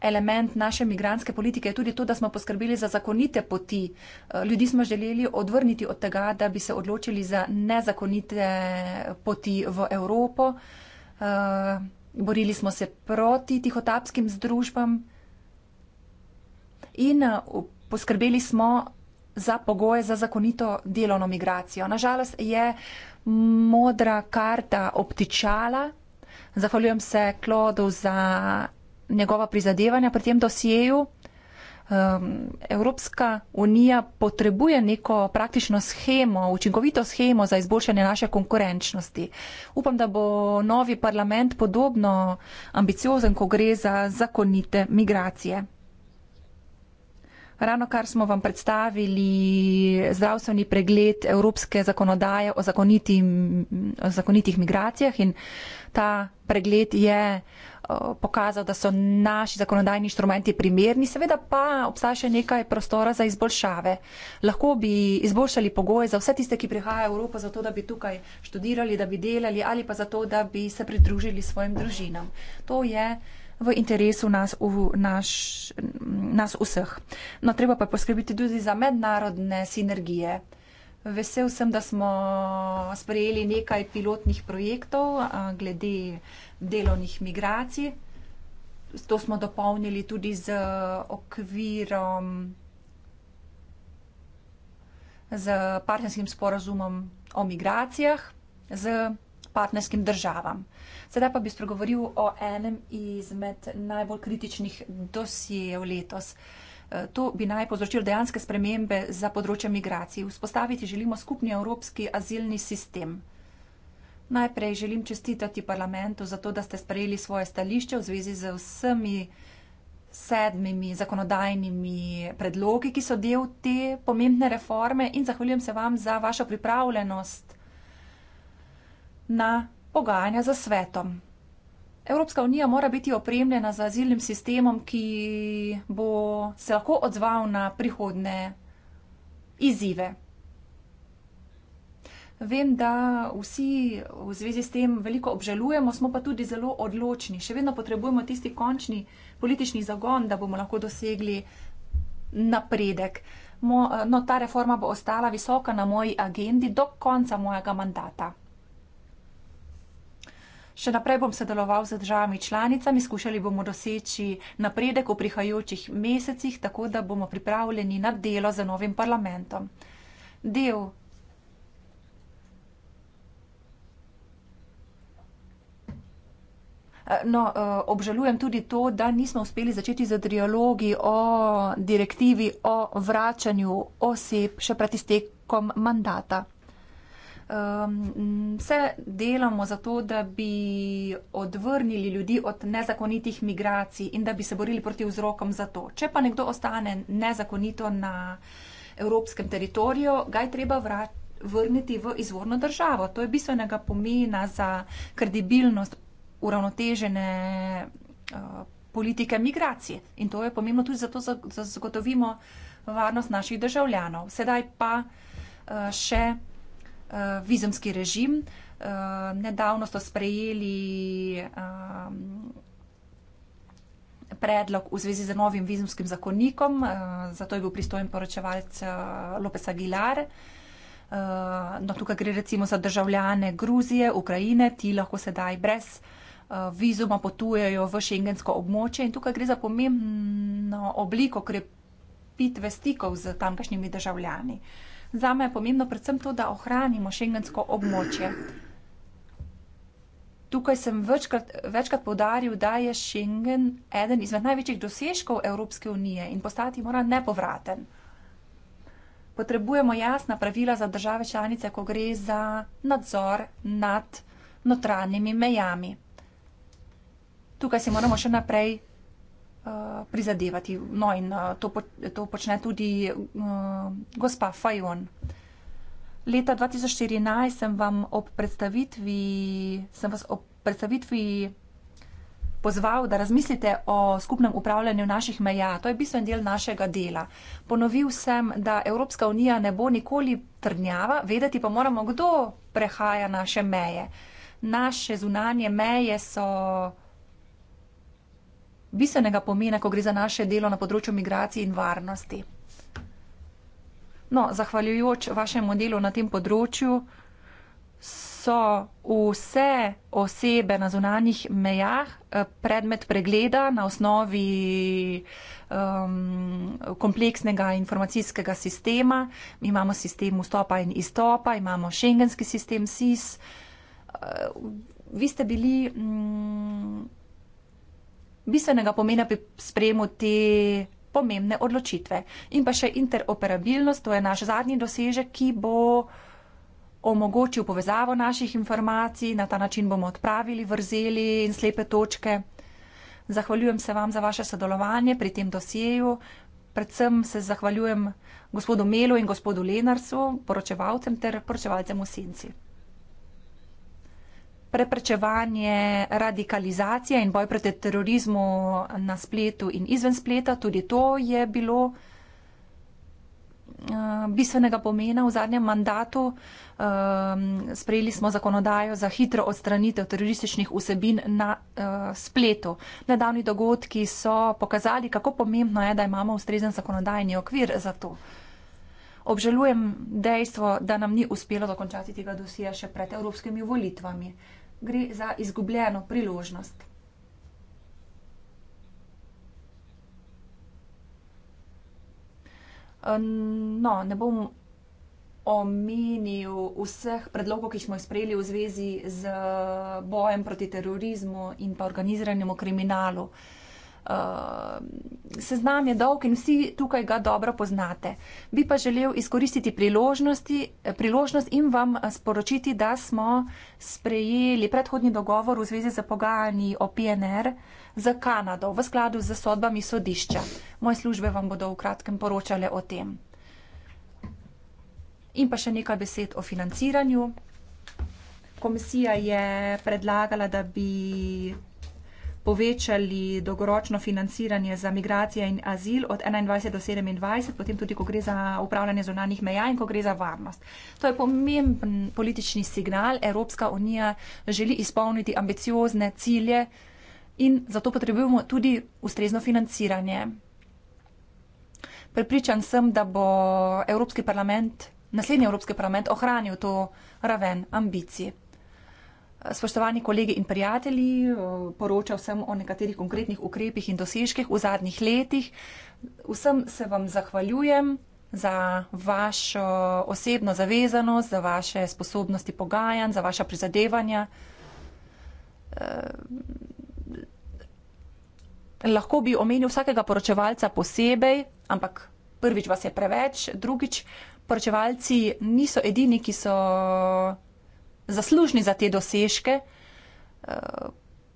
element naše migranske politike je tudi to, da smo poskrbeli za zakonite poti. Eh, ljudi smo želeli odvrniti od tega, da bi se odločili za nezakonite poti v Evropo. Eh, borili smo se proti tihotapskim združbam in eh, poskrbeli smo za pogoje za zakonito delovno migracijo. Nažalost je modra karta obtičala. Zahvaljujem se Klodu za njegova prizadevanja pri tem dosjeju. Evropska unija potrebuje neko praktično schemo, učinkovito schemo za izboljšanje naše konkurenčnosti. Upam, da bo novi parlament podobno ambiciozen, ko gre za zakonite migracije. Ravno kar smo vam predstavili zdravstveni pregled Evropske zakonodaje o, zakoniti, o zakonitih migracijah in ta pregled je pokazal, da so naši zakonodajni inštrumenti primerni, seveda pa obstaja še nekaj prostora za izboljšave. Lahko bi izboljšali pogoje za vse tiste, ki prihajajo v Evropo, zato da bi tukaj študirali, da bi delali ali pa zato, da bi se pridružili svojim družinam. To je v interesu nas, v, naš, nas vseh. No, treba pa poskrbiti tudi za mednarodne sinergije. Vesel sem, da smo sprejeli nekaj pilotnih projektov a, glede delovnih migracij. To smo dopolnili tudi z okvirom, z partnerskim sporazumom o migracijah, z partnerskim državam. Sedaj pa bi spregovoril o enem izmed najbolj kritičnih dosijev letos. E, to bi naj povzročilo dejanske spremembe za področje migracij. Vzpostaviti želimo skupni evropski azilni sistem. Najprej želim čestitati parlamentu za to, da ste sprejeli svoje stališče v zvezi z vsemi sedmimi zakonodajnimi predlogi, ki so del te pomembne reforme in zahvaljujem se vam za vašo pripravljenost na pogajanja za svetom. Evropska unija mora biti opremljena z azilnim sistemom, ki bo se lahko odzval na prihodne izzive. Vem, da vsi v zvezi s tem veliko obžalujemo, smo pa tudi zelo odločni. Še vedno potrebujemo tisti končni politični zagon, da bomo lahko dosegli napredek. No, ta reforma bo ostala visoka na moji agendi do konca mojega mandata. Še naprej bom sodeloval z državami članicami, skušali bomo doseči napredek v prihajajočih mesecih, tako da bomo pripravljeni na delo za novim parlamentom. Del No, eh, obžalujem tudi to, da nismo uspeli začeti z dialogi o direktivi o vračanju oseb še pred iztekom mandata. Vse delamo zato, da bi odvrnili ljudi od nezakonitih migracij in da bi se borili proti vzrokom za to. Če pa nekdo ostane nezakonito na evropskem teritoriju, ga je treba vrniti v izvorno državo. To je bistvenega pomena za kredibilnost uravnotežene eh, politike migracij. In to je pomembno tudi zato, da zagotovimo varnost naših državljanov. Sedaj pa eh, še Eh, vizumski režim. Eh, nedavno so sprejeli ehm, predlog v zvezi z novim vizumskim zakonikom, eh, zato je bil pristojen poročevalec Lopes Aguilar. No, tukaj gre recimo za državljane Gruzije, Ukrajine, ti lahko sedaj brez vizuma potujejo v šengensko območje in tukaj gre za pomembno obliko krepitve stikov z tamkajšnjimi državljani. Uh, Za me je pomembno predvsem to, da ohranimo šengensko območje. Tukaj sem večkrat, večkrat povdaril, da je Schengen eden izmed največjih dosežkov Evropske unije in postati mora nepovraten. Potrebujemo jasna pravila za države članice, ko gre za nadzor nad notranjimi mejami. Tukaj si moramo še naprej Eh, prizadevati. No, in eh, to, to počne tudi uh, gospa Fajon. Leta 2014 sem vam ob predstavitvi, sem vas ob predstavitvi pozval, da razmislite o skupnem upravljanju naših meja. To je bistven del našega dela. Ponovil sem, da Evropska unija ne bo nikoli trdnjava, vedeti pa moramo, kdo prehaja naše meje. Naše zunanje meje so bistvenega pomena, ko gre za naše delo na področju migracij in varnosti. No, zahvaljujoč vašemu delu na tem področju so vse osebe na zunanjih mejah eh, predmet pregleda na osnovi um, kompleksnega informacijskega sistema. Mi imamo sistem vstopa in izstopa, imamo šengenski sistem SIS. Eh, vi ste bili. Um, bistvenega pomena pri sprejemu te pomembne odločitve. In pa še interoperabilnost, to je naš zadnji dosežek, ki bo omogočil povezavo naših informacij, na ta način bomo odpravili vrzeli in slepe točke. Zahvaljujem se vam za vaše sodelovanje pri tem dosjeju. Predvsem se zahvaljujem gospodu Melu in gospodu Lenarsu, poročevalcem ter poročevalcem v Senci preprečevanje radikalizacije in boj proti terorizmu na spletu in izven spleta, tudi to je bilo eh, bistvenega pomena v zadnjem mandatu. Ehm, sprejeli smo zakonodajo za hitro odstranitev terorističnih vsebin na eh, spletu. Nedavni dogodki so pokazali, kako pomembno je, da imamo ustrezen zakonodajni okvir za to. Obžalujem dejstvo, da nam ni uspelo dokončati tega dosija še pred evropskimi volitvami gre za izgubljeno priložnost. No, ne bom omenil vseh predlogov, ki smo jih sprejeli v zvezi z bojem proti terorizmu in pa organiziranemu kriminalu. Uh, Eh, seznam je dolg in vsi tukaj ga dobro poznate. Bi pa želel izkoristiti eh, priložnost in vam eh, sporočiti, da smo sprejeli predhodni dogovor v zvezi z pogajanji o PNR za Kanado v skladu z sodbami sodišča. Moje službe vam bodo v kratkem poročale o tem. In pa še nekaj besed o financiranju. Komisija je predlagala, da bi povečali dolgoročno financiranje za migracije in azil od 21 do 27, potem tudi, ko gre za upravljanje zonanih meja in ko gre za varnost. To je pomemben politični signal. Evropska unija želi izpolniti ambiciozne cilje in zato potrebujemo tudi ustrezno financiranje. Pripričan sem, da bo Evropski parlament, naslednji Evropski parlament ohranil to raven ambicij. Spoštovani kolegi in prijatelji, poročal sem o nekaterih konkretnih ukrepih in dosežkih v zadnjih letih. Vsem se vam zahvaljujem za vašo osebno zavezanost, za vaše sposobnosti pogajanj, za vaša prizadevanja. Eh, lahko bi omenil vsakega poročevalca posebej, ampak prvič vas je preveč, drugič, poročevalci niso edini, ki so zaslužni za te dosežke. Eh,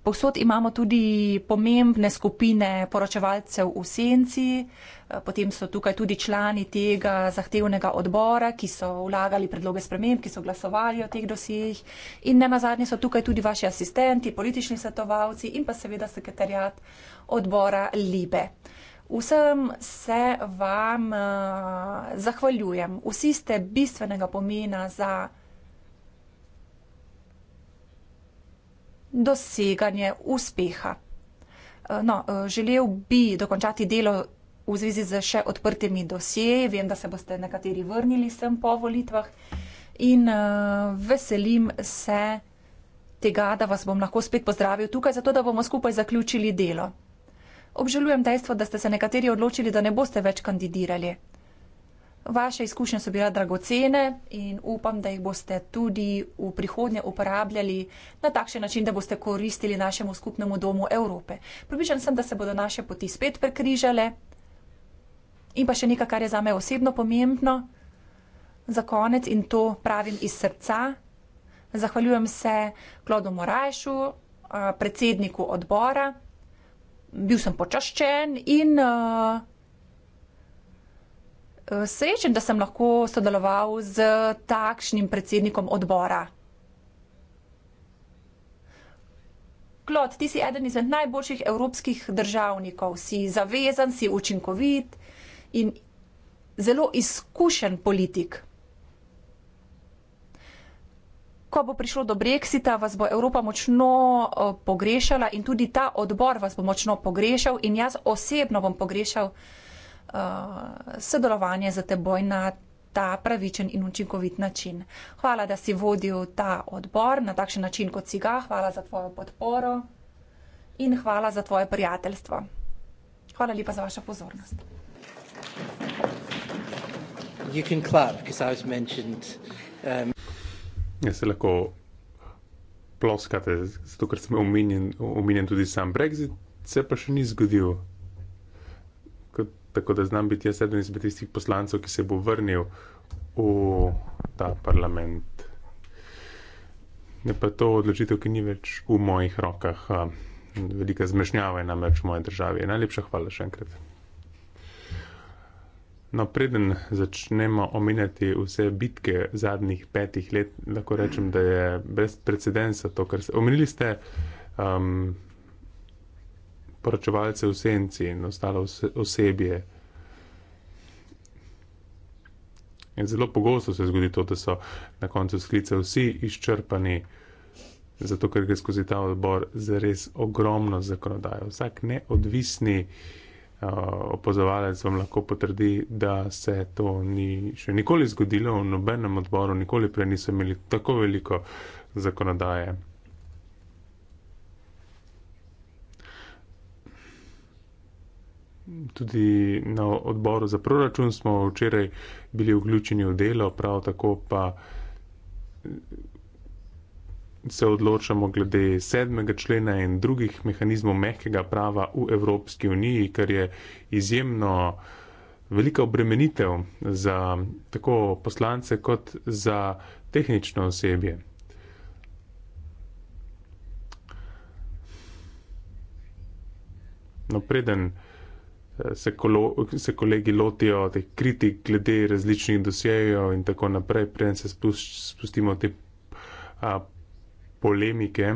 povsod imamo tudi pomembne skupine poročevalcev v senci, eh, potem so tukaj tudi člani tega zahtevnega odbora, ki so vlagali predloge sprememb, ki so glasovali o teh dosjejih in ne nazadnje so tukaj tudi vaši asistenti, politični svetovalci in pa seveda sekretarjat odbora Libe. Vsem se vam uh, zahvaljujem. Vsi ste bistvenega pomena za. doseganje uspeha. Eh, no, eh, želel bi dokončati delo v zvezi z še odprtimi dosjeji. Vem, da se boste nekateri vrnili sem po volitvah in eh, veselim se tega, da vas bom lahko spet pozdravil tukaj, zato da bomo skupaj zaključili delo. Obžalujem dejstvo, da ste se nekateri odločili, da ne boste več kandidirali. Vaše izkušnje so bile dragocene in upam, da jih boste tudi v prihodnje uporabljali na takšen način, da boste koristili našemu skupnemu domu Evrope. Pripričan sem, da se bodo naše poti spet prekrižale. In pa še nekaj, kar je za me osebno pomembno, za konec in to pravim iz srca. Zahvaljujem se Klodu Morajšu, eh, predsedniku odbora. Bil sem počaščen in. Uh, srečen, da sem lahko sodeloval z takšnim predsednikom odbora. Klot, ti si eden izmed najboljših evropskih državnikov. Si zavezan, si učinkovit in zelo izkušen politik. Ko bo prišlo do Brexita, vas bo Evropa močno eh, pogrešala in tudi ta odbor vas bo močno pogrešal in jaz osebno bom pogrešal uh, sodelovanje za teboj na ta pravičen in učinkovit način. Hvala, da si vodil ta odbor na takšen način, kot si ga. Hvala za tvojo podporo in hvala za tvoje prijateljstvo. Hvala lepa za vašo pozornost. Clap, um... ja, se lahko ploskate, zato ker sem omenjen tudi sam Brexit, se pa še ni zgodil tako da znam biti jaz eden izmed tistih poslancev, ki se bo vrnil v ta parlament. Ne pa to odločitev, ki ni več v mojih rokah. Velika zmešnjava je namreč v moji državi. Najlepša hvala še enkrat. No, preden začnemo omenjati vse bitke zadnjih petih let, lahko rečem, da je brez precedensa to, kar se. Omenili ste um, poročevalce v senci in ostalo vse, osebje. In zelo pogosto se zgodi to, da so na koncu sklice vsi izčrpani, zato ker gre skozi ta odbor za res ogromno zakonodajo. Vsak neodvisni uh, opozovalec vam lahko potrdi, da se to ni še nikoli zgodilo, v nobenem odboru nikoli prej niso imeli tako veliko zakonodaje. Tudi na odboru za proračun smo včeraj bili vključeni v delo, prav tako pa se odločamo glede sedmega člena in drugih mehanizmov mehkega prava v Evropski uniji, kar je izjemno velika obremenitev za tako poslance kot za tehnično osebje. No, preden se, kolo, se kolegi lotijo teh kritik glede različnih dosjejev in tako naprej, preden se spustimo te a, polemike.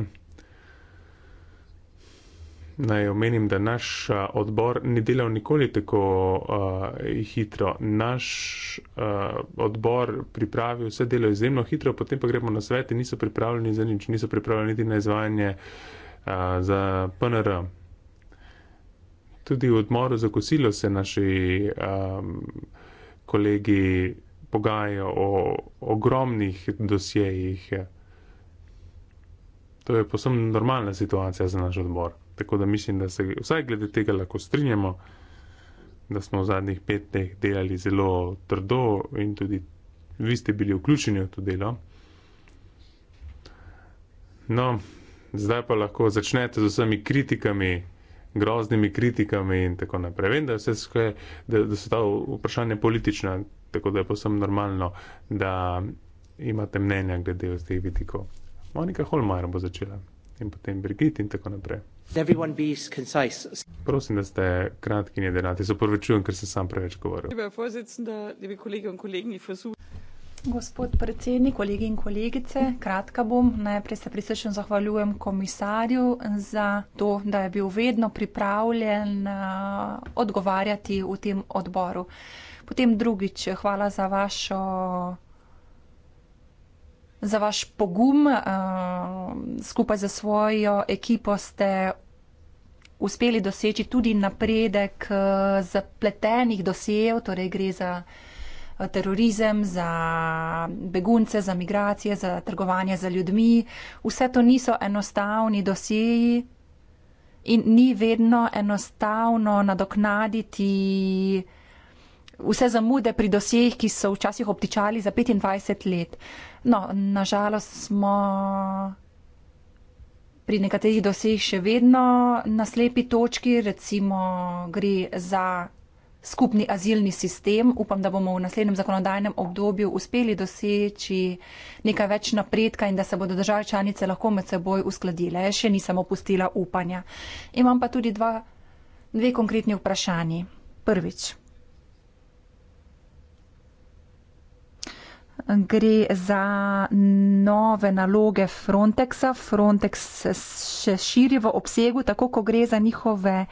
Naj omenim, da naš a, odbor ni delal nikoli tako a, hitro. Naš a, odbor pripravi vse delo izjemno hitro, potem pa gremo na svet in niso pripravljeni za nič, niso pripravljeni niti na izvajanje a, za PNR tudi v odmoru za kosilo se naši um, kolegi pogajajo o ogromnih dosjejih. To je posem normalna situacija za naš odbor. Tako da mislim, da se vsaj glede tega lahko strinjamo, da smo v zadnjih petih delali zelo trdo in tudi vi ste bili vključeni v to delo. No, zdaj pa lahko začnete z vsemi kritikami groznimi kritikami in tako naprej. Vem, da, vse, da, da so ta vprašanja politična, tako da je posem normalno, da imate mnenja glede v teh vidikov. Monika Holmar bo začela in potem Brigit in tako naprej. Prosim, da ste kratki in jedenati. Se opravičujem, ker sem sam preveč govoril gospod predsednik, kolegi in kolegice. Kratka bom. Najprej se prisrčno zahvaljujem komisarju za to, da je bil vedno pripravljen eh, odgovarjati v tem odboru. Potem drugič, hvala za vašo. Za vaš pogum, eh, skupaj z svojo ekipo ste uspeli doseči tudi napredek eh, zapletenih dosejev, torej gre za terorizem, za begunce, za migracije, za trgovanje za ljudmi. Vse to niso enostavni dosjeji in ni vedno enostavno nadoknaditi vse zamude pri dosjejih, ki so včasih obtičali za 25 let. No, nažalost smo pri nekaterih dosjejih še vedno na slepi točki, recimo gre za skupni azilni sistem. Upam, da bomo v naslednjem zakonodajnem obdobju uspeli doseči nekaj več napredka in da se bodo države članice lahko med seboj uskladile. Še nisem opustila upanja. Imam pa tudi dva, dve konkretni vprašanji. Prvič. Gre za nove naloge Frontexa. Frontex se širi v obsegu, tako ko gre za njihove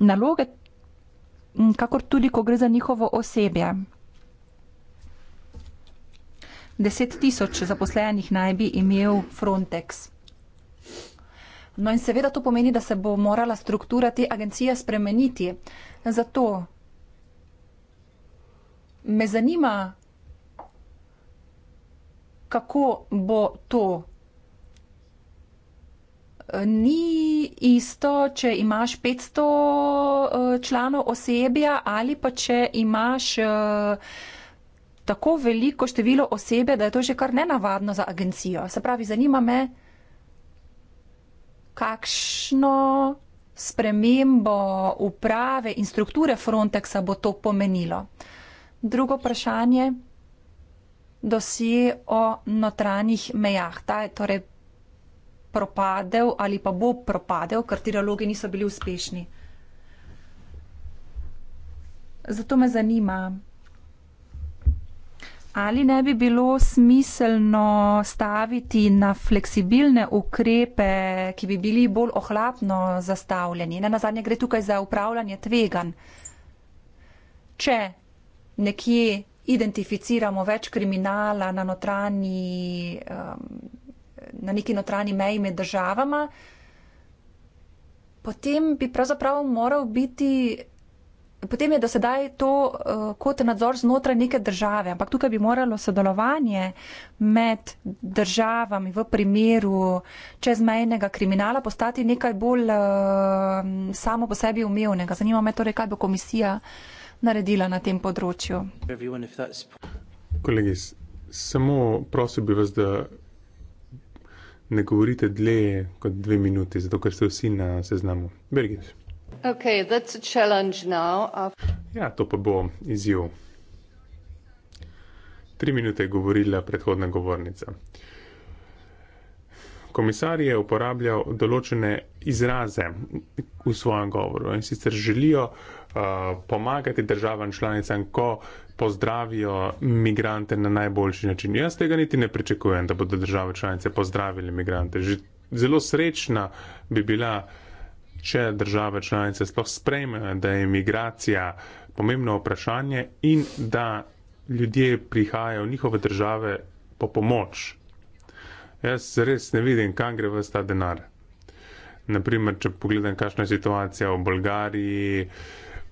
naloge, kakor tudi, ko gre za njihovo osebje. Deset tisoč zaposlenih naj bi imel Frontex. No in seveda to pomeni, da se bo morala struktura te agencije spremeniti. Zato me zanima, kako bo to ni isto, če imaš 500 eh, članov osebja ali pa če imaš eh, tako veliko število osebe, da je to že kar nenavadno za agencijo. Se pravi, zanima me, kakšno spremembo uprave in strukture Frontexa bo to pomenilo. Drugo vprašanje. Dosi o notranjih mejah. Ta je torej propadel ali pa bo propadel, ker ti dialogi niso bili uspešni. Zato me zanima, ali ne bi bilo smiselno staviti na fleksibilne ukrepe, ki bi bili bolj ohlapno zastavljeni. Na nazadnje gre tukaj za upravljanje tvegan. Če nekje identificiramo več kriminala na notranji um, na neki notranji meji med državama, potem bi pravzaprav moral biti. Potem je do sedaj to uh, kot nadzor znotraj neke države, ampak tukaj bi moralo sodelovanje med državami v primeru čezmejnega kriminala postati nekaj bolj uh, samo po sebi umevnega. Zanima me torej, kaj bo komisija naredila na tem področju. Kolegi, samo prosil bi vas, da ne govorite dlje kot dve minuti, zato ker ste vsi na seznamu. Birgit. Okay, that's a challenge now. Uh, ja, to pa bo izjiv. Tri minute je govorila predhodna govornica. Komisar je uporabljal določene izraze v svojem govoru in sicer želijo uh, pomagati državam članicam, ko pozdravijo migrante na najboljši način. Jaz tega niti ne pričakujem, da bodo države članice pozdravili migrante. Že zelo srečna bi bila, če države članice sploh sprejmejo, da je migracija pomembno vprašanje in da ljudje prihajajo v njihove države po pomoč. Jaz res ne vidim, kam gre vse ta denar. Naprimer, če pogledam, kakšna je situacija v Bolgariji,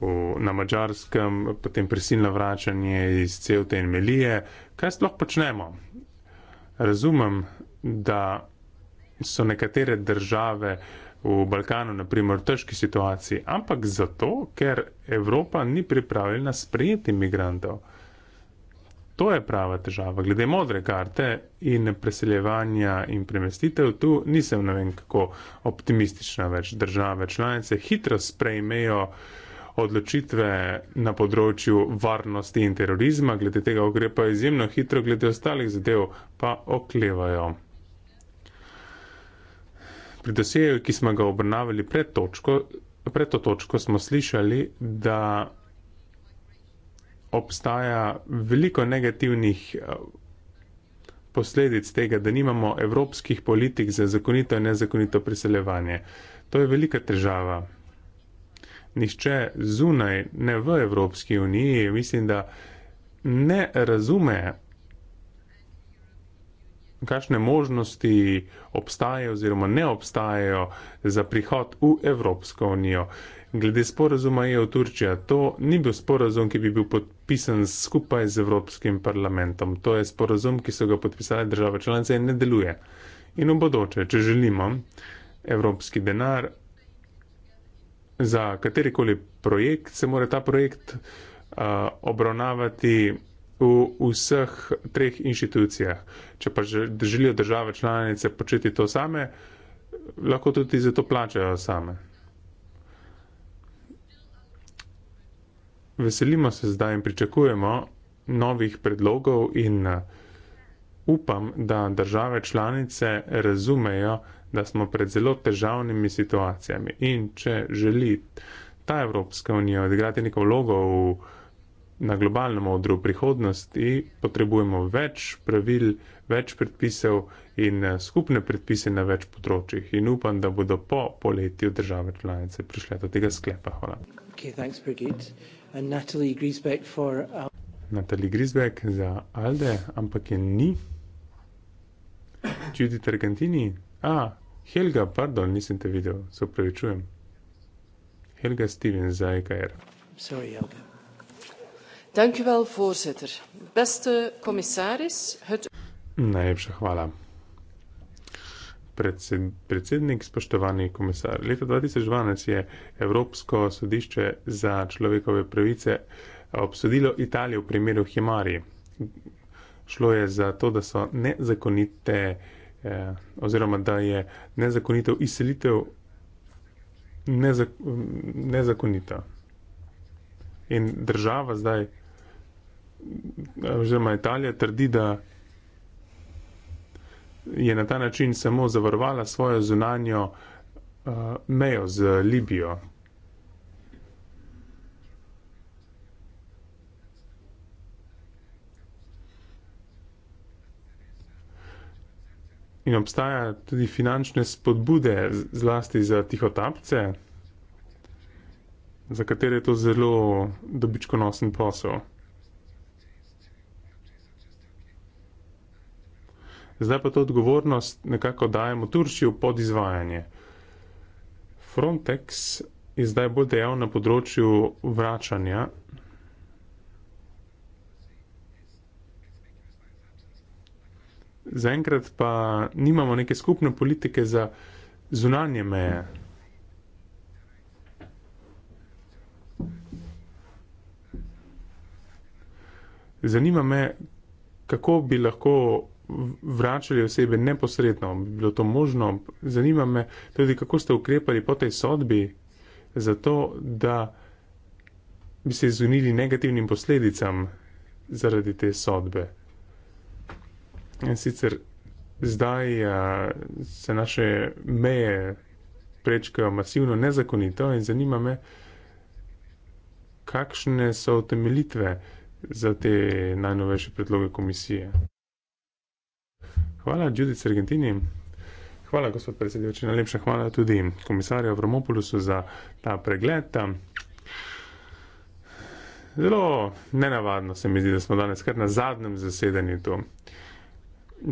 v, na mačarskem, potem prisilno vračanje iz celote in melije. Kaj sploh počnemo? Razumem, da so nekatere države v Balkanu, naprimer, v težki situaciji, ampak zato, ker Evropa ni pripravljena sprejeti imigrantov. To je prava težava. Glede modre karte in preseljevanja in premestitev, tu nisem ne vem kako optimistična več. Države članice hitro sprejmejo uh, odločitve na področju varnosti in terorizma, glede tega ukrepa izjemno hitro, glede ostalih zadev pa oklevajo. Pri dosejo, ki smo ga obrnavali pred, točko, pred to točko, smo slišali, da obstaja veliko negativnih eh, posledic tega, da nimamo evropskih politik za zakonito in nezakonito priseljevanje. To je velika težava nišče zunaj, ne v Evropski uniji, mislim, da ne razume, kakšne možnosti obstajajo oziroma ne obstajajo za prihod v Evropsko unijo. Glede sporazuma EU-Turčija, to ni bil sporazum, ki bi bil podpisan skupaj z Evropskim parlamentom. To je sporazum, ki so ga podpisali države članice in ne deluje. In v bodoče, če želimo evropski denar, za katerikoli projekt se mora ta projekt uh, obravnavati v vseh treh inštitucijah. Če pa želijo države članice početi to same, lahko tudi za to plačajo same. Veselimo se zdaj in pričakujemo novih predlogov in upam, da države članice razumejo, da smo pred zelo težavnimi situacijami. In če želi ta Evropska unija odigrati neko vlogo v, na globalnem odru prihodnosti, potrebujemo več pravil, več predpisev in eh, skupne predpise na več področjih. In upam, da bodo po poletju države članice prišle do tega sklepa. Hvala. Okay, Natalie Grisbeck uh, za Alde, ampak je ni. Judith Argentini. A, Helga, pardon, nisem te videl, se upravičujem. Helga Stevens za EKR. Sorry, Helga. Dank u wel, voorzitter. Beste commissaris, het... Najlepša hvala. Predsed, predsednik, spoštovani komisar. Leta 2012 je Evropsko sodišče za človekove pravice obsodilo Italijo v primeru Himari. Šlo je za to, da so nezakonite uh, eh, oziroma da je nezakonito izselitev nezak, nezakonita. In država zdaj, oziroma Italija, trdi, da je na ta način samo zavarovala svojo zunanjo eh, mejo z Libijo, in obstaja tudi finančne spodbude, zlasti za tihotapce, za katere je to zelo dobičkonosen posel. Zdaj pa to odgovornost nekako dajemo Turčijo pod izvajanje. Frontex je zdaj bolj dejav na področju vračanja zaenkrat pa nimamo neke skupne politike za zunanje meje. Zanima me, kako bi lahko vračali osebe neposredno, bi bilo to možno. Zanima me tudi, kako ste ukrepali po tej sodbi za to, da bi se izunili negativnim posledicam zaradi te sodbe. In sicer zdaj a, eh, se naše meje prečkajo masivno nezakonito in zanima me, kakšne so utemelitve za te najnovejše predloge komisije. Hvala, Judith Argentini. Hvala, gospod predsedujoči. Najlepša hvala tudi komisarju Avramopolusu za ta pregled. Zelo nenavadno se mi zdi, da smo danes kar na zadnjem zasedanju tu.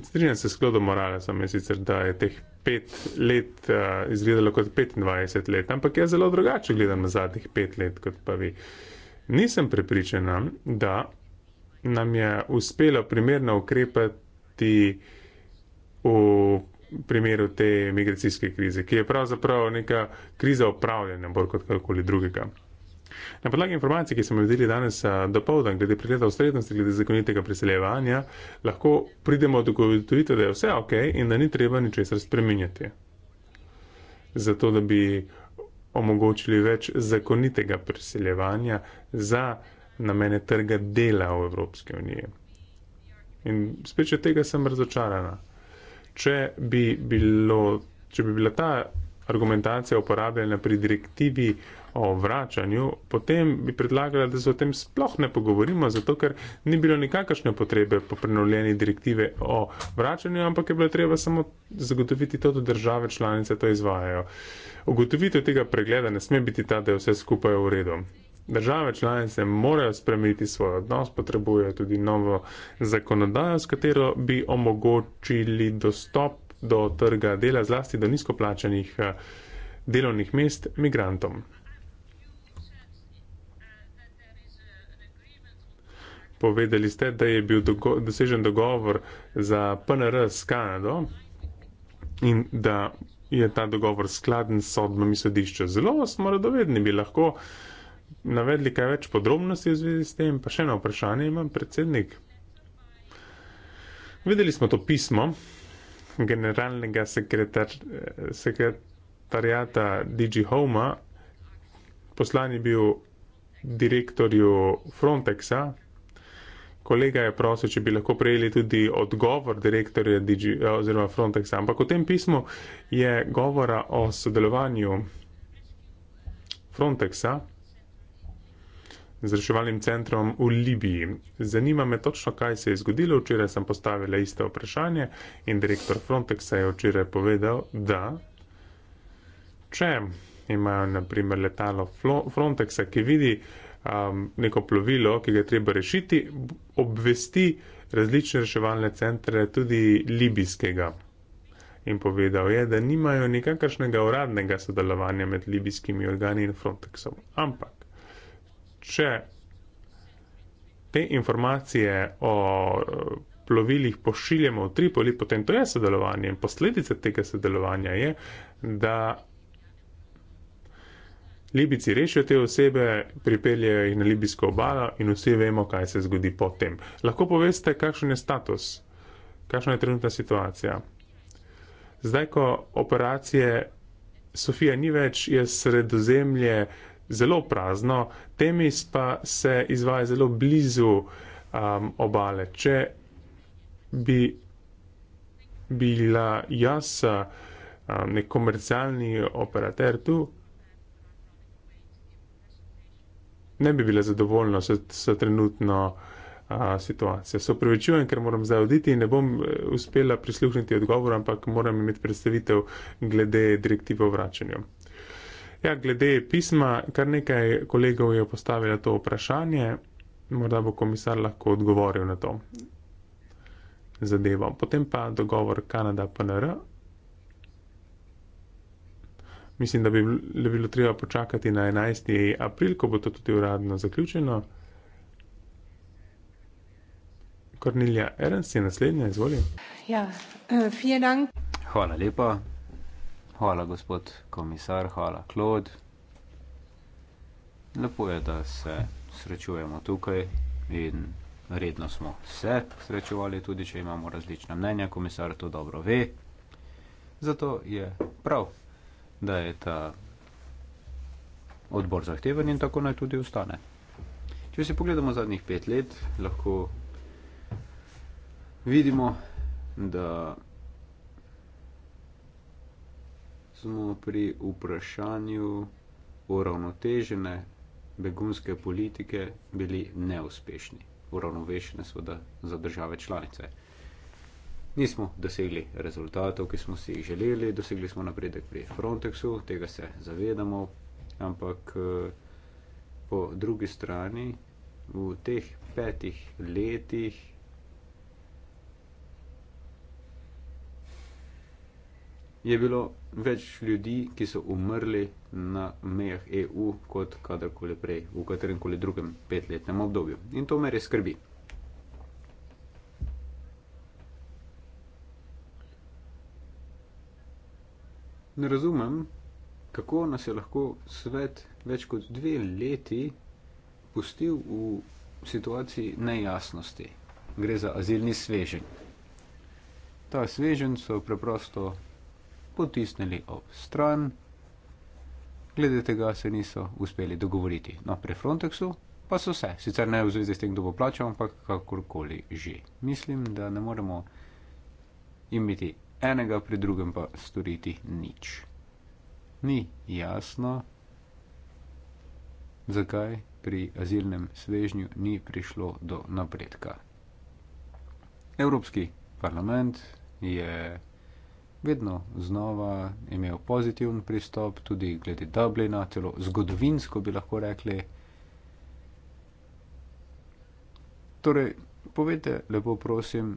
Strinjam se s klodom morala, sem sicer, da je teh pet let uh, izgledalo kot 25 let, ampak jaz zelo drugače gledam na zadnjih pet let kot pa vi. Nisem prepričana, da nam je uspelo primerno ukrepati v primeru te migracijske krize, ki je pravzaprav neka kriza upravljanja bolj kot kakoli drugega. Na podlagi informacij, ki smo jih videli danes eh, do povdan, glede pregleda ustreznosti, glede zakonitega priseljevanja, lahko pridemo do ugotovitve, da je vse ok in da ni treba ničesar spremenjati. Zato, da bi omogočili več zakonitega priseljevanja za namene trga dela v Evropski uniji. In spet, če tega sem razočarana. Če bi, bilo, če bi bila ta argumentacija uporabljena pri direktivi o vračanju, potem bi predlagala, da se o tem sploh ne pogovorimo, zato ker ni bilo nikakršne potrebe po prenovljeni direktive o vračanju, ampak je bilo treba samo zagotoviti to, da države članice to izvajajo. Ugotovitev tega pregleda ne sme biti ta, da je vse skupaj v redu. Države članice morajo spremeniti svoj odnos, potrebujejo tudi novo zakonodajo, s katero bi omogočili dostop do trga dela, zlasti do nizkoplačenih eh, delovnih mest migrantom. Povedali ste, da je bil dogo dosežen dogovor za PNR s Kanado in da je ta dogovor skladen s sodbami sodišča. Zelo smo radovedni, bi lahko navedli kaj več podrobnosti v zvezi s tem. Pa še eno vprašanje imam, predsednik. Videli smo to pismo generalnega sekretar sekretarjata DG Homa, poslani bil direktorju Frontexa, kolega je prosil, če bi lahko prejeli tudi odgovor direktorja Digi, oziroma Frontexa. Ampak v tem pismu je govora o sodelovanju Frontexa z reševalnim centrom v Libiji. Zanima me točno, kaj se je zgodilo. Včeraj sem postavila iste vprašanje in direktor Frontexa je včeraj povedal, da če imajo naprimer letalo Frontexa, ki vidi, um, neko plovilo, ki ga je treba rešiti, obvesti različne reševalne centre, tudi libijskega. In povedal je, da nimajo nekakršnega uradnega sodelovanja med libijskimi organi in Frontexom. Ampak, če te informacije o eh, plovilih pošiljamo v Tripoli, potem to je sodelovanje. In posledica tega sodelovanja je, da Libici rešijo te osebe, pripeljejo jih na libijsko obalo in vsi vemo, kaj se zgodi potem. Lahko poveste, kakšen je status, kakšna je trenutna situacija. Zdaj, ko operacije Sofija ni več, je sredozemlje zelo prazno, temis pa se izvaja zelo blizu um, obale. Če bi bila jaz um, nek komercialni operater tu, ne bi bila zadovoljna s, s trenutno a, situacijo. Se upravičujem, ker moram zdaj oditi in ne bom e, uspela prisluhniti odgovor, ampak moram imeti predstavitev glede direktive o vračanju. Ja, glede pisma, kar nekaj kolegov je postavilo to vprašanje, morda bo komisar lahko odgovoril na to zadevo. Potem pa dogovor Kanada-PNR. Mislim, da bi le bilo treba počakati na 11. april, ko bo to tudi uradno zaključeno. Kornilija Ernst je naslednja, izvoli. Ja, eh, vielen dank. Hvala lepa. Hvala, gospod komisar, hvala, Klod. Lepo je, da se srečujemo tukaj in redno smo se srečevali, tudi če imamo različna mnenja, komisar to dobro ve. Zato je prav, da je ta odbor zahteven in tako naj tudi ostane. Če si pogledamo zadnjih pet let, lahko vidimo, da smo pri vprašanju uravnotežene begunske politike bili neuspešni, uravnovešene seveda za države članice. Nismo dosegli rezultatov, ki smo si jih želeli, dosegli smo napredek pri Frontexu, tega se zavedamo, ampak eh, po drugi strani v teh petih letih je bilo več ljudi, ki so umrli na mejah EU kot kadarkoli prej, v katerem koli drugem petletnem obdobju. In to me res skrbi. ne razumem, kako nas je lahko svet več kot dve leti pustil v situaciji nejasnosti. Gre za azilni svežen. Ta svežen so preprosto potisnili ob stran, glede tega se niso uspeli dogovoriti. No, pri Frontexu pa so se, sicer ne v zvezi s tem, kdo bo plačal, ampak kakorkoli že. Mislim, da ne moremo imeti enega, pri drugem pa storiti nič. Ni jasno, zakaj pri azilnem svežnju ni prišlo do napredka. Evropski parlament je vedno znova imel pozitiven pristop, tudi glede Dublina, celo zgodovinsko bi lahko rekli. Torej, povete lepo, prosim,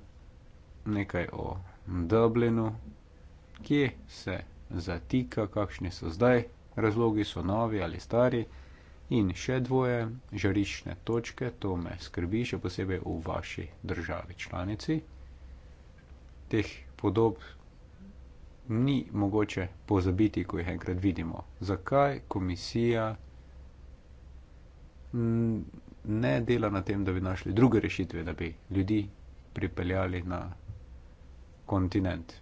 nekaj o Dublinu, kje se zatika, kakšni so zdaj, razlogi so novi ali stari. In še dvoje žarične točke, to me skrbi, še posebej v vaši državi članici. Teh podob ni mogoče pozabiti, ko jih enkrat vidimo. Zakaj komisija ne dela na tem, da bi našli druge rešitve, da bi ljudi pripeljali na kontinent.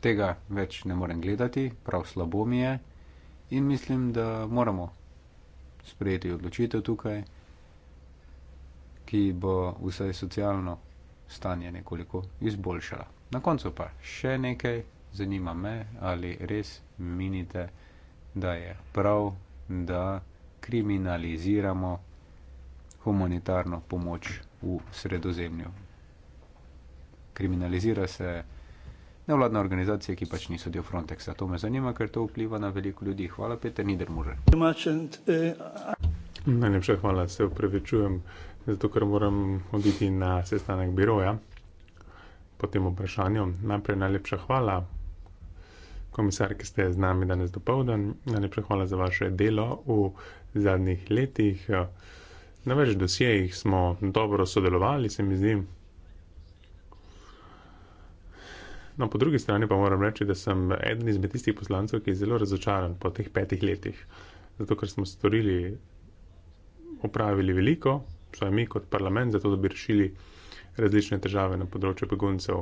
Tega več ne morem gledati, prav slabo mi je in mislim, da moramo sprejeti odločitev tukaj, ki bo vsaj socialno stanje nekoliko izboljšala. Na koncu pa še nekaj, zanima me, ali res menite, da je prav, da kriminaliziramo humanitarno pomoč v sredozemlju kriminalizira se nevladne organizacije, ki pač niso del Frontexa. To me zanima, ker to vpliva na veliko ljudi. Hvala, Peter Nidermuže. Najlepša hvala, se upravičujem, zato ker moram oditi na sestanek biroja po tem vprašanju. Najprej najlepša hvala, komisar, ki ste z nami danes dopovdan. Najlepša hvala za vaše delo v zadnjih letih. Na več dosjejih smo dobro sodelovali, se mi zdi. No, po drugi strani pa moram reči, da sem eden izmed tistih poslancev, ki je zelo razočaran po teh petih letih. Zato, ker smo storili, opravili veliko, vsaj mi kot parlament, zato, da bi rešili različne težave na področju beguncev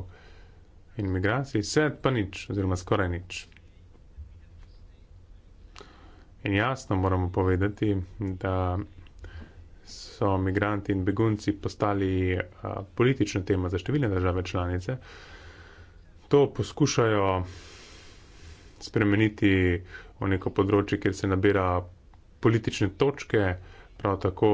in migracij, sed pa nič, oziroma skoraj nič. In jasno moramo povedati, da so migranti in begunci postali a, politična tema za številne države članice to poskušajo spremeniti v neko področje, kjer se nabira politične točke, prav tako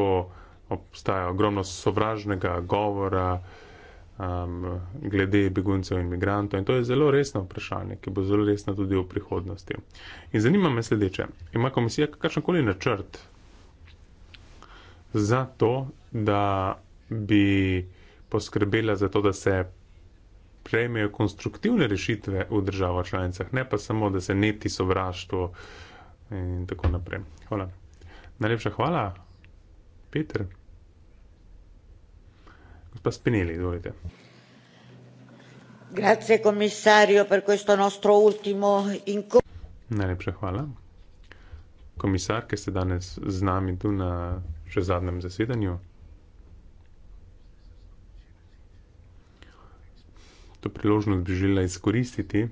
obstaja ogromno sovražnega govora um, glede beguncev in imigrantov. In to je zelo resno vprašanje, ki bo zelo resno tudi v prihodnosti. In zanima me sledeče, ima komisija kakršenkoli načrt za to, da bi poskrbela za to, da se sprejmejo konstruktivne rešitve v državah članicah, ne pa samo, da se neti sovraštvo in tako naprej. Hvala. Najlepša hvala, Peter. Gospa Spinelli, dovolite. Grazie, komisarjo, per questo nostro ultimo incontro. Najlepša hvala. Komisar, ki ste danes z nami tu na še zadnjem zasedanju. to priložnost bi želela izkoristiti,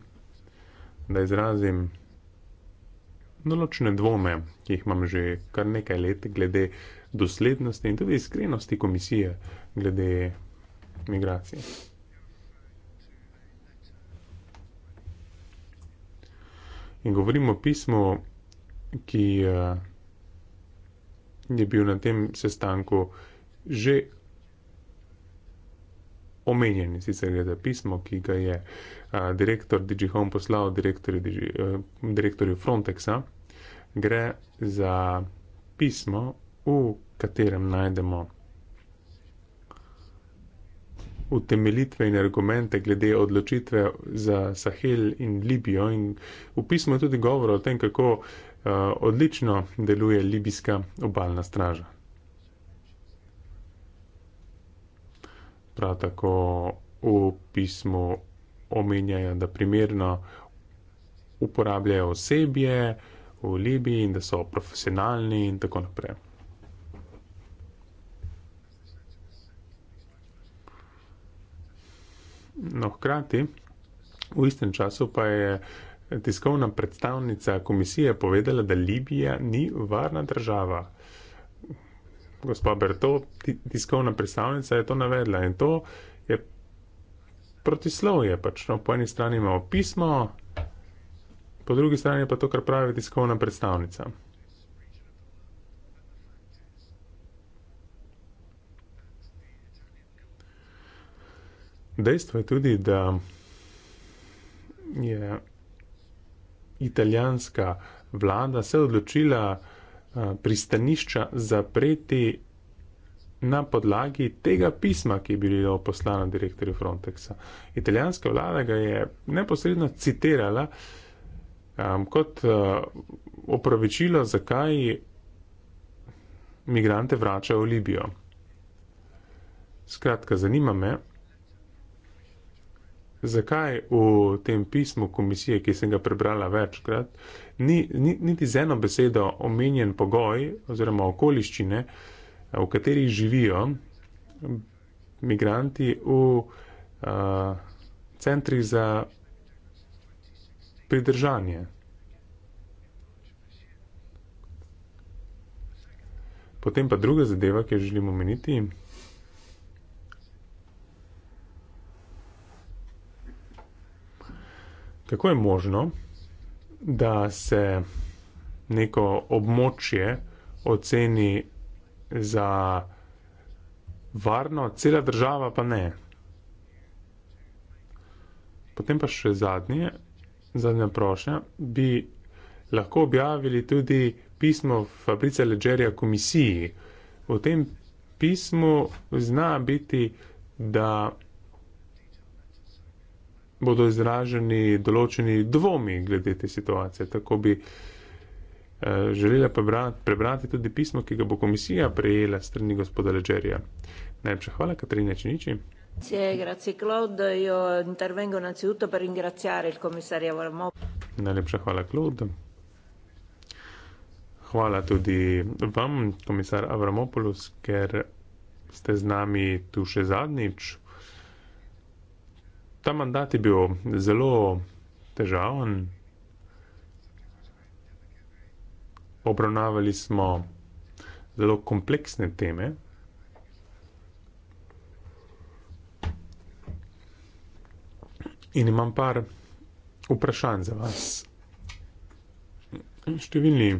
da izrazim določene dvome, ki jih imam že kar nekaj let, glede doslednosti in tudi iskrenosti komisije glede migracije. In govorimo o pismu, ki eh, je bil na tem sestanku že omenjeni, sicer gre za pismo, ki ga je a, direktor DigiHome poslal direktorju, Digi, a, e, direktorju Frontexa. Gre za pismo, v katerem najdemo utemelitve in argumente glede odločitve za Sahel in Libijo. In v pismu je tudi govor o tem, kako a, e, odlično deluje libijska obaljna straža. Prav tako v pismu omenjajo, da primerno uporabljajo osebje v Libiji in da so profesionalni in tako naprej. No, hkrati, v istem času pa je tiskovna predstavnica komisije povedala, da Libija ni varna država gospa Berto, tiskovna predstavnica, je to navedla in to je protislovje. Pač, no, po eni strani imamo pismo, po drugi strani pa to, kar pravi tiskovna predstavnica. Dejstvo je tudi, da je italijanska vlada se odločila, Eh, pristanišča zapreti na podlagi tega pisma, ki je bilo poslano direktorju Frontexa. Italijanska vlada ga je neposredno citirala um, kot uh, opravičilo, zakaj migrante vračajo v Libijo. Skratka, zanima me, zakaj v tem pismu komisije, ki sem ga prebrala večkrat, uh, ni, ni niti z eno besedo omenjen pogoj oziroma okoliščine, v katerih živijo migranti v uh, centrih za pridržanje. Potem pa druga zadeva, ki jo želim omeniti. Kako je možno, da se neko območje oceni za varno, cela država pa ne. Potem pa še zadnje, zadnja prošnja, bi lahko objavili tudi pismo Fabrice Leđerja komisiji. V tem pismu zna biti, da bodo izraženi določeni dvomi glede te situacije. Tako bi eh, želela prebrati tudi pismo, ki ga bo komisija prejela strani gospoda Leđerija. Najlepša hvala, Katarina Činiči. Grazie, grazie Claude. Io intervengo innanzitutto per ringraziare il commissario Volmo. Najlepša hvala, Claude. Hvala tudi vam, komisar Avramopoulos, ker ste z nami tu še zadnjič ta mandat je bil zelo težaven. Obravnavali smo zelo kompleksne teme. In imam par vprašanj za vas. Številni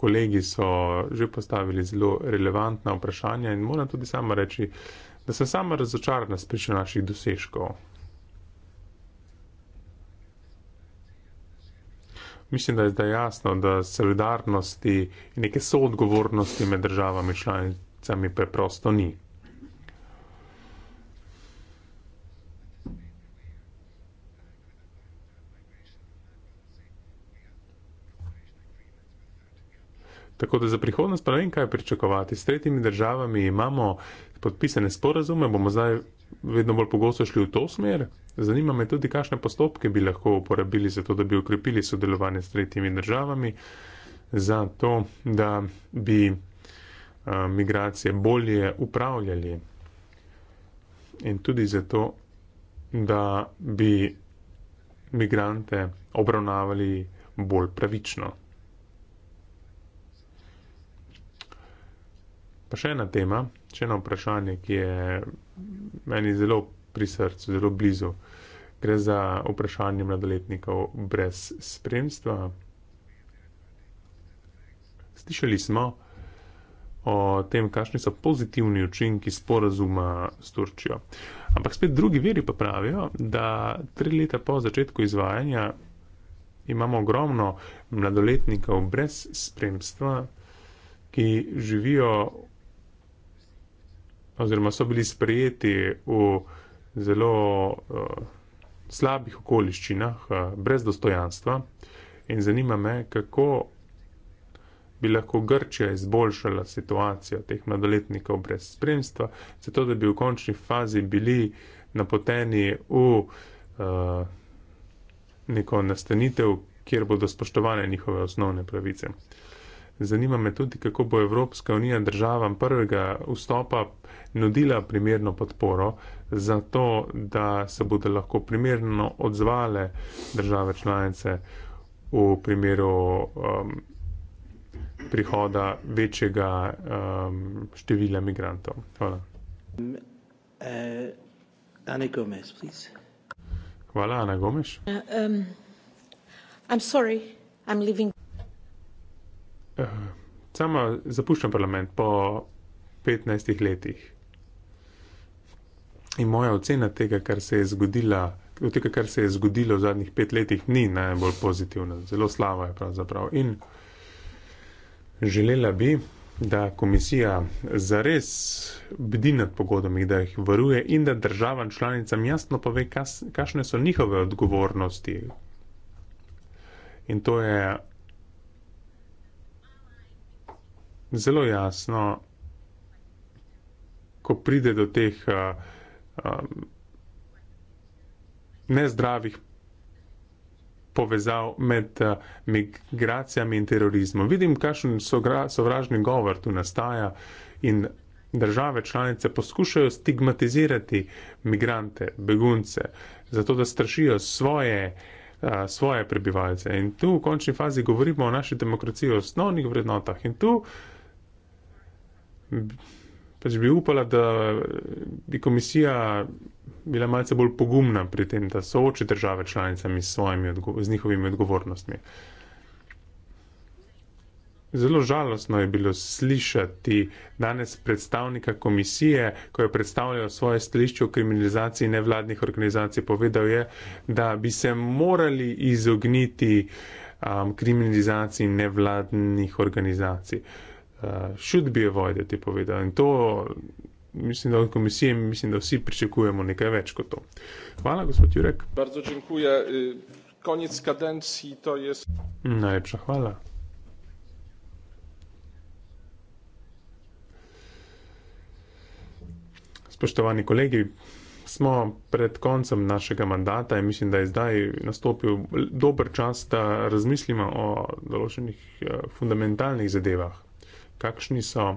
kolegi so že postavili zelo relevantna vprašanja in moram tudi sama reči, da sem sama razočarana s pričo naših dosežkov. Mislim, da je zdaj jasno, da solidarnosti in neke soodgovornosti med državami članicami preprosto ni. Tako da za prihodnost pa ne vem, kaj pričakovati. S tretjimi državami imamo podpisane sporazume, bomo zdaj vedno bolj pogosto šli v to smer. Zanima me tudi, kakšne postopke bi lahko uporabili za to, da bi ukrepili sodelovanje s tretjimi državami, za to, da bi a, eh, migracije bolje upravljali in tudi za to, da bi migrante obravnavali bolj pravično. Pa še ena tema, še eno vprašanje, ki je meni zelo pri srcu, zelo blizu. Gre za vprašanje mladoletnikov brez spremstva. Slišali smo o tem, kakšni so pozitivni učinki sporazuma s Turčijo. Ampak spet drugi veri pa pravijo, da tri leta po začetku izvajanja imamo ogromno mladoletnikov brez spremstva, ki živijo oziroma so bili sprejeti v zelo uh, slabih okoliščinah, uh, brez dostojanstva. In zanima me, kako bi lahko Grčija izboljšala situacijo teh mladoletnikov brez spremstva, zato da bi v končni fazi bili napoteni v uh, neko nastanitev, kjer bodo spoštovane njihove osnovne pravice. Uh, Zanima me tudi, kako bo Evropska unija državam prvega vstopa nudila primerno podporo za to, da se bodo lahko primerno odzvale države članice v primeru um, prihoda večjega um, števila migrantov. Hvala. Uh, Ana Gomez, prosim. Hvala, Ana Gomez. Uh, um, uh, sama zapuščam parlament po 15 letih. In moja ocena tega, kar se je zgodila. V tega, kar se je zgodilo v zadnjih pet letih, ni najbolj pozitivna, zelo slaba je pravzaprav. In želela bi, da komisija zares bdi nad pogodami, da jih varuje in da državam članicam jasno pove, kas, kašne so njihove odgovornosti. In to je zelo jasno, ko pride do teh uh, um, nezdravih povezav med uh, migracijami in terorizmom. Vidim, kakšen sovražni govor tu nastaja in države članice poskušajo stigmatizirati migrante, begunce, zato da strašijo svoje, uh, svoje prebivalce. In tu v končni fazi govorimo o naši demokraciji, o osnovnih vrednotah. In tu pač bi upala, da bi komisija bila malce bolj pogumna pri tem, da sooči države članicami s, svojimi, z njihovimi odgovornostmi. Zelo žalostno je bilo slišati danes predstavnika komisije, ko je predstavljal svoje stališče o kriminalizaciji nevladnih organizacij, povedal je, da bi se morali izogniti um, kriminalizaciji nevladnih organizacij. Uh, uh, should be avoided, je povedal. In to mislim, da od komisije, mislim, da vsi pričakujemo nekaj več kot to. Hvala, gospod Jurek. Bardzo dziękuję. Koniec kadencji to jest. Najlepša hvala. Spoštovani kolegi, smo pred koncem našega mandata in mislim, da je zdaj nastopil dober čas, da razmislimo o določenih uh, fundamentalnih zadevah kakšni so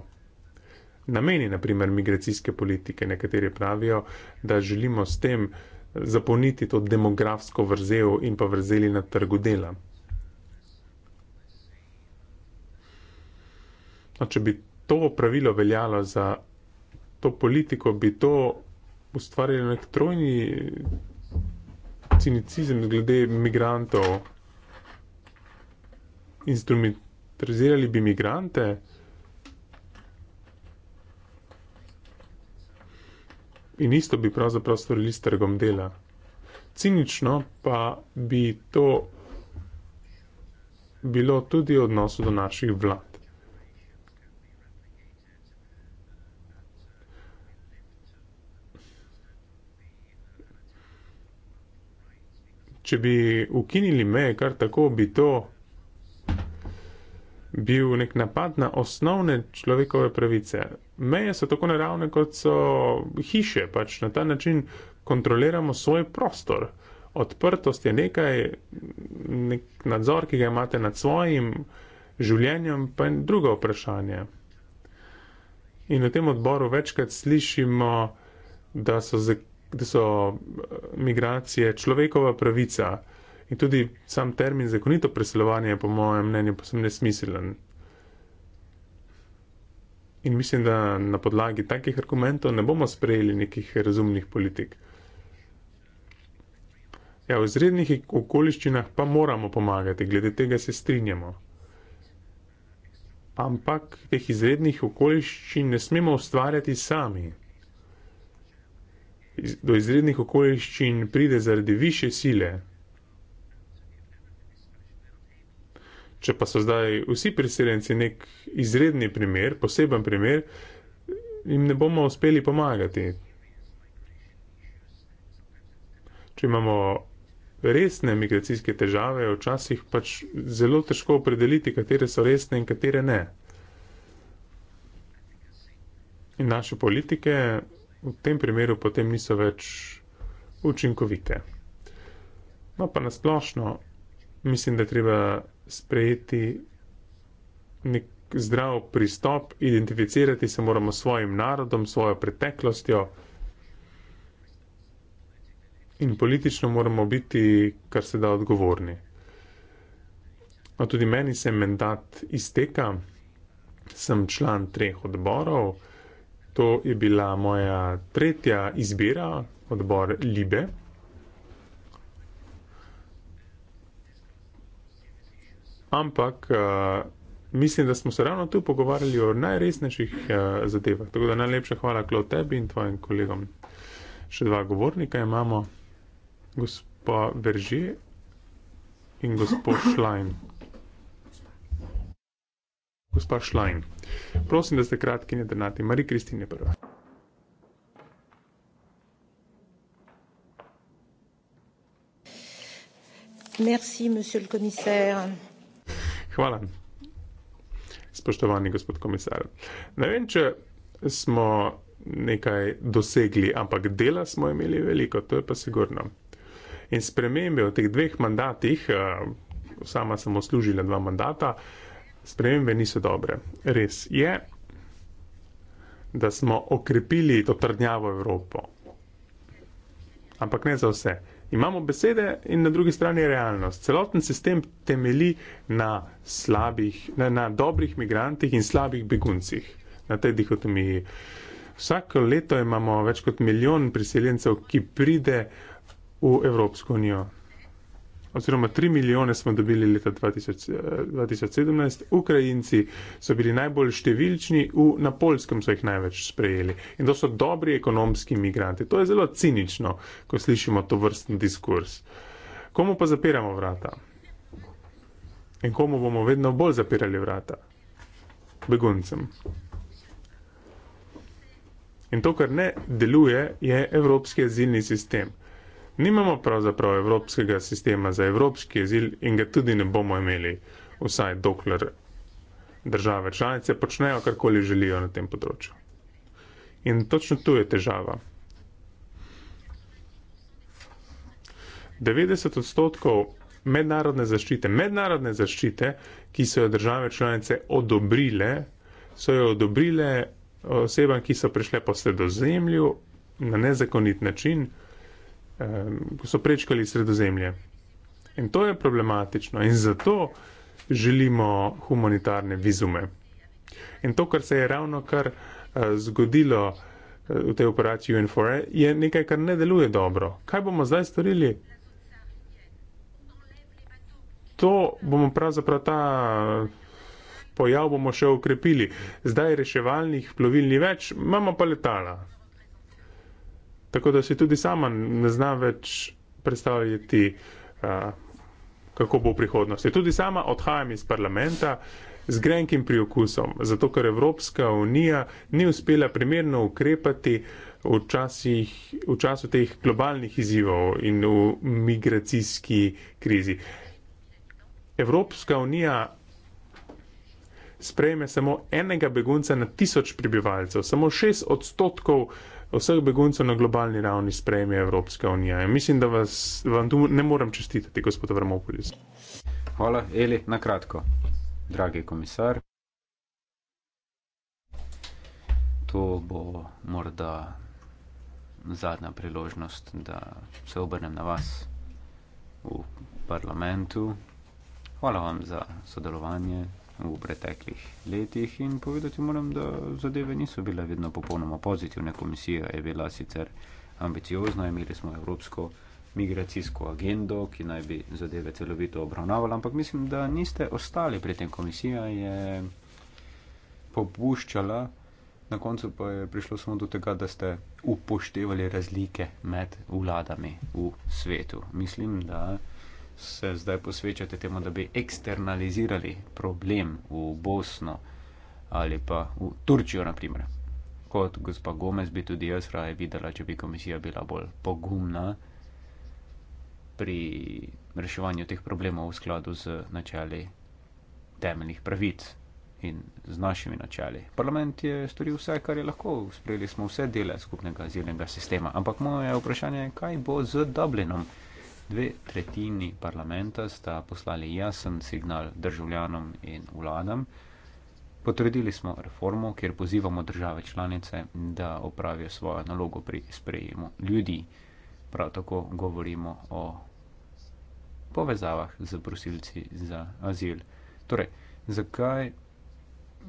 nameni, naprimer, migracijske politike. Nekateri pravijo, da želimo s tem zapolniti to demografsko vrzel in pa vrzeli na trgu dela. No, če bi to pravilo veljalo za to politiko, bi to ustvarjalo nek trojni cinicizem glede migrantov. Instrumentalizirali bi migrante, in isto bi pravzaprav storili s trgom dela. Cinično pa bi to bilo tudi v odnosu do naših vlad. Če bi ukinili meje kar tako, bi to bil nek napad na osnovne človekove pravice. Meje so tako naravne, kot so hiše, pač na ta način kontroliramo svoj prostor. Odprtost je nekaj, nek nadzor, ki ga imate nad svojim življenjem, pa je drugo vprašanje. In v tem odboru večkrat slišimo, da so, da so eh, migracije človekova pravica. In tudi sam termin zakonito preseljevanje je, po mojem mnenju, posebno nesmiselen. In mislim, da na podlagi takih argumentov ne bomo sprejeli nekih razumnih politik. Ja, v izrednih okoliščinah pa moramo pomagati, glede tega se strinjamo. Ampak teh izrednih okoliščin ne smemo ustvarjati sami. Do izrednih okoliščin pride zaradi više sile. Če pa so zdaj vsi priseljenci nek izredni primer, poseben primer, jim ne bomo uspeli pomagati. Če imamo resne migracijske težave, je včasih pač zelo težko opredeliti, katere so resne in katere ne. In naše politike v tem primeru potem niso več učinkovite. No, pa nasplošno mislim, da treba sprejeti nek zdrav pristop, identificirati se moramo s svojim narodom, svojo preteklostjo in politično moramo biti, kar se da, odgovorni. A no, tudi meni se mandat izteka, sem član treh odborov, to je bila moja tretja izbira, odbor Libe. ampak uh, mislim, da smo se ravno tu pogovarjali o najresnejših uh, zadevah. Tako da najlepša hvala, Klo, tebi in tvojim kolegom. Še dva govornika imamo, gospod Verži in gospod Šlajn. Gospa Šlajn, prosim, da ste kratki in jedrnati. Marija Kristina je prva. Merci, monsieur le commissaire. Hvala. Spoštovani gospod komisar. Ne vem, če smo nekaj dosegli, ampak dela smo imeli veliko, to je pa sigurno. In spremembe v teh dveh mandatih, eh, sama sem oslužila dva mandata, spremembe niso dobre. Res je, da smo okrepili to trdnjavo Evropo. Ampak ne za vse imamo besede in na drugi strani realnost. Celoten sistem temeli na, slabih, na, na dobrih migrantih in slabih beguncih, na tej dihotomiji. Vsako leto imamo več kot milijon priseljencev, ki pride v Evropsko unijo oziroma 3 milijone smo dobili leta 2000, 2017. Eh, Ukrajinci so bili najbolj številčni, v, na polskem so jih največ sprejeli. In to so dobri ekonomski imigranti. To je zelo cinično, ko slišimo to vrstni diskurs. Komu pa zapiramo vrata? In komu bomo vedno bolj zapirali vrata? Beguncem. In to, kar ne deluje, je evropski azilni sistem. Nimamo pravzaprav evropskega sistema za evropski azil in ga tudi ne bomo imeli, vsaj dokler države članice počnejo, karkoli želijo na tem področju. In točno tu je težava. 90 odstotkov mednarodne zaščite, mednarodne zaščite, ki so jo države članice odobrile, so jo odobrile eh, osebam, ki so prišle po sredozemlju na nezakonit način, ko so prečkali sredozemlje. In to je problematično in zato želimo humanitarne vizume. In to, kar se je ravno kar eh, zgodilo eh, v tej operaciji UNFOR, je nekaj, kar ne deluje dobro. Kaj bomo zdaj storili? To bomo pravzaprav ta eh, pojav bomo še ukrepili. Zdaj reševalnih plovil ni več, imamo pa letala. Tako da si tudi sama ne zna več predstavljati, a, kako bo v prihodnosti. Tudi sama odhajam iz parlamenta z grenkim priokusom, zato ker Evropska unija ni uspela primerno ukrepati v, časih, v času teh globalnih izzivov in v migracijski krizi. Evropska unija sprejme samo enega begunca na tisoč prebivalcev, samo šest odstotkov vseh beguncev na globalni ravni sprejme Evropska unija. In mislim, da vas, vam tu ne morem čestitati, gospod Avramopolis. Hvala, Eli, na kratko, dragi komisar. To bo morda zadnja priložnost, da se obrnem na vas v parlamentu. Hvala vam za sodelovanje, v preteklih letih in povedati moram, da zadeve niso bile vedno popolnoma pozitivne. Komisija je bila sicer ambiciozna, imeli smo evropsko migracijsko agendo, ki naj bi zadeve celovito obravnavala, ampak mislim, da niste ostali pri tem. Komisija je popuščala, na koncu pa je prišlo samo do tega, da ste upoštevali razlike med vladami v svetu. Mislim, da se zdaj posvečate temu, da bi eksternalizirali problem v Bosno ali pa v Turčijo, naprimer. Kot gospa Gomez bi tudi jaz raje videla, če bi komisija bila bolj pogumna pri reševanju teh problemov v skladu z načeli temeljnih pravic in z našimi načeli. Parlament je storil vse, kar je lahko, sprejeli smo vse dele skupnega azilnega sistema, ampak moje vprašanje je, kaj bo z Dublinom? Dve tretjini parlamenta sta poslali jasen signal državljanom in vladam. Potrdili smo reformo, kjer pozivamo države članice, da opravijo svojo nalogo pri sprejemu ljudi. Prav tako govorimo o povezavah z prosilci za azil. Torej, zakaj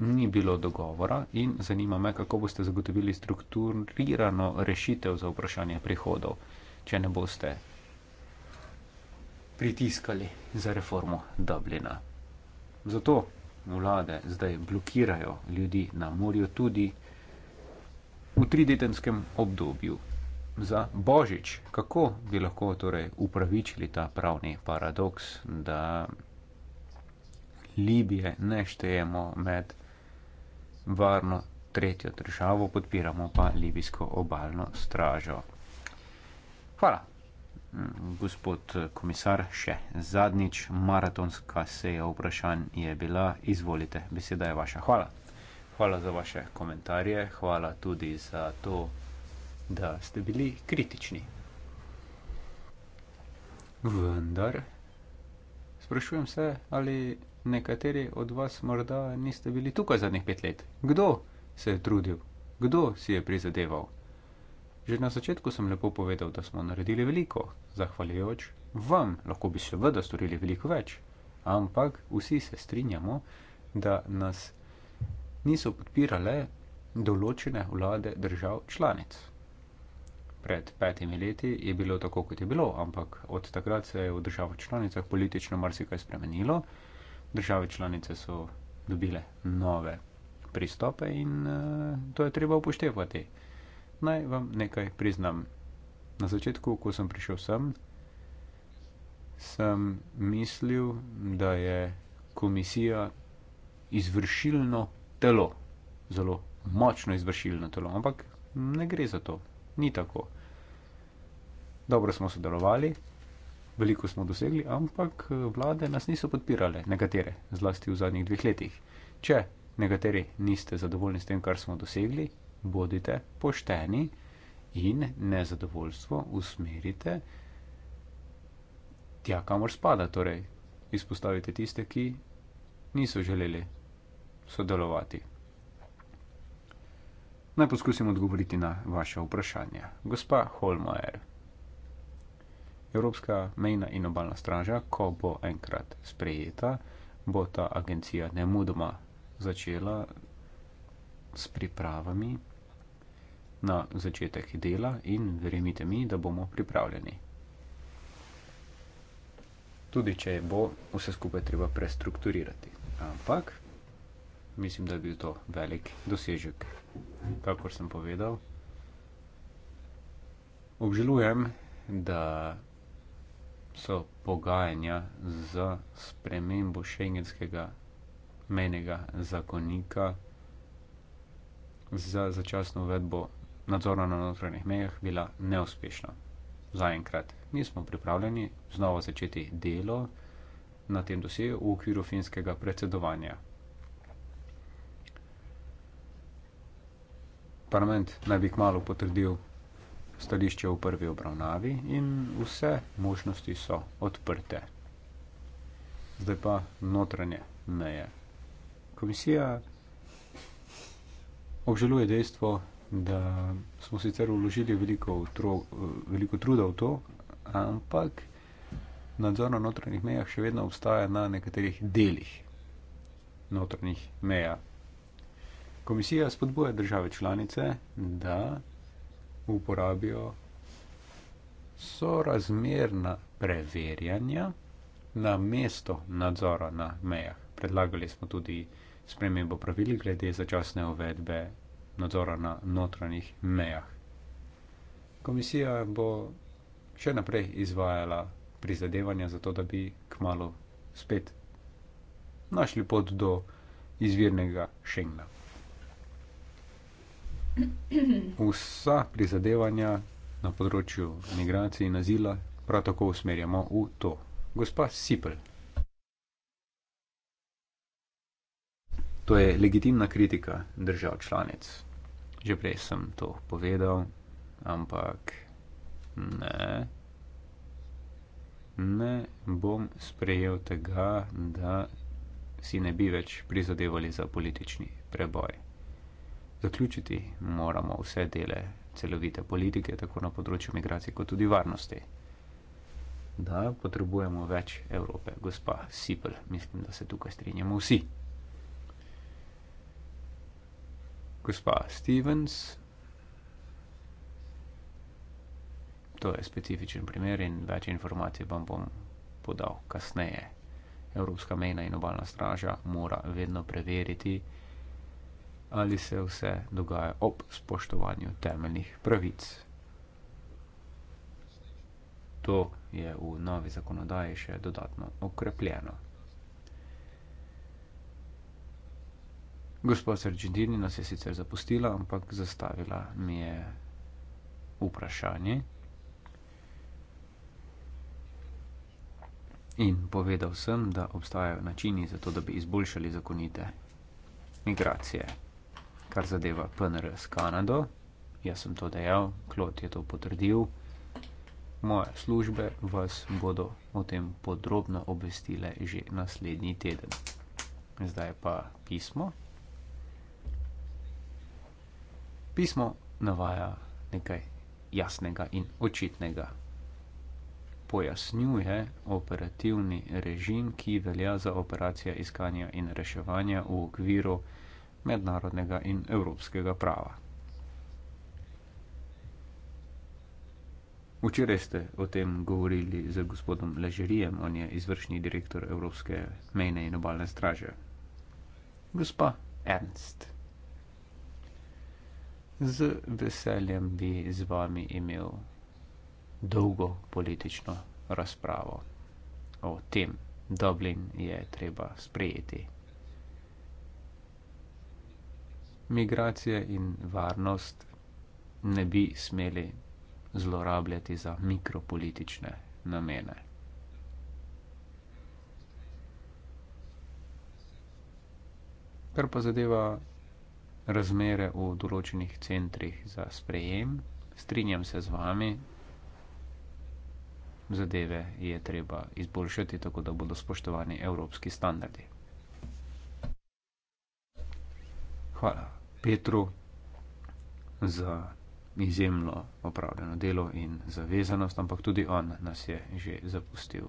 ni bilo dogovora in zanima me, kako boste zagotovili strukturirano rešitev za vprašanje prihodov, če ne boste pritiskali za reformo Dublina. Zato vlade zdaj blokirajo ljudi na morju tudi v tridetenskem obdobju za božič. Kako bi lahko torej upravičili ta pravni paradoks, da Libije ne štejemo med varno tretjo državo, podpiramo pa libijsko obalno stražo. Hvala. Gospod eh, komisar, še zadnjič maratonska seja vprašanj je bila, izvolite, beseda je vaša. Hvala. Hvala za vaše komentarje, hvala tudi za to, da ste bili kritični. Vendar sprašujem se, ali nekateri od vas morda niste bili tukaj zadnjih pet let. Kdo se je trudil, kdo si je prizadeval? Že na začetku sem lepo povedal, da smo naredili veliko, zahvaljujoč vam, lahko bi seveda storili veliko več, ampak vsi se strinjamo, da nas niso podpirale določene vlade držav članic. Pred petimi leti je bilo tako, kot je bilo, ampak od takrat se je v državah članicah politično marsikaj spremenilo. Države članice so dobile nove pristope in uh, to je treba upoštevati. Naj vam nekaj priznam na začetku, ko sem prišel sem, sem mislil, da je komisija izvršilno telo, zelo močno izvršilno telo, ampak ne gre za to, ni tako. Dobro smo sodelovali, veliko smo dosegli, ampak eh, vlade nas niso podpirale, nekatere, zlasti v zadnjih dveh letih. Če nekateri niste zadovoljni s tem, kar smo dosegli, bodite pošteni in nezadovoljstvo usmerite tja, kamor spada. Torej, izpostavite tiste, ki niso želeli sodelovati. Naj poskusim odgovoriti na vaše vprašanje. Gospa Holmeier, Evropska mejna in obalna straža, ko bo enkrat sprejeta, bo ta agencija ne mudoma začela s pripravami na začetek dela in verjemite mi, da bomo pripravljeni. Tudi če bo vse skupaj treba prestrukturirati. Ampak mislim, da je bil to velik dosežek. Kakor sem povedal, obžalujem, da so pogajanja za spremembo šengenskega menjega zakonika, za začasno uvedbo nadzora na notranjih mejah bila neuspešna. Zaenkrat nismo pripravljeni znova začeti delo na tem dosegu v okviru finskega predsedovanja. Parlament naj bi kmalo potrdil stališče v prvi obravnavi in vse možnosti so odprte. Zdaj pa notranje meje. Komisija obžaluje dejstvo, da smo sicer vložili veliko, tro, veliko truda v to, ampak nadzor na notranjih mejah še vedno obstaja na nekaterih delih notranjih meja. Komisija spodbuja države članice, da uporabijo sorazmerna preverjanja na mesto nadzora na mejah. Predlagali smo tudi spremembo pravil glede začasne uvedbe nadzora na notranjih mejah. Komisija bo še naprej izvajala prizadevanja za to, da bi kmalo spet našli pot do izvirnega Schengna. Vsa prizadevanja na področju migracij in azila prav tako usmerjamo v to. Gospa Sipel, To je legitimna kritika držav članic. Že prej sem to povedal, ampak ne. Ne bom sprejel tega, da si ne bi več prizadevali za politični preboj. Zaključiti moramo vse dele celovite politike, tako na področju migracije, kot tudi varnosti. Da potrebujemo več Evrope, gospa Sipel, mislim, da se tukaj strinjamo vsi. gospa Stevens. To je specifičen primer in več informacij vam bom podal kasneje. Evropska mejna in obalna straža mora vedno preveriti, ali se vse dogaja ob spoštovanju temeljnih pravic. To je v novi zakonodaji še dodatno okrepljeno. Gospa Sergendini nas je sicer zapustila, ampak zastavila mi je vprašanje. In povedal sem, da obstajajo načini za to, da bi izboljšali zakonite migracije. Kar zadeva PNR s Kanado, jaz sem to dejal, Klot je to potrdil. Moje službe vas bodo o tem podrobno obvestile že naslednji teden. Zdaj pa pismo. Pismo navaja nekaj jasnega in očitnega. Pojasnjuje operativni režim, ki velja za operacije iskanja in reševanja v okviru mednarodnega in evropskega prava. Včeraj ste o tem govorili z gospodom Ležerijem, on je izvršni direktor Evropske mejne in obalne straže. Gospa Ernst z veseljem bi z vami imel dolgo politično razpravo o tem. Dublin je treba sprejeti. Migracije in varnost ne bi smeli zlorabljati za mikropolitične namene. Kar pa zadeva razmere v določenih centrih za sprejem. Strinjam se z vami, zadeve je treba izboljšati, tako da bodo spoštovani evropski standardi. Hvala Petru za izjemno opravljeno delo in zavezanost, ampak tudi on nas je že zapustil.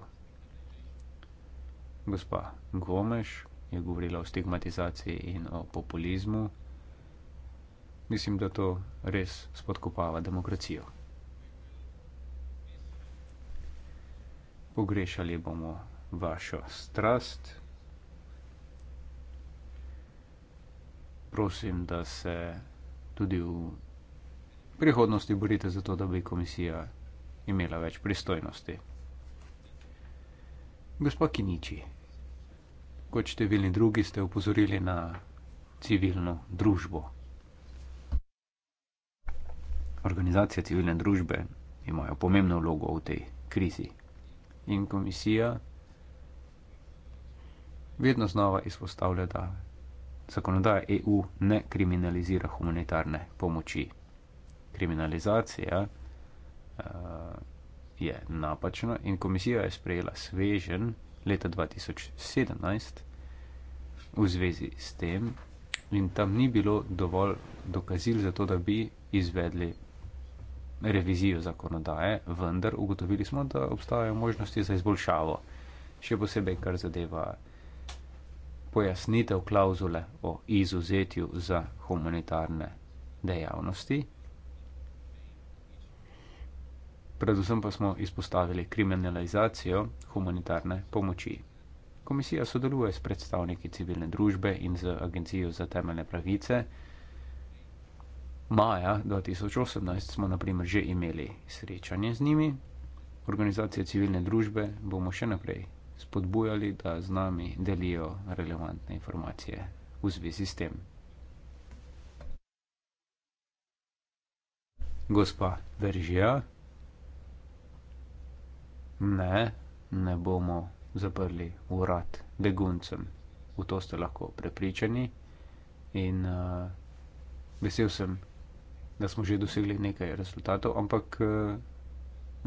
Gospa Gomeš je govorila o stigmatizaciji in o populizmu mislim, da to res spodkopava demokracijo. Pogrešali bomo vašo strast. Prosim, da se tudi v prihodnosti borite za to, da bi komisija imela več pristojnosti. Gospod Kiniči, kot številni drugi ste upozorili na civilno družbo organizacije civilne družbe imajo pomembno vlogo v tej krizi. In komisija vedno znova izpostavlja, da zakonodaja EU ne kriminalizira humanitarne pomoči. Kriminalizacija uh, je napačna in komisija je sprejela svežen leta 2017 v zvezi s tem in tam ni bilo dovolj dokazil za to, da bi izvedli revizijo zakonodaje, vendar ugotovili smo, da obstajajo možnosti za izboljšavo, še posebej kar zadeva pojasnitev klauzule o izuzetju za humanitarne dejavnosti. Predvsem pa smo izpostavili kriminalizacijo humanitarne pomoči. Komisija sodeluje s predstavniki civilne družbe in z Agencijo za temeljne pravice, maja 2018 smo naprimer že imeli srečanje z njimi. Organizacije civilne družbe bomo še naprej spodbujali, da z nami delijo relevantne informacije v zvezi s tem. Gospa Veržija, ne, ne bomo zaprli urad beguncem, v to ste lahko prepričani in uh, vesel sem, da smo že dosegli nekaj rezultatov, ampak eh,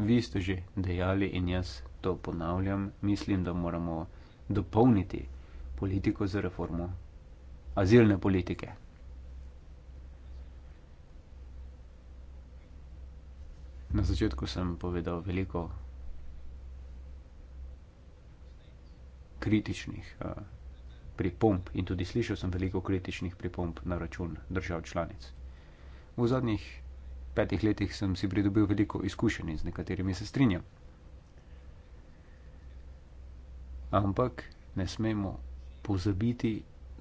vi ste že dejali in jaz to ponavljam. Mislim, da moramo dopolniti politiko z reformo azilne politike. Na začetku sem povedal veliko kritičnih uh, pripomb in tudi slišal sem veliko kritičnih pripomb na račun držav članic. V zadnjih petih letih sem si pridobil veliko izkušenj in z nekaterimi se strinjam. Ampak ne smemo pozabiti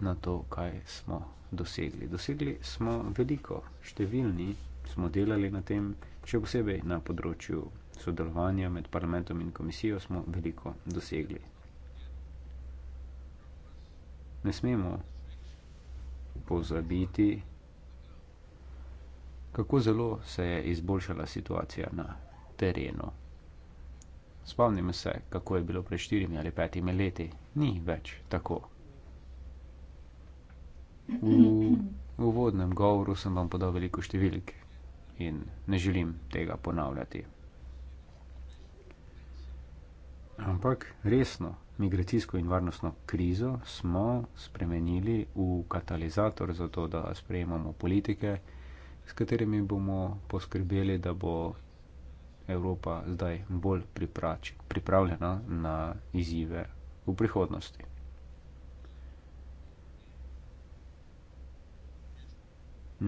na to, kaj smo dosegli. Dosegli smo veliko, številni smo delali na tem, še posebej na področju sodelovanja med parlamentom in komisijo smo veliko dosegli. Ne smemo pozabiti, kako zelo se je izboljšala situacija na terenu. Spomnim se, kako je bilo pred štirimi ali petimi leti, ni več tako. V uvodnem govoru sem vam podal veliko številk in ne želim tega ponavljati. Ampak resno, migracijsko in varnostno krizo smo spremenili v katalizator za to, da sprejemamo politike, s katerimi bomo poskrbeli, da bo Evropa zdaj bolj priprač, pripravljena na izzive v prihodnosti.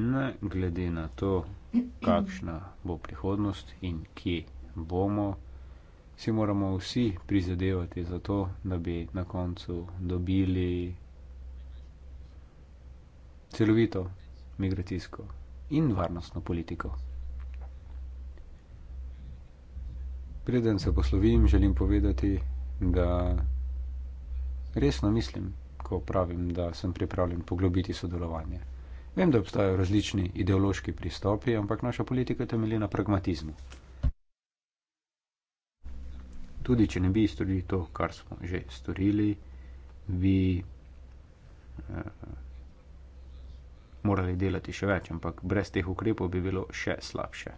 Ne glede na to, kakšna bo prihodnost in kje bomo, si moramo vsi prizadevati za to, da bi na koncu dobili celovito migracijsko in varnostno politiko. Preden se poslovim, želim povedati, da resno mislim, ko pravim, da sem pripravljen poglobiti sodelovanje. Vem, da obstajajo različni ideološki pristopi, ampak naša politika temelji na pragmatizmu. Tudi, če ne bi storili to, kar smo že storili, bi eh, morali delati še več, ampak brez teh ukrepov bi bilo še slabše.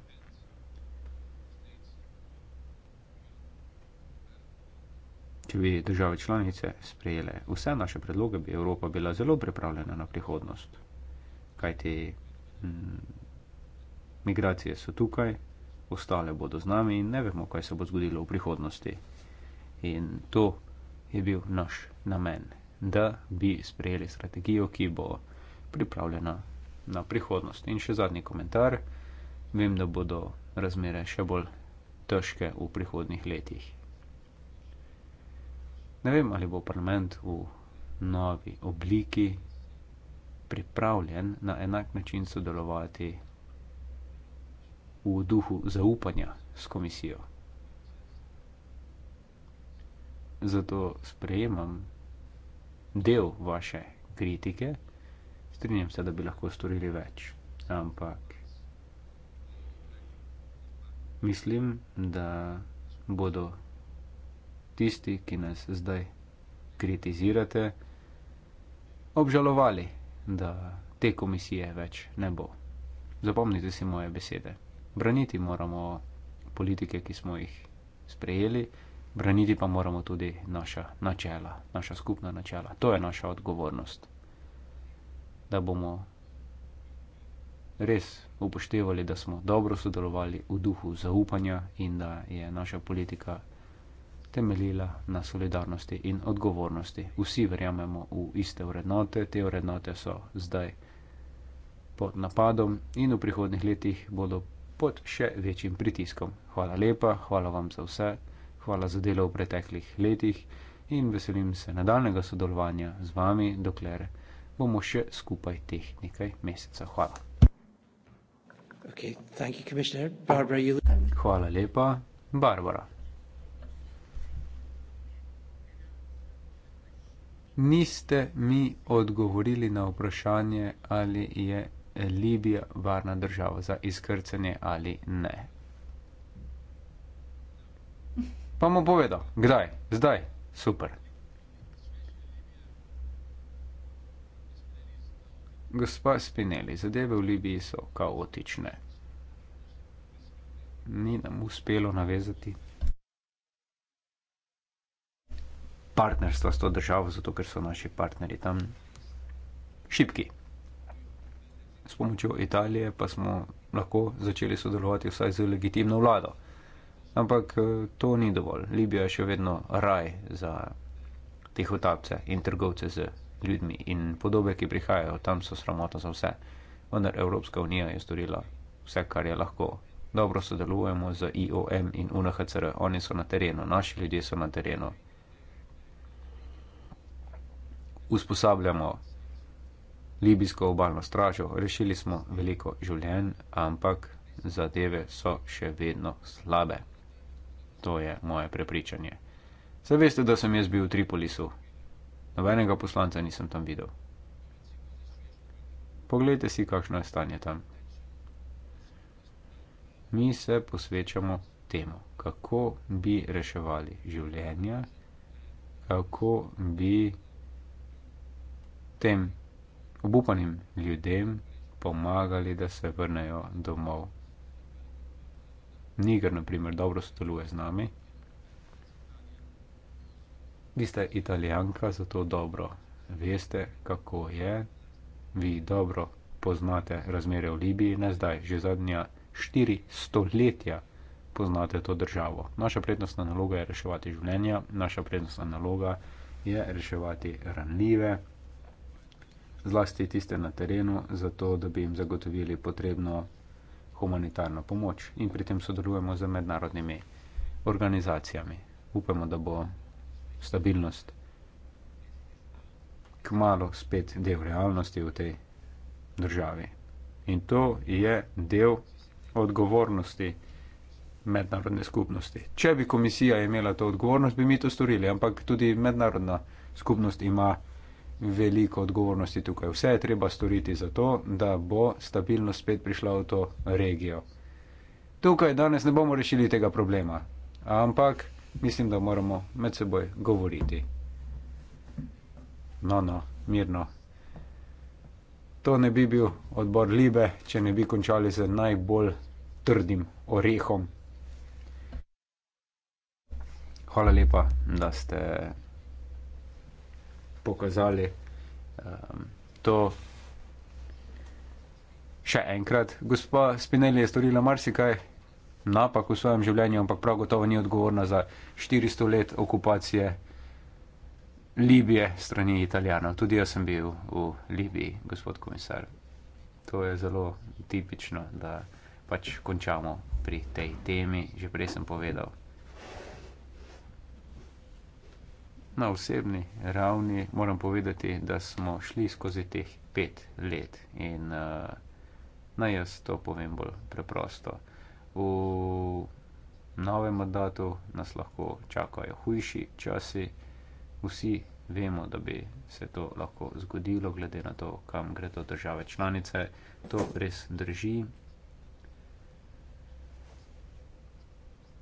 Če bi države članice sprejele vse naše predloge, bi Evropa bila zelo pripravljena na prihodnost. Kajti hm, migracije so tukaj, ostale bodo z nami in ne vemo, kaj se bo zgodilo v prihodnosti. In to je bil naš namen, da bi sprejeli strategijo, ki bo pripravljena na prihodnost. In še zadnji komentar. Vem, da bodo razmere še bolj težke v prihodnih letih. Ne vem, ali bo parlament v novi obliki pripravljen na enak način sodelovati v duhu zaupanja s komisijo. Zato sprejemam del vaše kritike. Strinjam se, da bi lahko storili več, ampak mislim, da bodo tisti, ki nas zdaj kritizirate, obžalovali, da te komisije več ne bo. Zapomnite si moje besede. Braniti moramo politike, ki smo jih sprejeli, braniti pa moramo tudi naša načela, naša skupna načela. To je naša odgovornost da bomo res upoštevali, da smo dobro sodelovali v duhu zaupanja in da je naša politika temeljila na solidarnosti in odgovornosti. Vsi verjamemo v iste vrednote, te vrednote so zdaj pod napadom in v prihodnih letih bodo pod še večjim pritiskom. Hvala lepa, hvala vam za vse, hvala za delo v preteklih letih in veselim se nadaljnega sodelovanja z vami, dokler ne bomo še skupaj teh nekaj mesecev. Hvala. Okay, thank you, Commissioner. Barbara, you... Hvala lepa, Barbara. Niste mi odgovorili na vprašanje, ali je Libija varna država za izkrcanje ali ne. Pa mu povedal, kdaj, zdaj, super. Gospa Spinelli, zadeve v Libiji so kaotične. Ni nam uspelo navezati partnerstva s to državo, zato ker so naši partnerji tam šipki. S pomočjo Italije pa smo lahko začeli sodelovati vsaj z legitimno vlado. Ampak eh, to ni dovolj. Libija je še vedno raj za tihotapce in trgovce z ljudmi in podobe, ki prihajajo, tam so sramota za vse. Vendar Evropska unija je storila vse, kar je lahko. Dobro sodelujemo z IOM in UNHCR, oni so na terenu, naši ljudje so na terenu. Usposabljamo libijsko obalno stražo, rešili smo veliko življenj, ampak zadeve so še vedno slabe. To je moje prepričanje. Zaveste, da sem jaz bil v Tripolisu, Nobenega poslanca nisem tam videl. Poglejte si, kakšno je stanje tam. Mi se posvečamo temu, kako bi reševali življenja, kako bi tem obupanim ljudem pomagali, da se vrnejo domov. Niger, na primer, dobro sodeluje z nami. Vi ste italijanka, zato dobro veste, kako je. Vi dobro poznate razmere v Libiji, ne zdaj, že zadnja štiri stoletja poznate to državo. Naša prednostna naloga je reševati življenja, naša prednostna naloga je reševati ranljive, zlasti tiste na terenu, zato da bi jim zagotovili potrebno humanitarno pomoč in pri tem sodelujemo z mednarodnimi organizacijami. Upamo, da bo stabilnost. Kmalo spet del realnosti v tej državi. In to je del odgovornosti mednarodne skupnosti. Če bi komisija imela to odgovornost, bi mi to storili, ampak tudi mednarodna skupnost ima veliko odgovornosti tukaj. Vse je treba storiti za to, da bo stabilnost spet prišla v to regijo. Tukaj danes ne bomo rešili tega problema, ampak mislim, da moramo med seboj govoriti. No, no, mirno. To ne bi bil odbor Libe, če ne bi končali z najbolj trdim orehom. Hvala lepa, da ste pokazali um, to še enkrat. Gospa Spinelli je storila marsikaj napak v svojem življenju, ampak prav gotovo ni odgovorna za 400 let okupacije Libije strani Italijanov. Tudi jaz sem bil v Libiji, gospod komisar. To je zelo tipično, da pač končamo pri tej temi, že prej sem povedal. Na osebni ravni moram povedati, da smo šli skozi teh pet let in uh, naj jaz to povem bolj preprosto v novem mandatu nas lahko čakajo hujši časi. Vsi vemo, da bi se to lahko zgodilo, glede na to, kam gredo države članice. To res drži.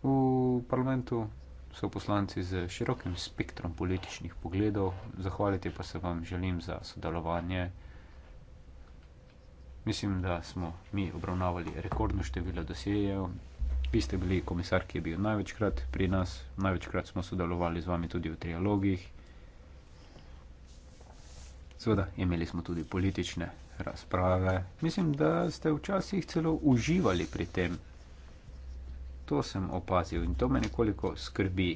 V parlamentu so poslanci z širokim spektrom političnih pogledov, zahvaliti pa se vam želim za sodelovanje. Mislim, da smo mi obravnavali rekordno število dosjejev. Vi ste bili komisar, ki je bil največkrat pri nas, največkrat smo sodelovali z vami tudi v trialogih. Sveda, imeli smo tudi politične razprave. Mislim, da ste včasih celo uživali pri tem. To sem opazil in to me nekoliko skrbi.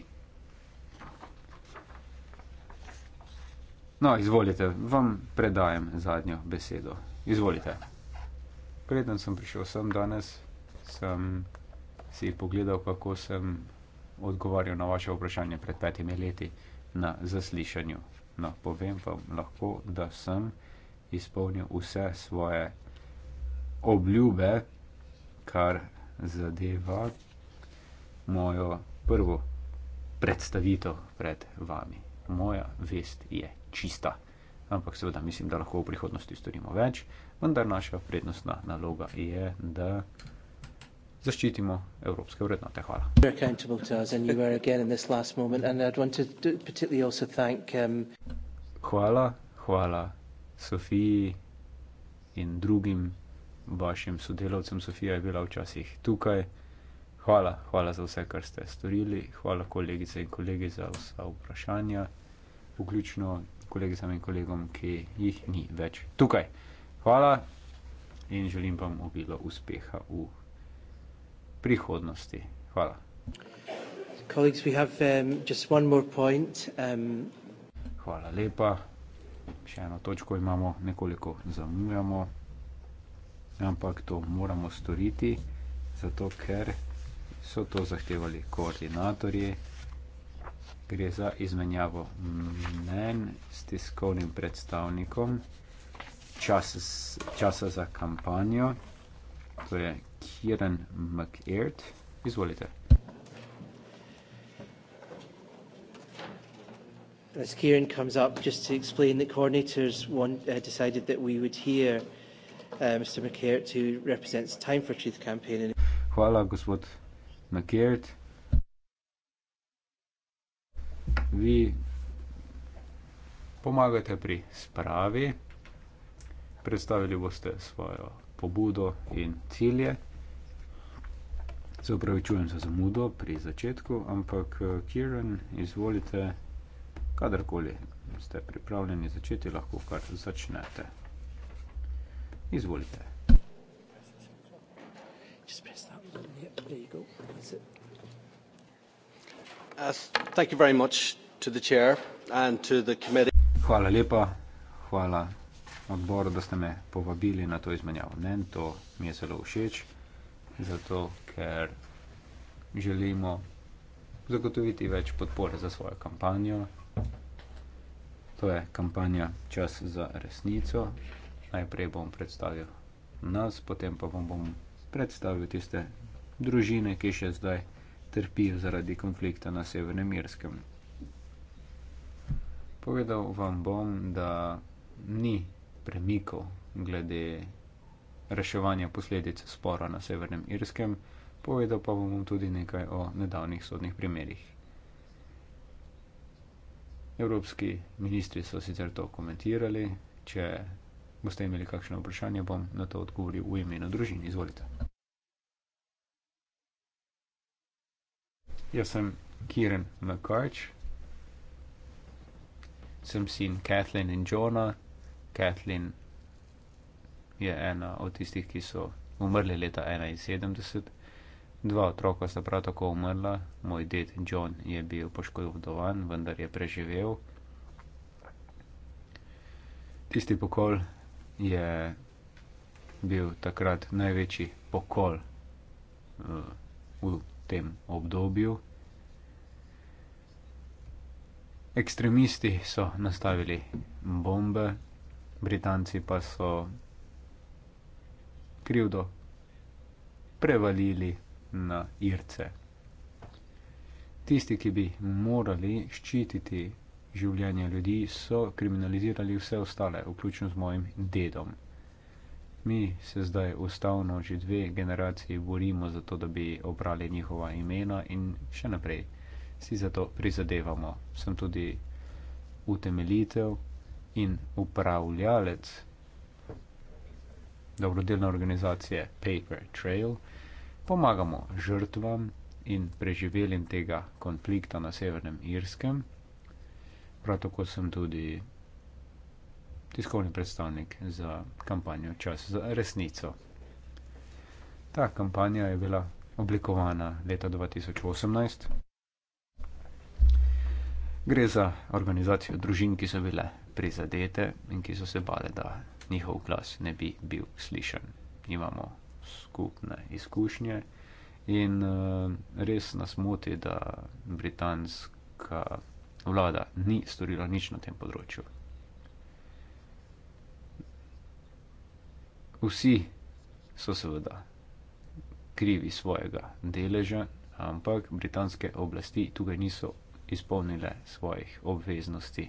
No, izvolite, vam predajem zadnjo besedo. Izvolite. Preden sem prišel sem danes, sem si pogledal, kako sem odgovarjal na vaše vprašanje pred petimi leti na zaslišanju. No, povem vam lahko, da sem izpolnil vse svoje obljube, kar zadeva mojo prvo predstavitev pred vami. Moja vest je čista. Ampak seveda mislim, da lahko v prihodnosti storimo več vendar naša prednostna naloga je, da zaščitimo evropske vrednote. Hvala. Um, hvala, hvala Sofiji in drugim vašim sodelavcem. Sofija je bila včasih tukaj. Hvala, hvala za vse, kar ste storili. Hvala kolegice in kolegi za vsa vprašanja, vključno kolegicam in kolegom, ki jih ni več tukaj hvala in želim vam obilo uspeha v prihodnosti. Hvala. Colleagues, we have um, just one more point. Um... Hvala lepa. Še eno točko imamo, nekoliko zamujamo, ampak to moramo storiti, zato ker so to zahtevali koordinatorji. Gre za izmenjavo mnen s tiskovnim predstavnikom časa, časa za kampanjo, to je Kieran McEart. Izvolite. As Kieran comes up, just to explain that coordinators want, uh, decided that we would hear uh, Mr. McCaird, who represents Time for Truth campaign. And Hvala, gospod McCaird. Vi pomagate pri spravi predstavili boste svojo pobudo in cilje. Se upravičujem za zamudo pri začetku, ampak eh, Kiran, izvolite, kadarkoli ste pripravljeni začeti, lahko kar začnete. Izvolite. Uh, hvala lepa, hvala odboru, da ste me povabili na to izmenjavo. Ne, to mi je zelo všeč, zato ker želimo zagotoviti več podpore za svojo kampanjo. To je kampanja Čas za resnico. Najprej bom predstavil nas, potem pa bom, bom predstavil tiste družine, ki še zdaj trpijo zaradi konflikta na Severnem Irskem. Povedal vam bom, da ni premikov glede reševanja posledic spora na Severnem Irskem, povedal pa bom tudi nekaj o nedavnih sodnih primerih. Evropski ministri so sicer to komentirali, če boste imeli kakšno vprašanje, bom na to odgovoril v imenu družine. Izvolite. Jaz sem Kieran McCarch, sem sin Kathleen in Jonah. Kathleen je ena od tistih, ki so umrli leta 1971. Dva otroka sta prav tako umrla, moj ded John je bil poškodovan, vendar je preživel. Tisti pokol je bil takrat največji pokol eh, v tem obdobju. Ekstremisti so nastavili bombe, Britanci pa so krivdo prevalili na Irce. Tisti, ki bi morali ščititi življenje ljudi, so kriminalizirali vse ostale, vključno z mojim dedom. Mi se zdaj ustavno že dve generaciji borimo za to, da bi obrali njihova imena in še naprej si za to prizadevamo. Sem tudi utemeljitev in upravljalec dobrodelne organizacije Paper Trail, pomagamo žrtvam in preživelim tega konflikta na Severnem Irskem. Prav tako sem tudi tiskovni predstavnik za kampanjo Čas za resnico. Ta kampanja je bila oblikovana leta 2018. Gre za organizacijo družin, ki so bile prizadete in ki so se bale, da njihov glas ne bi bil slišen. Imamo skupne izkušnje in eh, res nas moti, da britanska vlada ni storila nič na tem področju. Vsi so seveda krivi svojega deleža, ampak britanske oblasti tukaj niso izpolnile svojih obveznosti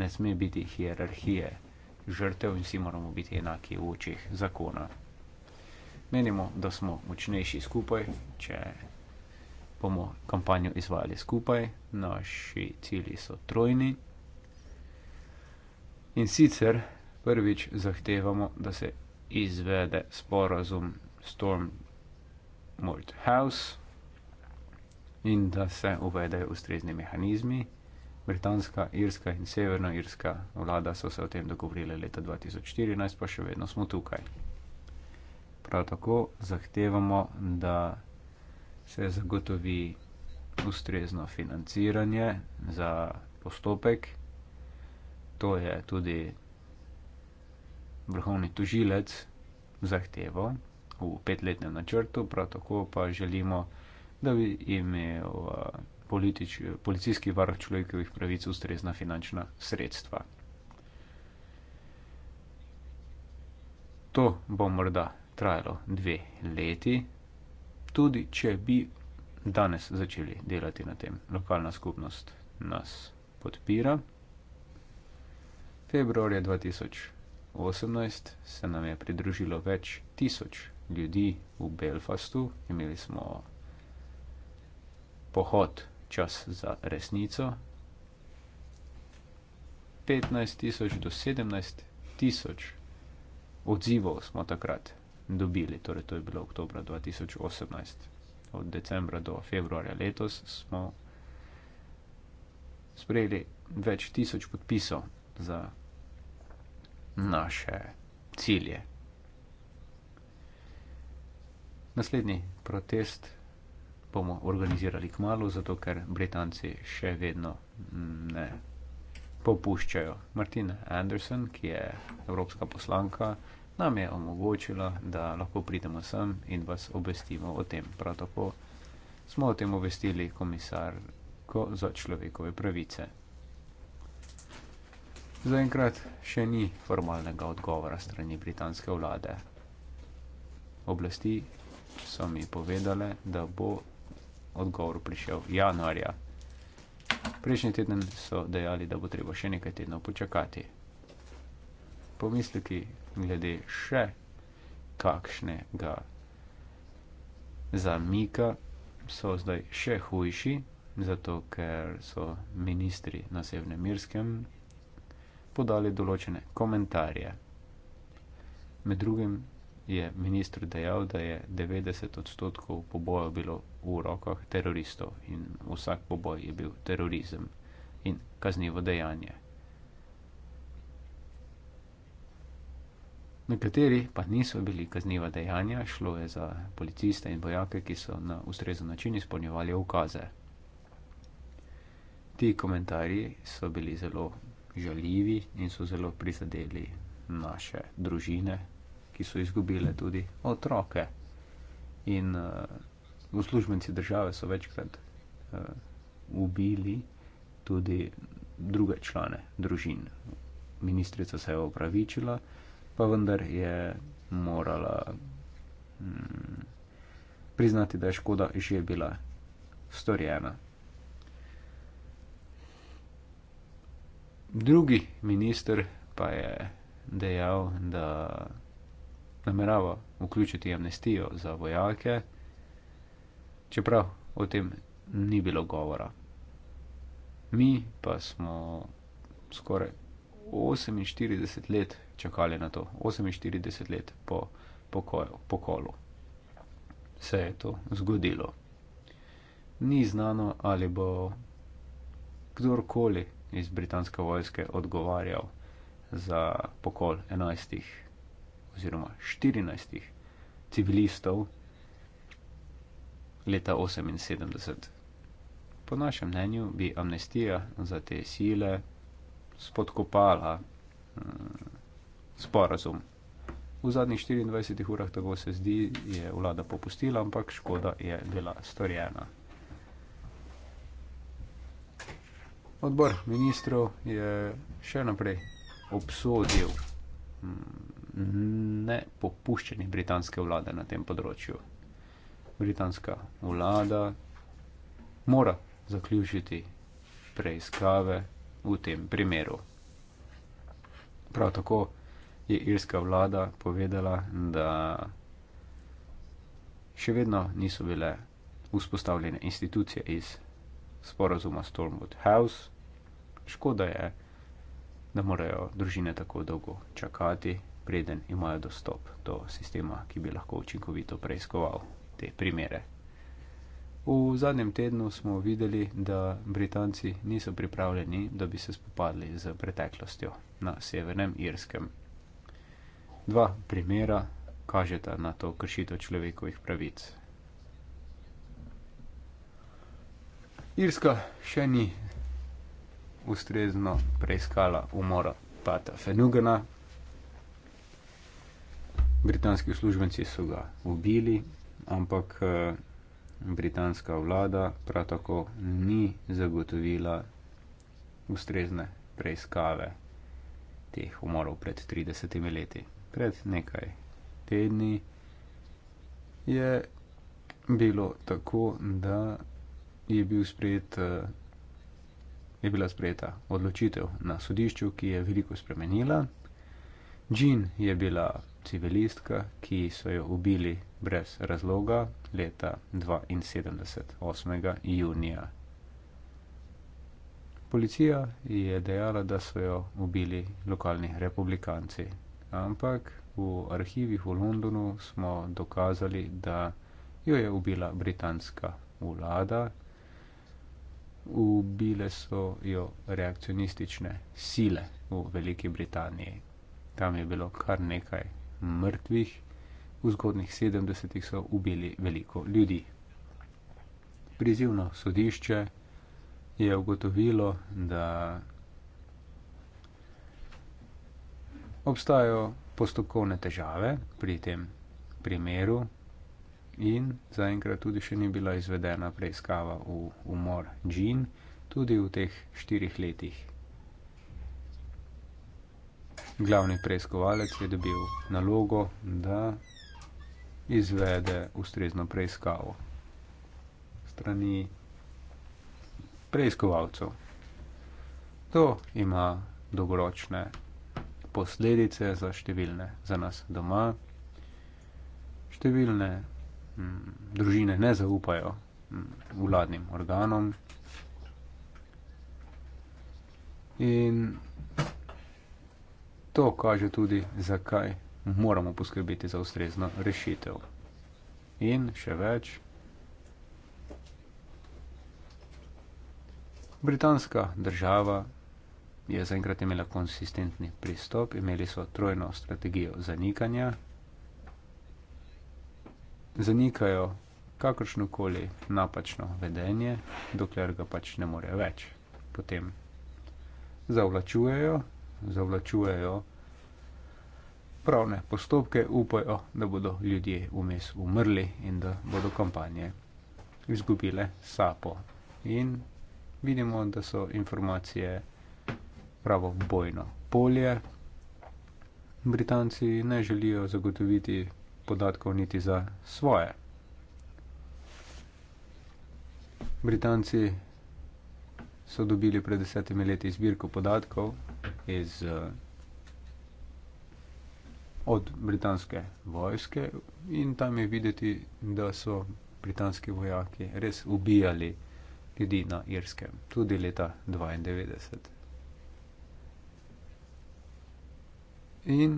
ne sme biti hierarhije žrtev in vsi moramo biti enaki v očih zakona. Menimo, da smo močnejši skupaj, če bomo kampanjo izvajali skupaj. Naši cilji so trojni. In sicer prvič zahtevamo, da se izvede sporazum Storm Mold House in da se uvedejo ustrezni mehanizmi. Britanska, Irska in Severna Irska vlada so se o tem dogovorile leta 2014, pa še vedno smo tukaj. Prav tako zahtevamo, da se zagotovi ustrezno financiranje za postopek. To je tudi vrhovni tužilec zahteval v petletnem načrtu, prav tako pa želimo, da bi imel. Uh, politič, policijski varuh človekovih pravic ustrezna finančna sredstva. To bo morda trajalo dve leti, tudi če bi danes začeli delati na tem. Lokalna skupnost nas podpira. Februarja 2018 se nam je pridružilo več tisoč ljudi v Belfastu, imeli smo pohod čas za resnico. 15.000 do 17.000 odzivov smo takrat dobili, torej to je bilo oktober 2018. Od decembra do februarja letos smo sprejeli več tisoč podpisov za naše cilje. Naslednji protest bomo organizirali k malu, zato ker Britanci še vedno ne popuščajo. Martin Anderson, ki je evropska poslanka, nam je omogočila, da lahko pridemo sem in vas obvestimo o tem. Prav tako smo o tem obvestili komisarko za človekove pravice. Zaenkrat še ni formalnega odgovora strani britanske vlade. Oblasti so mi povedale, da bo odgovor prišel januarja. Prejšnji teden so dejali, da bo treba še nekaj tednov počakati. Pomisliki glede še kakšnega zamika so zdaj še hujši, zato ker so ministri na Sevnem Irskem podali določene komentarje. Med drugim je ministr dejal, da je 90 odstotkov pobojev bilo v rokah teroristov in vsak poboj je bil terorizem in kaznivo dejanje. Nekateri pa niso bili kazniva dejanja, šlo je za policiste in vojake, ki so na ustrezen način izpolnjevali ukaze. Ti komentarji so bili zelo žaljivi in so zelo prizadeli naše družine, ki so izgubile tudi otroke. In uh, uslužbenci države so večkrat uh, ubili tudi druge člane družin. Ministrica se je opravičila, pa vendar je morala mm, priznati, da je škoda že bila storjena. Drugi minister pa je dejal, da namerava vključiti amnestijo za vojake, čeprav o tem ni bilo govora. Mi pa smo skoraj 48 let čakali na to, 48 let po pokolu. Se je to zgodilo. Ni znano, ali bo kdorkoli iz britanske vojske odgovarjal za pokol enajstih oziroma 14 civilistov leta 78. Po našem mnenju bi amnestija za te sile spodkopala mm, sporazum. V zadnjih 24 urah, tako se zdi, je vlada popustila, ampak škoda je bila storjena. Odbor ministrov je še naprej obsodil mm, ne popuščanje britanske vlade na tem področju. Britanska vlada mora zaključiti preiskave v tem primeru. Prav tako je irska vlada povedala, da še vedno niso bile vzpostavljene institucije iz sporazuma Stormwood House. Škoda je, da morajo družine tako dolgo čakati preden imajo dostop do sistema, ki bi lahko učinkovito preiskoval te primere. V zadnjem tednu smo videli, da Britanci niso pripravljeni, da bi se spopadli z preteklostjo na severnem Irskem. Dva primera kažeta na to kršitev človekovih pravic. Irska še ni ustrezno preiskala umora Pata Fenugana, britanski službenci so ga ubili, ampak eh, britanska vlada prav tako ni zagotovila ustrezne preiskave teh umorov pred 30 leti. Pred nekaj tedni je bilo tako, da je, bil sprejet, eh, je bila sprejeta odločitev na sodišču, ki je veliko spremenila. Jean je bila civilistka, ki so jo ubili brez razloga leta 72, 8. junija. Policija je dejala, da so jo ubili lokalni republikanci, ampak v arhivih v Londonu smo dokazali, da jo je ubila britanska vlada. Ubile so jo reakcionistične sile v Veliki Britaniji. Tam je bilo kar nekaj mrtvih, v zgodnih 70-ih so ubili veliko ljudi. Prizivno sodišče je ugotovilo, da obstajajo postopkovne težave pri tem primeru in zaenkrat tudi še ni bila izvedena preiskava v umor Džin, tudi v teh štirih letih glavni preiskovalec je dobil nalogo, da izvede ustrezno preiskavo strani preiskovalcev. To ima dolgoročne posledice za številne, za nas doma. Številne m, mm, družine ne zaupajo m, mm, vladnim organom. In to kaže tudi, zakaj moramo poskrbeti za ustrezno rešitev. In še več. Britanska država je zaenkrat imela konsistentni pristop, imeli so trojno strategijo zanikanja. Zanikajo kakršnokoli napačno vedenje, dokler ga pač ne more več. Potem zavlačujejo, zavlačujejo pravne postopke, upajo, da bodo ljudje vmes umrli in da bodo kampanje izgubile sapo. In vidimo, da so informacije pravo bojno polje. Britanci ne želijo zagotoviti podatkov niti za svoje. Britanci so dobili pred desetimi leti zbirko podatkov iz, eh, od britanske vojske in tam je videti, da so britanski vojaki res ubijali ljudi na Irskem, tudi leta 92. In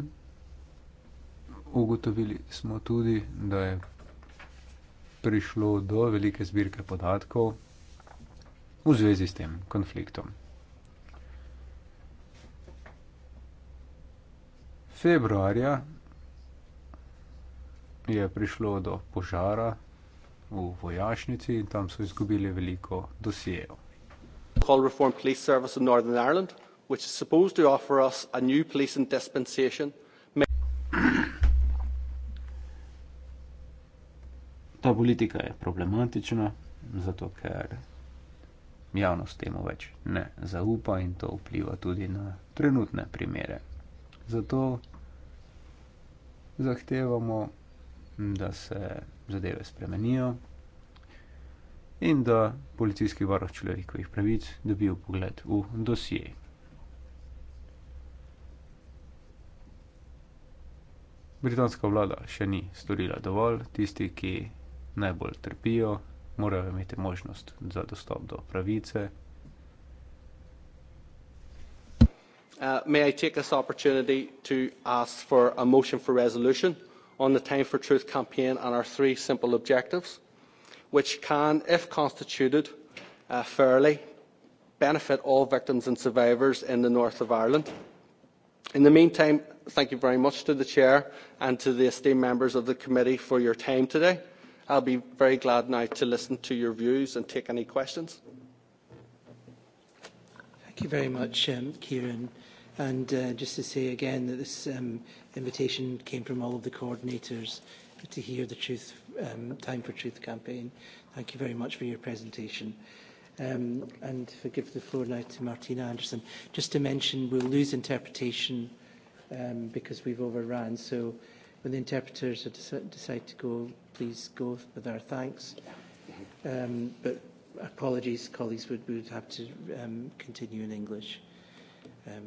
ugotovili smo tudi, da je prišlo do velike zbirke podatkov v zvezi s tem konfliktom. Februarja je prišlo do požara v vojašnici in tam so izgubili veliko dosijev. Call Reform Police Service of Northern Ireland, which is supposed to offer us a new police and dispensation. Ta politika je problematična, zato ker javnost temu več ne zaupa in to vpliva tudi na trenutne primere. Zato zahtevamo, da se zadeve spremenijo in da policijski varoh človekovih pravic dobi pogled v dosije. Britanska vlada še ni storila dovolj, tisti, ki najbolj trpijo, morajo imeti možnost za dostop do pravice. Uh, may I take this opportunity to ask for a motion for resolution on the Time for Truth campaign and our three simple objectives, which can, if constituted uh, fairly, benefit all victims and survivors in the north of Ireland. In the meantime, thank you very much to the Chair and to the esteemed members of the committee for your time today. I'll be very glad now to listen to your views and take any questions. Thank you very much, um, Kieran. And uh, just to say again that this um, invitation came from all of the coordinators to hear the truth, um, Time for Truth campaign. Thank you very much for your presentation. Um, and if I give the floor now to Martina Anderson, just to mention we'll lose interpretation um, because we've overrun. So when the interpreters decide to go please go with our thanks. Um, but apologies, colleagues, we would have to um, continue in English, um,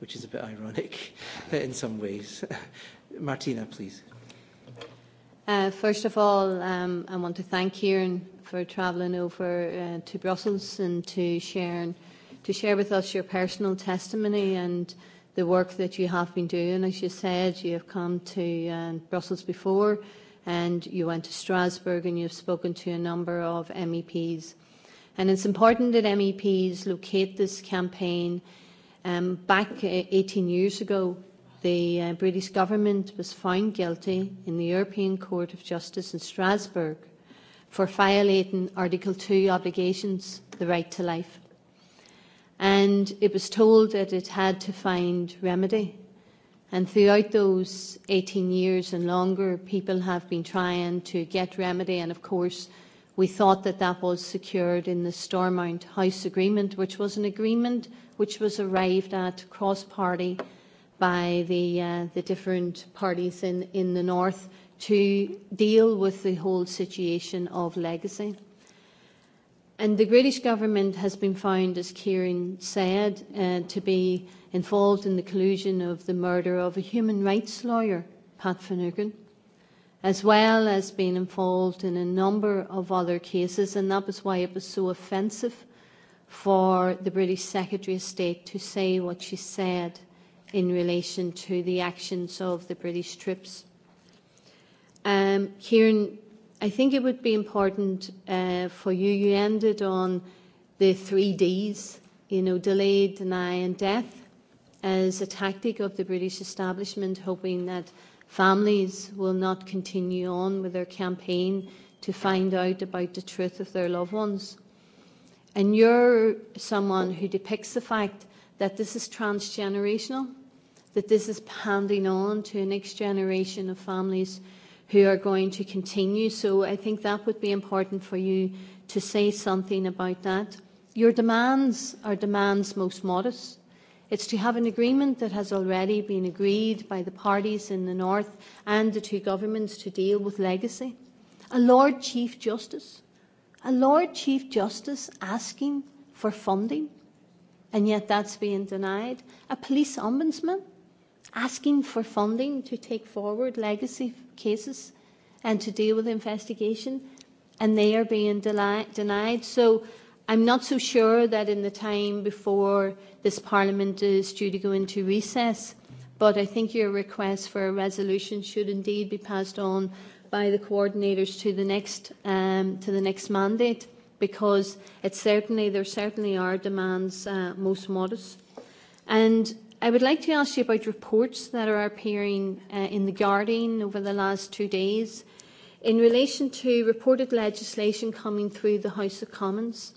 which is a bit ironic <laughs> in some ways. <laughs> Martina, please. Uh, first of all, um, I want to thank Kieran for travelling over uh, to Brussels and to share, to share with us your personal testimony and the work that you have been doing. As you said, you have come to uh, Brussels before and you went to Strasbourg and you've spoken to a number of MEPs. And it's important that MEPs locate this campaign. Um, back 18 uh, years ago, the uh, British government was found guilty in the European Court of Justice in Strasbourg for violating Article 2 obligations, the right to life. And it was told that it had to find remedy And throughout those 18 years and longer, people have been trying to get remedy. And of course, we thought that that was secured in the Stormont House Agreement, which was an agreement which was arrived at cross-party by the, uh, the different parties in, in the north to deal with the whole situation of legacy and the British government has been found, as Kieran said, uh, to be involved in the collusion of the murder of a human rights lawyer, Pat Finnegan, as well as being involved in a number of other cases, and that was why it was so offensive for the British Secretary of State to say what she said in relation to the actions of the British troops. Um, Kieran I think it would be important uh, for you. You ended on the three Ds, you know, delay, deny, and death, as a tactic of the British establishment, hoping that families will not continue on with their campaign to find out about the truth of their loved ones. And you're someone who depicts the fact that this is transgenerational, that this is handing on to a next generation of families who are going to continue. So I think that would be important for you to say something about that. Your demands are demands most modest. It's to have an agreement that has already been agreed by the parties in the North and the two governments to deal with legacy. A Lord Chief Justice. A Lord Chief Justice asking for funding, and yet that's being denied. A police ombudsman asking for funding to take forward legacy cases and to deal with investigation, and they are being deli- denied. So I'm not so sure that in the time before this Parliament is due to go into recess, but I think your request for a resolution should indeed be passed on by the coordinators to the next, um, to the next mandate, because it certainly, there certainly are demands uh, most modest. And I would like to ask you about reports that are appearing uh, in The Guardian over the last two days in relation to reported legislation coming through the House of Commons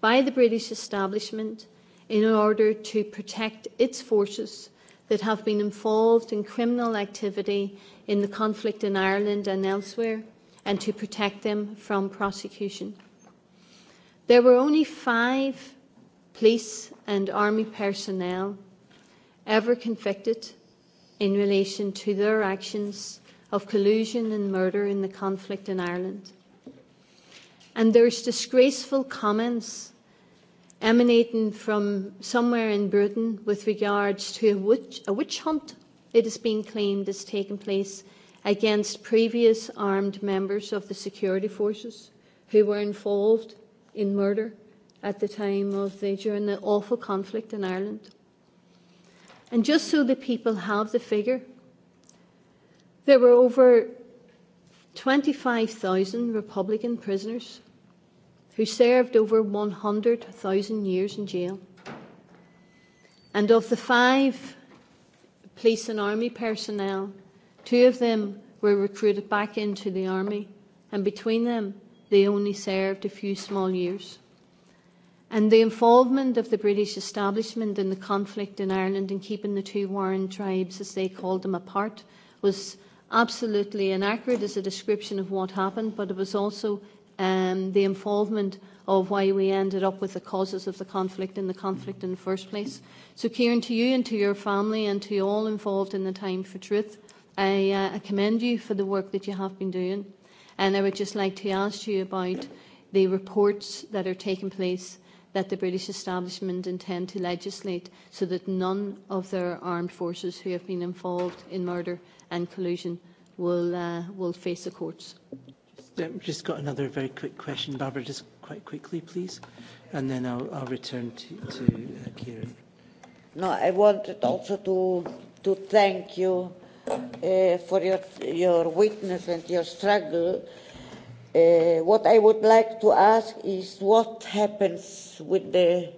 by the British establishment in order to protect its forces that have been involved in criminal activity in the conflict in Ireland and elsewhere and to protect them from prosecution. There were only five police and army personnel ever convicted in relation to their actions of collusion and murder in the conflict in Ireland. And there's disgraceful comments emanating from somewhere in Britain with regards to a witch, a witch hunt, it is being claimed, has taken place against previous armed members of the security forces who were involved in murder at the time of the during the awful conflict in Ireland. And just so the people have the figure, there were over 25,000 Republican prisoners who served over 100,000 years in jail. And of the five police and army personnel, two of them were recruited back into the army, and between them, they only served a few small years. And the involvement of the British establishment in the conflict in Ireland and keeping the two Warren tribes, as they called them, apart was absolutely inaccurate as a description of what happened, but it was also um, the involvement of why we ended up with the causes of the conflict and the conflict in the first place. So, Kieran, to you and to your family and to all involved in the Time for Truth, I, uh, I commend you for the work that you have been doing. And I would just like to ask you about the reports that are taking place that the British establishment intend to legislate so that none of their armed forces who have been involved in murder and collusion will, uh, will face the courts. Yeah, um, just got another very quick question, Barbara, just quite quickly, please, and then I'll, I'll return to, to uh, Kieran. No, I wanted also to, to thank you uh, for your, your witness and your struggle. Uh, what I would like to ask is what happens with the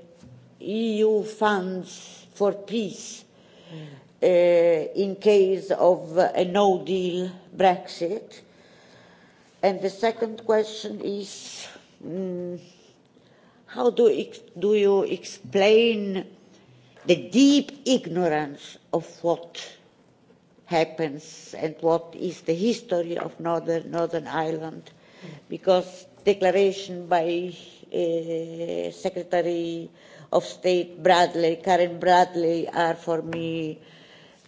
EU funds for peace uh, in case of a no-deal Brexit? And the second question is um, how do, do you explain the deep ignorance of what happens and what is the history of Northern, Northern Ireland? because declaration by uh, Secretary of State Bradley, Karen Bradley, are for me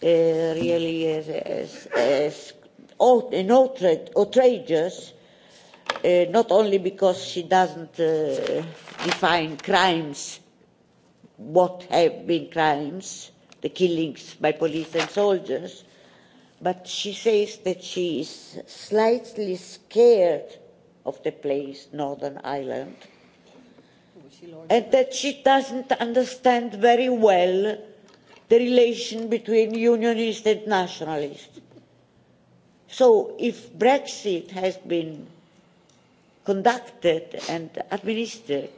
uh, really as, as, as out, an outrage, outrageous, uh, not only because she doesn't uh, define crimes, what have been crimes, the killings by police and soldiers, but she says that she is slightly scared of the place Northern Ireland. Oh, and that she doesn't understand very well the relation between unionist and nationalist. So if Brexit has been conducted and administered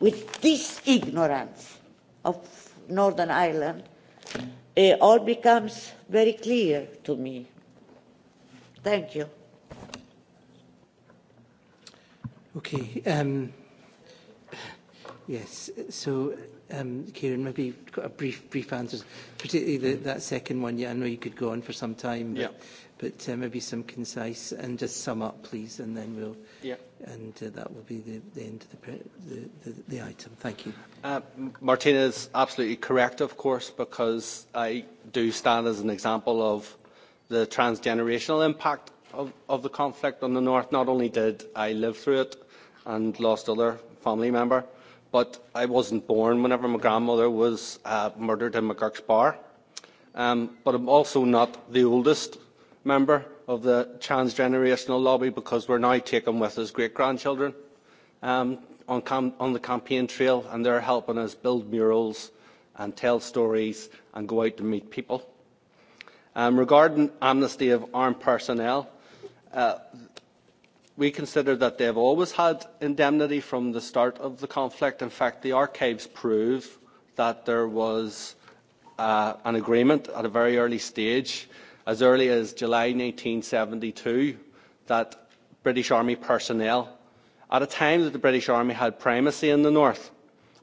with this ignorance of Northern Ireland, it all becomes very clear to me. Thank you. Okay. Um, yes. So, um, Kieran, maybe got a brief brief answer, particularly the, that second one. Yeah, I know you could go on for some time. But, yeah. But uh, maybe some concise and just sum up, please, and then we'll. Yeah. And uh, that will be the, the end of the, pre- the, the the item. Thank you. Uh, Martina is absolutely correct, of course, because I do stand as an example of the transgenerational impact of, of the conflict on the north. Not only did I live through it and lost other family member. But I wasn't born whenever my grandmother was uh, murdered in McGurk's bar. Um, but I'm also not the oldest member of the transgenerational lobby because we're now taken with his great-grandchildren um, on, on the campaign trail and they're helping us build murals and tell stories and go out to meet people. Um, regarding amnesty of armed personnel, uh, we consider that they have always had indemnity from the start of the conflict. In fact, the archives prove that there was uh, an agreement at a very early stage, as early as July 1972, that British Army personnel, at a time that the British Army had primacy in the north,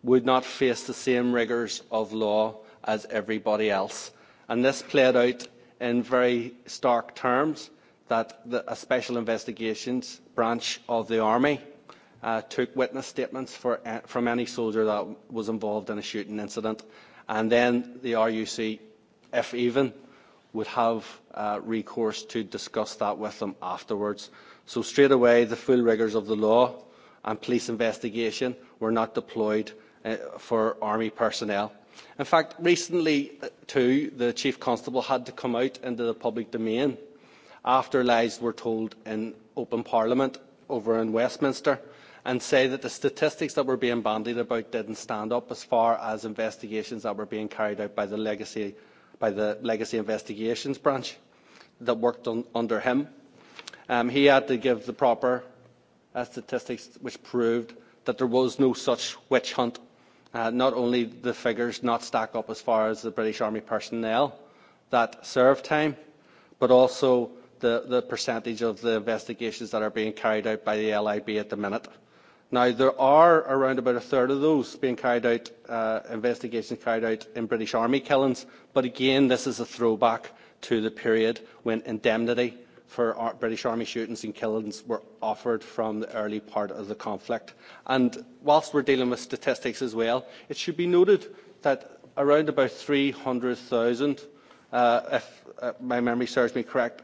would not face the same rigours of law as everybody else. And this played out in very stark terms that the, a special investigations branch of the army uh, took witness statements for, uh, from any soldier that was involved in a shooting incident, and then the RUC, if even, would have uh, recourse to discuss that with them afterwards. So straight away, the full rigours of the law and police investigation were not deployed uh, for army personnel. In fact, recently uh, too, the chief constable had to come out into the public domain uh, after lies were told in open parliament over in Westminster and say that the statistics that were being bandied about didn't stand up as far as investigations that were being carried out by the legacy, by the legacy investigations branch that worked on, under him. Um, he had to give the proper uh, statistics which proved that there was no such witch hunt. Uh, not only the figures not stack up as far as the British Army personnel that served time, but also the, the percentage of the investigations that are being carried out by the LIB at the minute. Now, there are around about a third of those being carried out, uh, investigations carried out in British Army killings. But again, this is a throwback to the period when indemnity for our British Army shootings and killings were offered from the early part of the conflict. And whilst we're dealing with statistics as well, it should be noted that around about 300,000, uh, if uh, my memory serves me correct,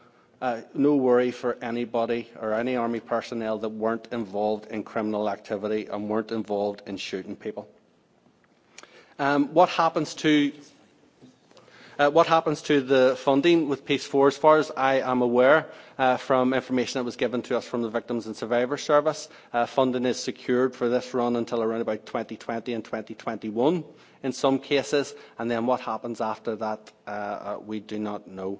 uh, no worry for anybody or any army personnel that weren't involved in criminal activity and weren't involved in shooting people. Um, what happens to uh, what happens to the funding with Peace Four? As far as I am aware, uh, from information that was given to us from the Victims and Survivors Service, uh, funding is secured for this run until around about 2020 and 2021 in some cases. And then what happens after that, uh, uh, we do not know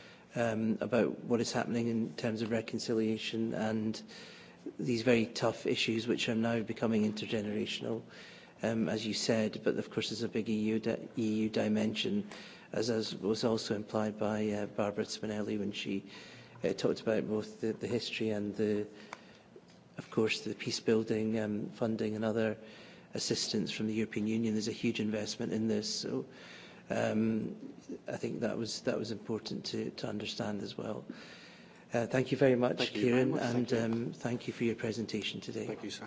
Um, about what is happening in terms of reconciliation and these very tough issues, which are now becoming intergenerational, um, as you said. But of course, there's a big EU e dimension, as was also implied by uh, Barbara Spinelli when she uh, talked about both the history and the, of course, the peace-building um, funding and other assistance from the European Union. There's a huge investment in this. So Um, I think that was important to understand as well. Thank you very much, Kieran. Thank you very much. Thank you. Um, thank you for your presentation today. Thank you, sir.